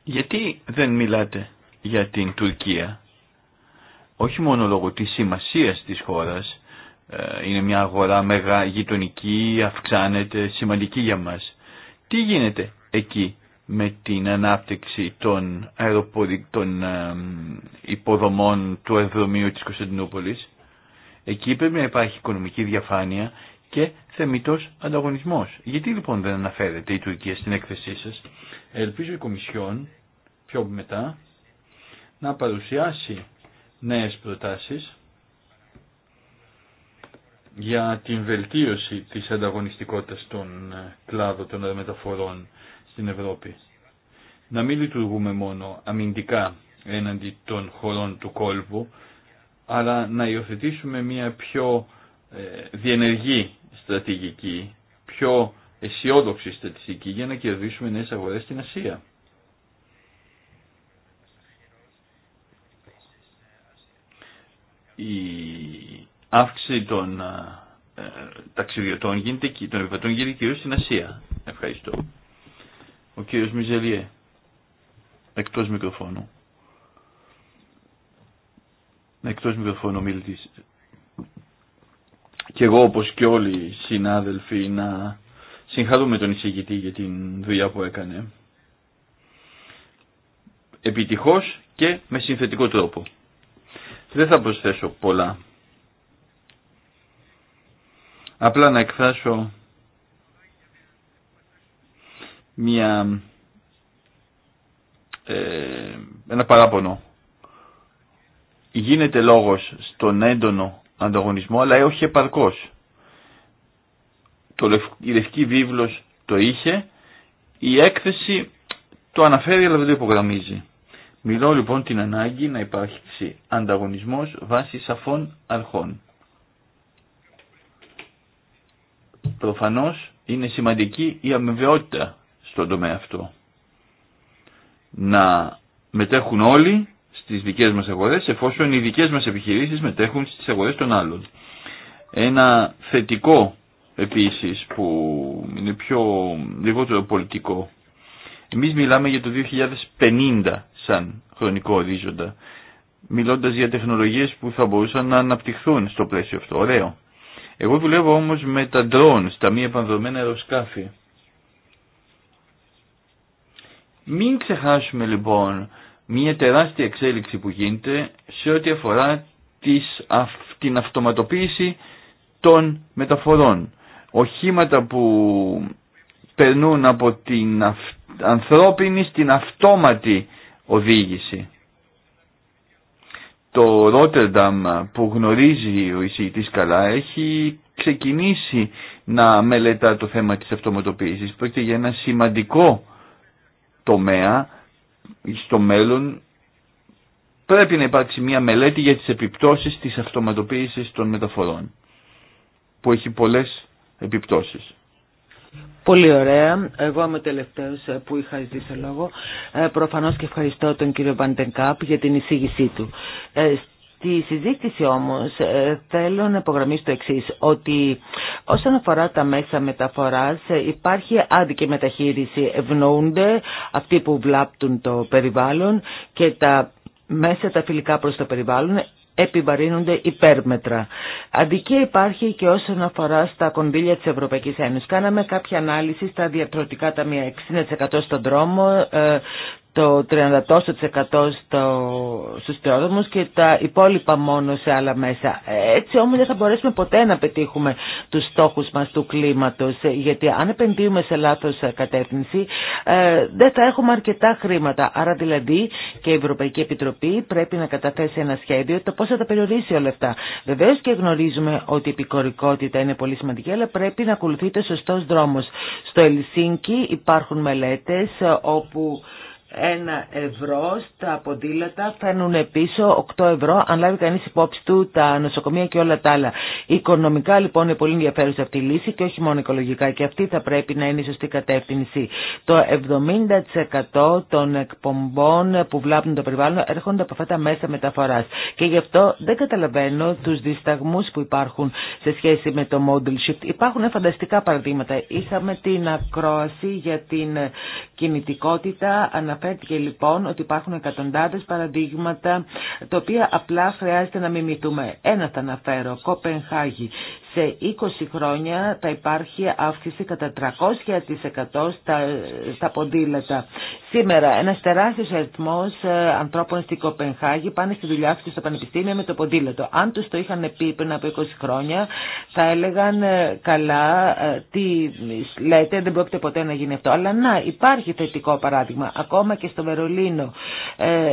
γιατί δεν μιλάτε για την Τουρκία, όχι μόνο λόγω της σημασίας της χώρας, ε, είναι μια αγορά μεγάλη, γειτονική, αυξάνεται, σημαντική για μας. Τι γίνεται εκεί με την ανάπτυξη των, υποδομών του αεροδρομίου της Κωνσταντινούπολης. Εκεί πρέπει να υπάρχει οικονομική διαφάνεια και θεμητός ανταγωνισμός. Γιατί λοιπόν δεν αναφέρεται η Τουρκία στην έκθεσή σας. Ελπίζω η Κομισιόν πιο μετά να παρουσιάσει νέες προτάσεις για την βελτίωση της ανταγωνιστικότητας των κλάδων των αερομεταφορών στην Ευρώπη. Να μην λειτουργούμε μόνο αμυντικά έναντι των χωρών του κόλπου, αλλά να υιοθετήσουμε μια πιο ε, διενεργή στρατηγική, πιο αισιόδοξη στρατηγική για να κερδίσουμε νέες αγορές στην Ασία. Η αύξηση των ε, ε ταξιδιωτών γίνεται, των επιβατών γίνεται κυρίως στην Ασία. Ευχαριστώ. Ο κύριος Μιζελιέ, εκτός μικροφώνου. Ναι, εκτός μικροφώνου μιλητής. Και εγώ όπως και όλοι οι συνάδελφοι να συγχαρούμε τον εισηγητή για την δουλειά που έκανε. Επιτυχώς και με συνθετικό τρόπο. Δεν θα προσθέσω πολλά. Απλά να εκφράσω μια, ε, ένα παράπονο. Γίνεται λόγος στον έντονο ανταγωνισμό, αλλά όχι επαρκώς. Το, η Λευκή Βίβλος το είχε, η έκθεση το αναφέρει αλλά δεν το υπογραμμίζει. Μιλώ λοιπόν την ανάγκη να υπάρξει ανταγωνισμός βάσει σαφών αρχών. Προφανώς είναι σημαντική η αμοιβαιότητα στον τομέα αυτό. Να μετέχουν όλοι στις δικές μας αγορές εφόσον οι δικές μας επιχειρήσεις μετέχουν στις αγορές των άλλων. Ένα θετικό επίσης που είναι πιο λιγότερο πολιτικό. Εμείς μιλάμε για το 2050 σαν χρονικό ορίζοντα μιλώντας για τεχνολογίες που θα μπορούσαν να αναπτυχθούν στο πλαίσιο αυτό. Ωραίο. Εγώ δουλεύω όμως με τα drones, τα μη επανδρομένα αεροσκάφη. Μην ξεχάσουμε λοιπόν μια τεράστια εξέλιξη που γίνεται σε ό,τι αφορά την αυτοματοποίηση των μεταφορών. Οχήματα που περνούν από την ανθρώπινη στην αυτόματη οδήγηση. Το Ρότερνταμ που γνωρίζει ο εισηγητής καλά έχει ξεκινήσει να μελετά το θέμα της αυτοματοποίησης. Πρόκειται για ένα σημαντικό τομέα στο μέλλον πρέπει να υπάρξει μια μελέτη για τις επιπτώσεις της αυτοματοποίησης των μεταφορών που έχει πολλές επιπτώσεις. Πολύ ωραία. Εγώ είμαι ο τελευταίο ε, που είχα ζήσει λόγο. Ε, προφανώς Προφανώ και ευχαριστώ τον κύριο Βαντενκάπ για την εισήγησή του. Ε, Στη συζήτηση όμως ε, θέλω να υπογραμμίσω το εξής, ότι όσον αφορά τα μέσα μεταφοράς ε, υπάρχει άδικη μεταχείριση. Ευνοούνται αυτοί που βλάπτουν το περιβάλλον και τα μέσα τα φιλικά προς το περιβάλλον επιβαρύνονται υπέρμετρα. Αντικία υπάρχει και όσον αφορά στα κονδύλια της Ευρωπαϊκής Ένωσης. Κάναμε κάποια ανάλυση στα διατροτικά ταμεία 60% στον δρόμο, ε, το 30% στο, στους πρόδρομους και τα υπόλοιπα μόνο σε άλλα μέσα. Έτσι όμω δεν θα μπορέσουμε ποτέ να πετύχουμε τους στόχους μας του κλίματος γιατί αν επενδύουμε σε λάθο κατεύθυνση ε, δεν θα έχουμε αρκετά χρήματα. Άρα δηλαδή και η Ευρωπαϊκή Επιτροπή πρέπει να καταθέσει ένα σχέδιο το πώς θα τα περιορίσει όλα αυτά. Βεβαίω και γνωρίζουμε ότι η επικορικότητα είναι πολύ σημαντική αλλά πρέπει να ακολουθείται σωστό δρόμο. Στο Ελσίνκι υπάρχουν μελέτες ε, όπου ένα ευρώ στα ποδήλατα φαίνουν πίσω 8 ευρώ αν λάβει κανείς υπόψη του τα νοσοκομεία και όλα τα άλλα. Οικονομικά λοιπόν είναι πολύ ενδιαφέρουσα αυτή η λύση και όχι μόνο οικολογικά και αυτή θα πρέπει να είναι η σωστή κατεύθυνση. Το 70% των εκπομπών που βλάπτουν το περιβάλλον έρχονται από αυτά τα μέσα μεταφοράς και γι' αυτό δεν καταλαβαίνω τους δισταγμούς που υπάρχουν σε σχέση με το model shift. Υπάρχουν φανταστικά παραδείγματα. Είχαμε την ακρόαση για την κινητικότητα Αναφέρθηκε λοιπόν ότι υπάρχουν εκατοντάδες παραδείγματα τα οποία απλά χρειάζεται να μιμηθούμε. Ένα θα αναφέρω, Κοπενχάγη σε 20 χρόνια θα υπάρχει αύξηση κατά 300% στα, στα Σήμερα ένας τεράστιος αριθμός ε, ανθρώπων στην Κοπενχάγη πάνε στη δουλειά τους στα πανεπιστήμια με το ποντήλατο. Αν τους το είχαν πει πριν από 20 χρόνια θα έλεγαν ε, καλά ε, τι λέτε, δεν πρόκειται ποτέ να γίνει αυτό. Αλλά να, υπάρχει θετικό παράδειγμα. Ακόμα και στο Βερολίνο ε,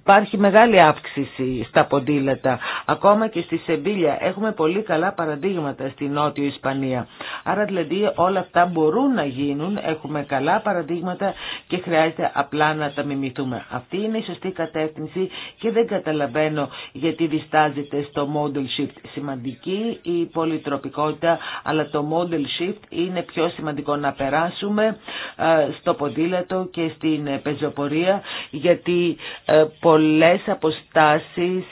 υπάρχει μεγάλη αύξηση στα ποντήλατα. Ακόμα και στη Σεμπίλια έχουμε πολύ καλά παραδείγματα παραδείγματα στη Νότιο Ισπανία. Άρα δηλαδή όλα αυτά μπορούν να γίνουν, έχουμε καλά παραδείγματα και χρειάζεται απλά να τα μιμηθούμε. Αυτή είναι η σωστή κατεύθυνση και δεν καταλαβαίνω γιατί διστάζεται στο model shift. Σημαντική η πολυτροπικότητα, αλλά το model shift είναι πιο σημαντικό να περάσουμε ε, στο ποδήλατο και στην ε, πεζοπορία γιατί ε, πολλές αποστάσεις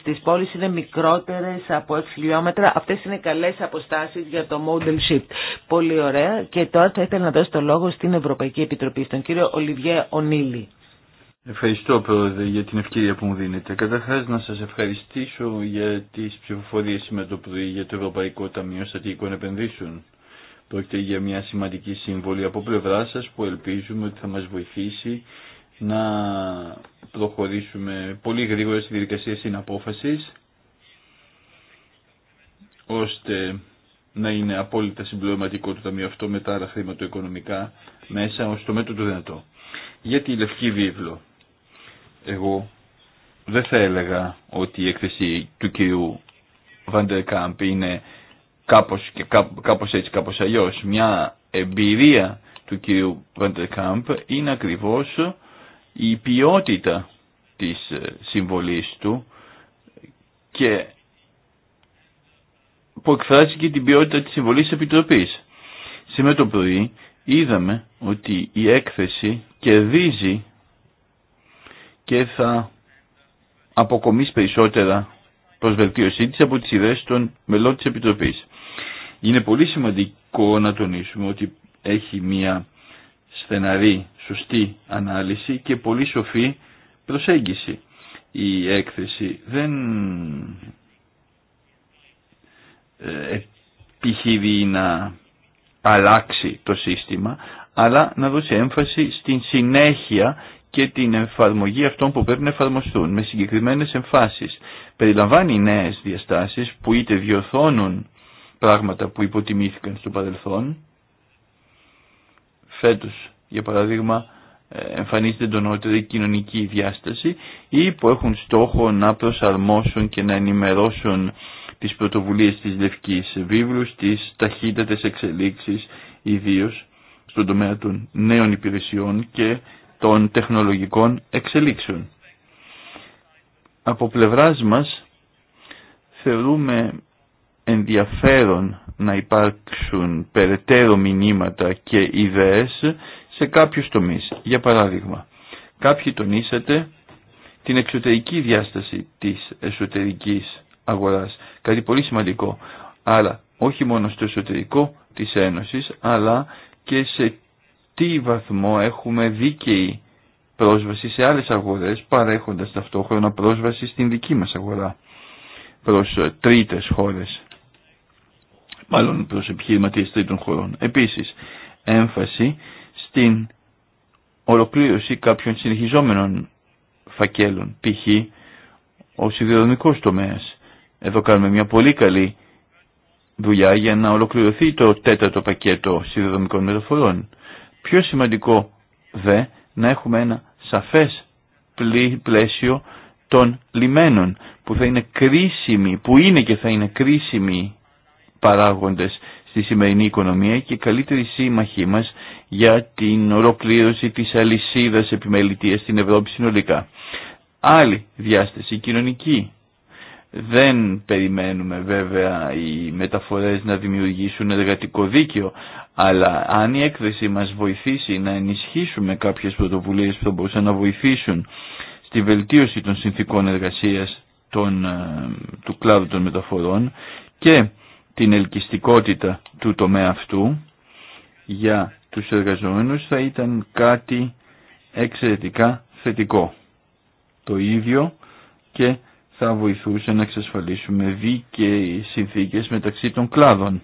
στις πόλεις είναι μικρότερες από 6 χιλιόμετρα. Αυτές είναι καλές αποστάσεις για το model shift. Πολύ ωραία και τώρα θα ήθελα να δώσω το λόγο στην Ευρωπαϊκή Επιτροπή, στον κύριο Ολιβιέ Ονίλη. Ευχαριστώ Πρόεδρε για την ευκαιρία που μου δίνετε. Καταρχά να σα ευχαριστήσω για τι ψηφοφορίε σήμερα το πρωί για το Ευρωπαϊκό Ταμείο Στατικών Επενδύσεων. Πρόκειται για μια σημαντική συμβολή από πλευρά σας που ελπίζουμε ότι θα μας βοηθήσει να προχωρήσουμε πολύ γρήγορα στη διαδικασία συναπόφασης ώστε να είναι απόλυτα συμπληρωματικό το ταμείο αυτό με τα άλλα χρηματοοικονομικά μέσα ως το μέτρο του δυνατό. Για τη Λευκή Βίβλο, εγώ δεν θα έλεγα ότι η έκθεση του κυρίου Βαντερκάμπ είναι κάπως, και κάπως έτσι, κάπως αλλιώς. Μια εμπειρία του κυρίου Βαντερκάμπ είναι ακριβώς η ποιότητα της ε, συμβολής του και που εκφράζει και την ποιότητα της συμβολής της Επιτροπής. Σήμερα το πρωί είδαμε ότι η έκθεση κερδίζει και θα αποκομίσει περισσότερα προς βελτίωσή της από τις ιδέες των μελών της Επιτροπής. Είναι πολύ σημαντικό να τονίσουμε ότι έχει μια στεναρή, σωστή ανάλυση και πολύ σοφή προσέγγιση. Η έκθεση δεν ε, επιχειρεί να αλλάξει το σύστημα, αλλά να δώσει έμφαση στην συνέχεια και την εφαρμογή αυτών που πρέπει να εφαρμοστούν με συγκεκριμένες εμφάσεις. Περιλαμβάνει νέες διαστάσεις που είτε διορθώνουν πράγματα που υποτιμήθηκαν στο παρελθόν. Φέτος, για παράδειγμα, ε, εμφανίζεται εντονότερη κοινωνική διάσταση ή που έχουν στόχο να προσαρμόσουν και να ενημερώσουν τις πρωτοβουλίες της Λευκής Βίβλου, στις ταχύτατες εξελίξεις, ιδίως στον τομέα των νέων υπηρεσιών και των τεχνολογικών εξελίξεων. Από πλευράς μας θεωρούμε ενδιαφέρον να υπάρξουν περαιτέρω μηνύματα και ιδέες σε κάποιους τομείς. Για παράδειγμα, κάποιοι τονίσατε την εξωτερική διάσταση της εσωτερικής αγοράς. Κάτι πολύ σημαντικό. αλλά όχι μόνο στο εσωτερικό της Ένωσης, αλλά και σε τι βαθμό έχουμε δίκαιη πρόσβαση σε άλλες αγορές, παρέχοντας ταυτόχρονα πρόσβαση στην δική μας αγορά προς τρίτες χώρες μάλλον προς επιχειρηματίες τρίτων χωρών. Επίσης, έμφαση στην ολοκλήρωση κάποιων συνεχιζόμενων φακέλων, π.χ. ο σιδηροδρομικός τομέας. Εδώ κάνουμε μια πολύ καλή δουλειά για να ολοκληρωθεί το τέταρτο πακέτο σιδηροδρομικών μεταφορών. Πιο σημαντικό δε να έχουμε ένα σαφές πλαίσιο των λιμένων που θα είναι κρίσιμη, που είναι και θα είναι κρίσιμη παράγοντες στη σημερινή οικονομία και καλύτερη σύμμαχοί μας για την ολοκλήρωση της αλυσίδας επιμελητίας στην Ευρώπη συνολικά. Άλλη διάσταση, κοινωνική. Δεν περιμένουμε βέβαια οι μεταφορές να δημιουργήσουν εργατικό δίκαιο, αλλά αν η έκθεση μας βοηθήσει να ενισχύσουμε κάποιες πρωτοβουλίες που θα μπορούσαν να βοηθήσουν στη βελτίωση των συνθήκων εργασίας των, ε, του κλάδου των μεταφορών και την ελκυστικότητα του τομέα αυτού για τους εργαζομένους θα ήταν κάτι εξαιρετικά θετικό. Το ίδιο και θα βοηθούσε να εξασφαλίσουμε δίκαιες συνθήκες μεταξύ των κλάδων.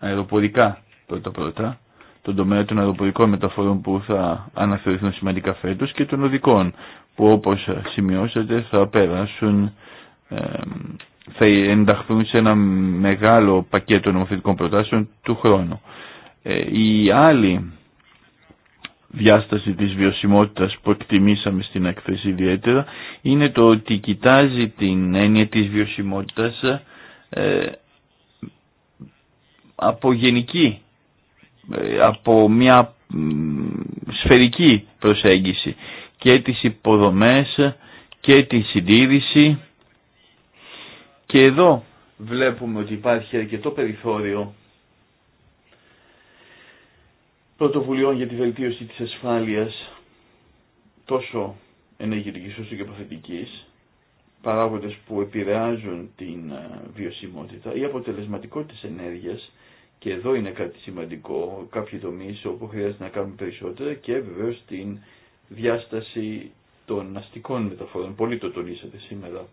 Αεροπορικά πρώτα-πρώτα, τον τομέα των αεροπορικών μεταφορών που θα αναθεωρηθούν σημαντικά φέτος και των οδικών που όπως σημειώσατε θα περάσουν θα ενταχθούν σε ένα μεγάλο πακέτο νομοθετικών προτάσεων του χρόνου. Ε, η άλλη διάσταση της βιωσιμότητας που εκτιμήσαμε στην έκθεση ιδιαίτερα είναι το ότι κοιτάζει την έννοια της βιωσιμότητας ε, από γενική, ε, από μια σφαιρική προσέγγιση και τις υποδομές και τη συντήρηση και εδώ βλέπουμε ότι υπάρχει αρκετό περιθώριο πρωτοβουλειών για τη βελτίωση της ασφάλειας τόσο ενεργητικής όσο και παθητικής, παράγοντες που επηρεάζουν την ε, βιωσιμότητα, η αποτελεσματικότητα της ενέργειας, και εδώ είναι κάτι σημαντικό, κάποιοι τομείς όπου χρειάζεται να κάνουμε περισσότερα και βεβαίω την διάσταση των αστικών μεταφορών. Πολύ το τονίσατε σήμερα.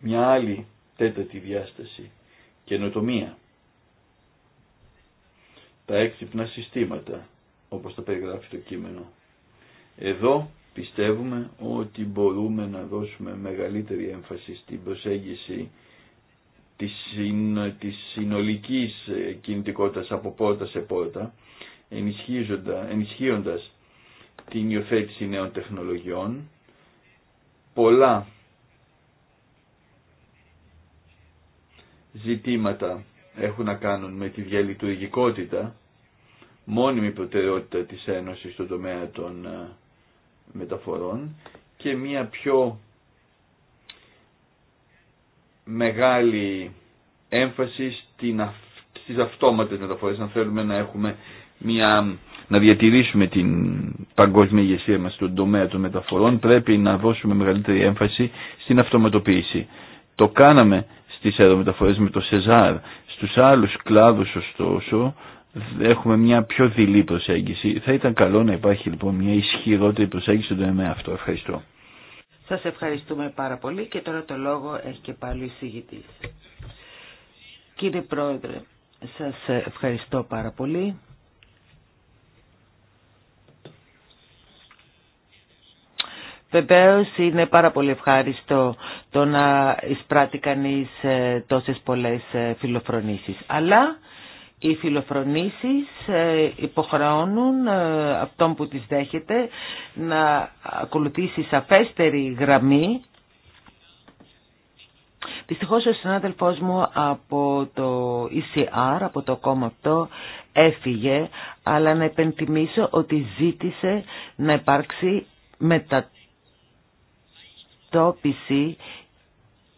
Μια άλλη τέταρτη διάσταση. Καινοτομία. Τα έξυπνα συστήματα, όπως τα περιγράφει το κείμενο. Εδώ πιστεύουμε ότι μπορούμε να δώσουμε μεγαλύτερη έμφαση στην προσέγγιση της, της συνολικής ε, κινητικότητας από πόρτα σε πόρτα, ενισχύοντας την υιοθέτηση νέων τεχνολογιών. Πολλά ζητήματα έχουν να κάνουν με τη διαλειτουργικότητα, μόνιμη προτεραιότητα της Ένωσης στον τομέα των ε, μεταφορών και μια πιο μεγάλη έμφαση στην, στις αυτόματες μεταφορές, αν θέλουμε να έχουμε μια, να διατηρήσουμε την παγκόσμια ηγεσία μας στον τομέα των μεταφορών, πρέπει να δώσουμε μεγαλύτερη έμφαση στην αυτοματοποίηση. Το κάναμε στις αερομεταφορές με το ΣΕΖΑΡ. Στους άλλους κλάδους ωστόσο έχουμε μια πιο δειλή προσέγγιση. Θα ήταν καλό να υπάρχει λοιπόν μια ισχυρότερη προσέγγιση στον τομέα αυτό. Ευχαριστώ. Σας ευχαριστούμε πάρα πολύ και τώρα το λόγο έχει και πάλι ο εισηγητής. Κύριε Πρόεδρε, σας ευχαριστώ πάρα πολύ. Βεβαίω είναι πάρα πολύ ευχάριστο το να εισπράττει κανείς ε, τόσες πολλές ε, φιλοφρονήσεις. Αλλά οι φιλοφρονήσεις ε, υποχρεώνουν αυτόν που τις δέχεται να ακολουθήσει σαφέστερη γραμμή Δυστυχώς ο συνάδελφός μου από το ECR, από το κόμμα αυτό, έφυγε, αλλά να επενθυμίσω ότι ζήτησε να υπάρξει μετατρέψη αντιμετώπιση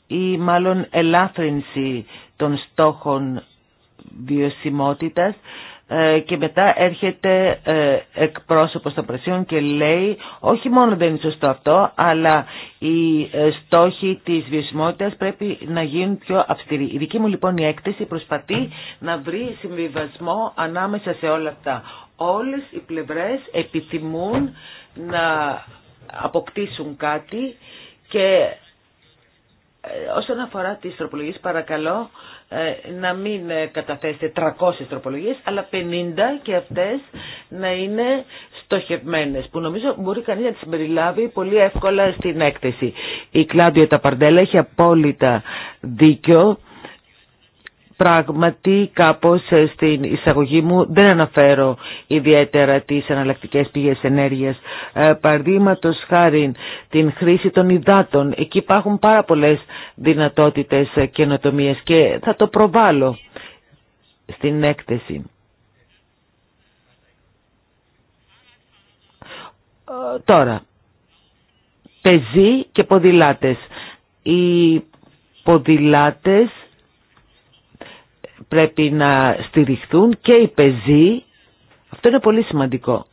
ή μάλλον ελάφρυνση των στόχων βιωσιμότητας ε, και μετά έρχεται ε, εκπρόσωπος των Πρεσίων και λέει όχι μόνο δεν είναι σωστό αυτό αλλά οι ε, στόχοι της βιωσιμότητας πρέπει να γίνουν πιο αυστηροί. Η δική μου λοιπόν η έκθεση προσπαθεί να βρει συμβιβασμό ανάμεσα σε όλα αυτά. Όλες οι πλευρές επιθυμούν να αποκτήσουν κάτι και ε, όσον αφορά τις τροπολογίες παρακαλώ ε, να μην ε, καταθέσετε 300 τροπολογίες αλλά 50 και αυτές να είναι στοχευμένες που νομίζω μπορεί κανείς να τις περιλάβει πολύ εύκολα στην έκθεση. Η Κλάντιο Ταπαρντέλα έχει απόλυτα δίκιο Πράγματι, κάπως ε, στην εισαγωγή μου δεν αναφέρω ιδιαίτερα τις αναλλακτικές πηγές ενέργειας. Ε, Παραδείγματο χάρη την χρήση των υδάτων. Εκεί υπάρχουν πάρα πολλές δυνατότητες ε, καινοτομία και θα το προβάλλω στην έκθεση. Ε, τώρα, πεζοί και ποδηλάτες. Οι ποδηλάτες πρέπει να στηριχθούν και οι πεζοί. Αυτό είναι πολύ σημαντικό.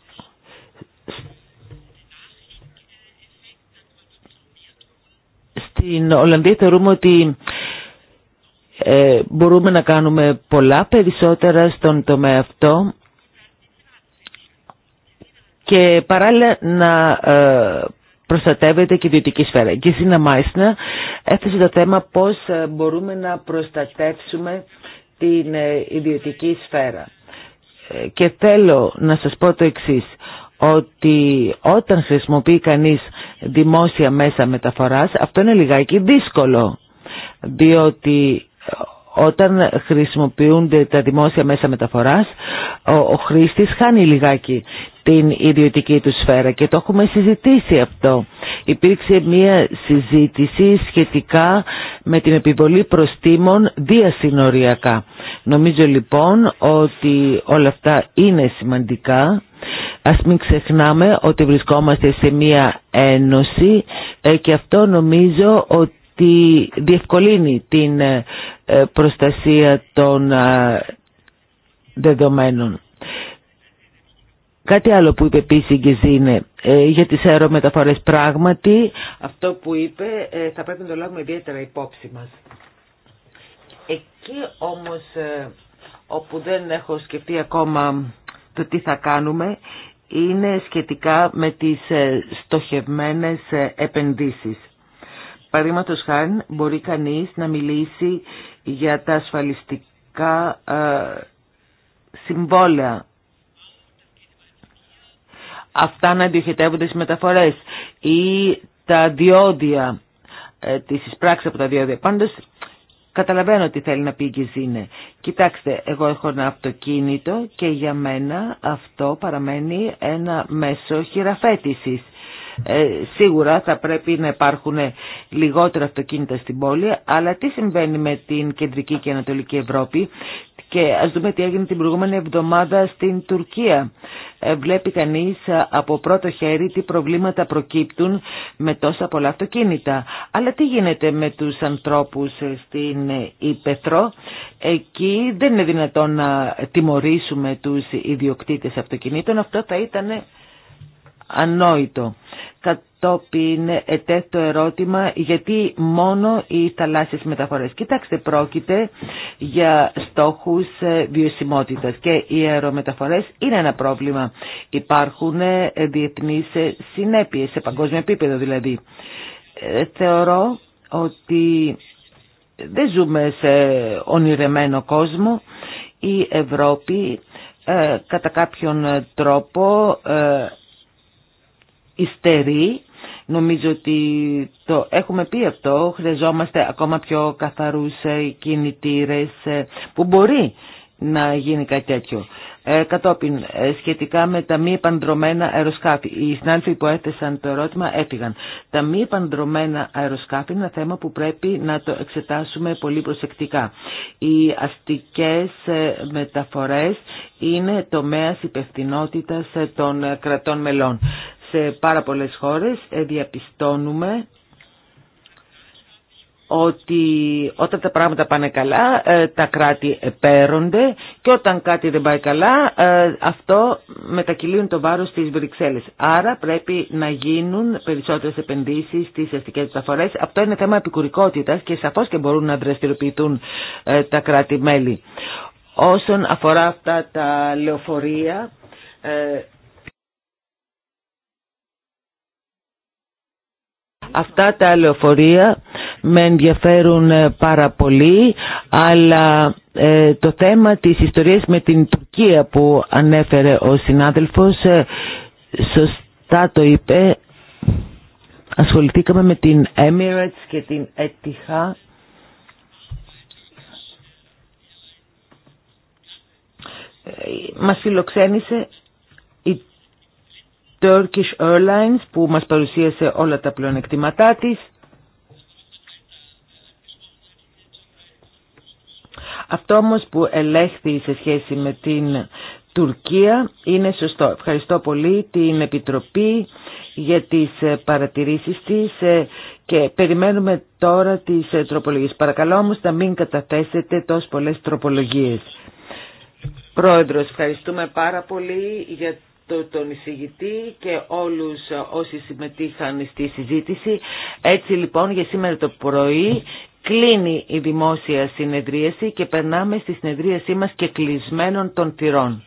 Στην Ολλανδία θεωρούμε ότι ε, μπορούμε να κάνουμε πολλά περισσότερα στον τομέα αυτό και παράλληλα να ε, προστατεύεται και η ιδιωτική σφαίρα. Και η να Μάισνα έθεσε το θέμα πώς ε, μπορούμε να προστατεύσουμε την ε, ιδιωτική σφαίρα. Ε, και θέλω να σας πω το εξής, ότι όταν χρησιμοποιεί κανείς δημόσια μέσα μεταφοράς, αυτό είναι λιγάκι δύσκολο, διότι όταν χρησιμοποιούνται τα δημόσια μέσα μεταφοράς ο χρήστης χάνει λιγάκι την ιδιωτική του σφαίρα και το έχουμε συζητήσει αυτό. Υπήρξε μία συζήτηση σχετικά με την επιβολή προστήμων διασυνοριακά. Νομίζω λοιπόν ότι όλα αυτά είναι σημαντικά. Ας μην ξεχνάμε ότι βρισκόμαστε σε μία ένωση ε, και αυτό νομίζω ότι τη, διευκολύνει την ε, ε, προστασία των ε, δεδομένων. Κάτι άλλο που είπε επίση η Γκεζίνε για τις αερομεταφορές πράγματι, αυτό που είπε θα πρέπει να το λάβουμε ιδιαίτερα υπόψη μας. Εκεί όμως όπου δεν έχω σκεφτεί ακόμα το τι θα κάνουμε είναι σχετικά με τις στοχευμένες επενδύσεις. Παραδείγματο χάρη μπορεί κανείς να μιλήσει για τα ασφαλιστικά ε, συμβόλαια. Αυτά να αντιοχετεύονται στις μεταφορές ή τα διόδια, ε, της εισπράξης από τα διόδια. Πάντως καταλαβαίνω τι θέλει να πει η Κιζίνε. Κοιτάξτε, εγώ έχω ένα αυτοκίνητο και για μένα αυτό παραμένει ένα μέσο χειραφέτησης. Ε, σίγουρα θα πρέπει να υπάρχουν λιγότερα αυτοκίνητα στην πόλη, αλλά τι συμβαίνει με την κεντρική και ανατολική Ευρώπη και ας δούμε τι έγινε την προηγούμενη εβδομάδα στην Τουρκία. Ε, βλέπει κανείς ε, από πρώτο χέρι τι προβλήματα προκύπτουν με τόσα πολλά αυτοκίνητα. Αλλά τι γίνεται με τους ανθρώπους στην Ήπεθρο. Εκεί δεν είναι δυνατόν να τιμωρήσουμε τους ιδιοκτήτες αυτοκινήτων. Αυτό θα ήταν ανόητο. Κατόπιν ετέθη το ερώτημα γιατί μόνο οι θαλάσσιες μεταφορές. Κοιτάξτε, πρόκειται για στόχους ε, βιωσιμότητας και οι αερομεταφορές είναι ένα πρόβλημα. Υπάρχουν ε, διεθνείς ε, συνέπειες σε παγκόσμιο επίπεδο δηλαδή. Θεωρώ ότι δεν ζούμε σε ονειρεμένο κόσμο. Η Ευρώπη κατά κάποιον τρόπο ιστερεί Νομίζω ότι το έχουμε πει αυτό, χρειαζόμαστε ακόμα πιο καθαρούς ε, κινητήρες ε, που μπορεί να γίνει κάτι τέτοιο. Ε, κατόπιν, σχετικά με τα μη επανδρομένα αεροσκάφη. Οι συνάδελφοι που έθεσαν το ερώτημα έφυγαν. Τα μη επανδρομένα αεροσκάφη είναι ένα θέμα που πρέπει να το εξετάσουμε πολύ προσεκτικά. Οι αστικές μεταφορές είναι τομέας υπευθυνότητας των κρατών μελών σε πάρα πολλές χώρες ε, διαπιστώνουμε ότι όταν τα πράγματα πάνε καλά ε, τα κράτη επέρονται και όταν κάτι δεν πάει καλά ε, αυτό μετακυλίουν το βάρος στις Βρυξέλλες. Άρα πρέπει να γίνουν περισσότερες επενδύσεις στις αστικές μεταφορές. Αυτό είναι θέμα επικουρικότητας και σαφώς και μπορούν να δραστηριοποιηθούν τα κράτη-μέλη. Όσον αφορά αυτά τα λεωφορεία Αυτά τα λεωφορεία με ενδιαφέρουν ε, πάρα πολύ, αλλά ε, το θέμα της ιστορίας με την Τουρκία που ανέφερε ο συνάδελφος, ε, σωστά το είπε, ασχοληθήκαμε με την Emirates και την Etihad. Μας φιλοξένησε Turkish Airlines που μας παρουσίασε όλα τα πλεονεκτήματά της. Αυτό όμως που ελέγχθη σε σχέση με την Τουρκία είναι σωστό. Ευχαριστώ πολύ την Επιτροπή για τις ε, παρατηρήσεις της ε, και περιμένουμε τώρα τις ε, τροπολογίες. Παρακαλώ όμως να μην καταθέσετε τόσο πολλές τροπολογίες. Πρόεδρος, ευχαριστούμε πάρα πολύ για τον εισηγητή και όλους όσοι συμμετείχαν στη συζήτηση. Έτσι λοιπόν για σήμερα το πρωί κλείνει η δημόσια συνεδρίαση και περνάμε στη συνεδρίασή μας και κλεισμένων των τυρών.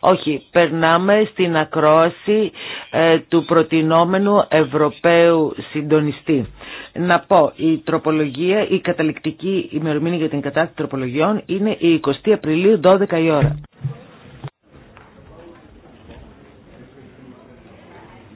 Όχι, περνάμε στην ακρόαση ε, του προτινόμενου Ευρωπαίου συντονιστή. Να πω, η τροπολογία, η καταληκτική ημερομήνη για την κατάσταση τροπολογιών είναι η 20 Απριλίου 12 η ώρα.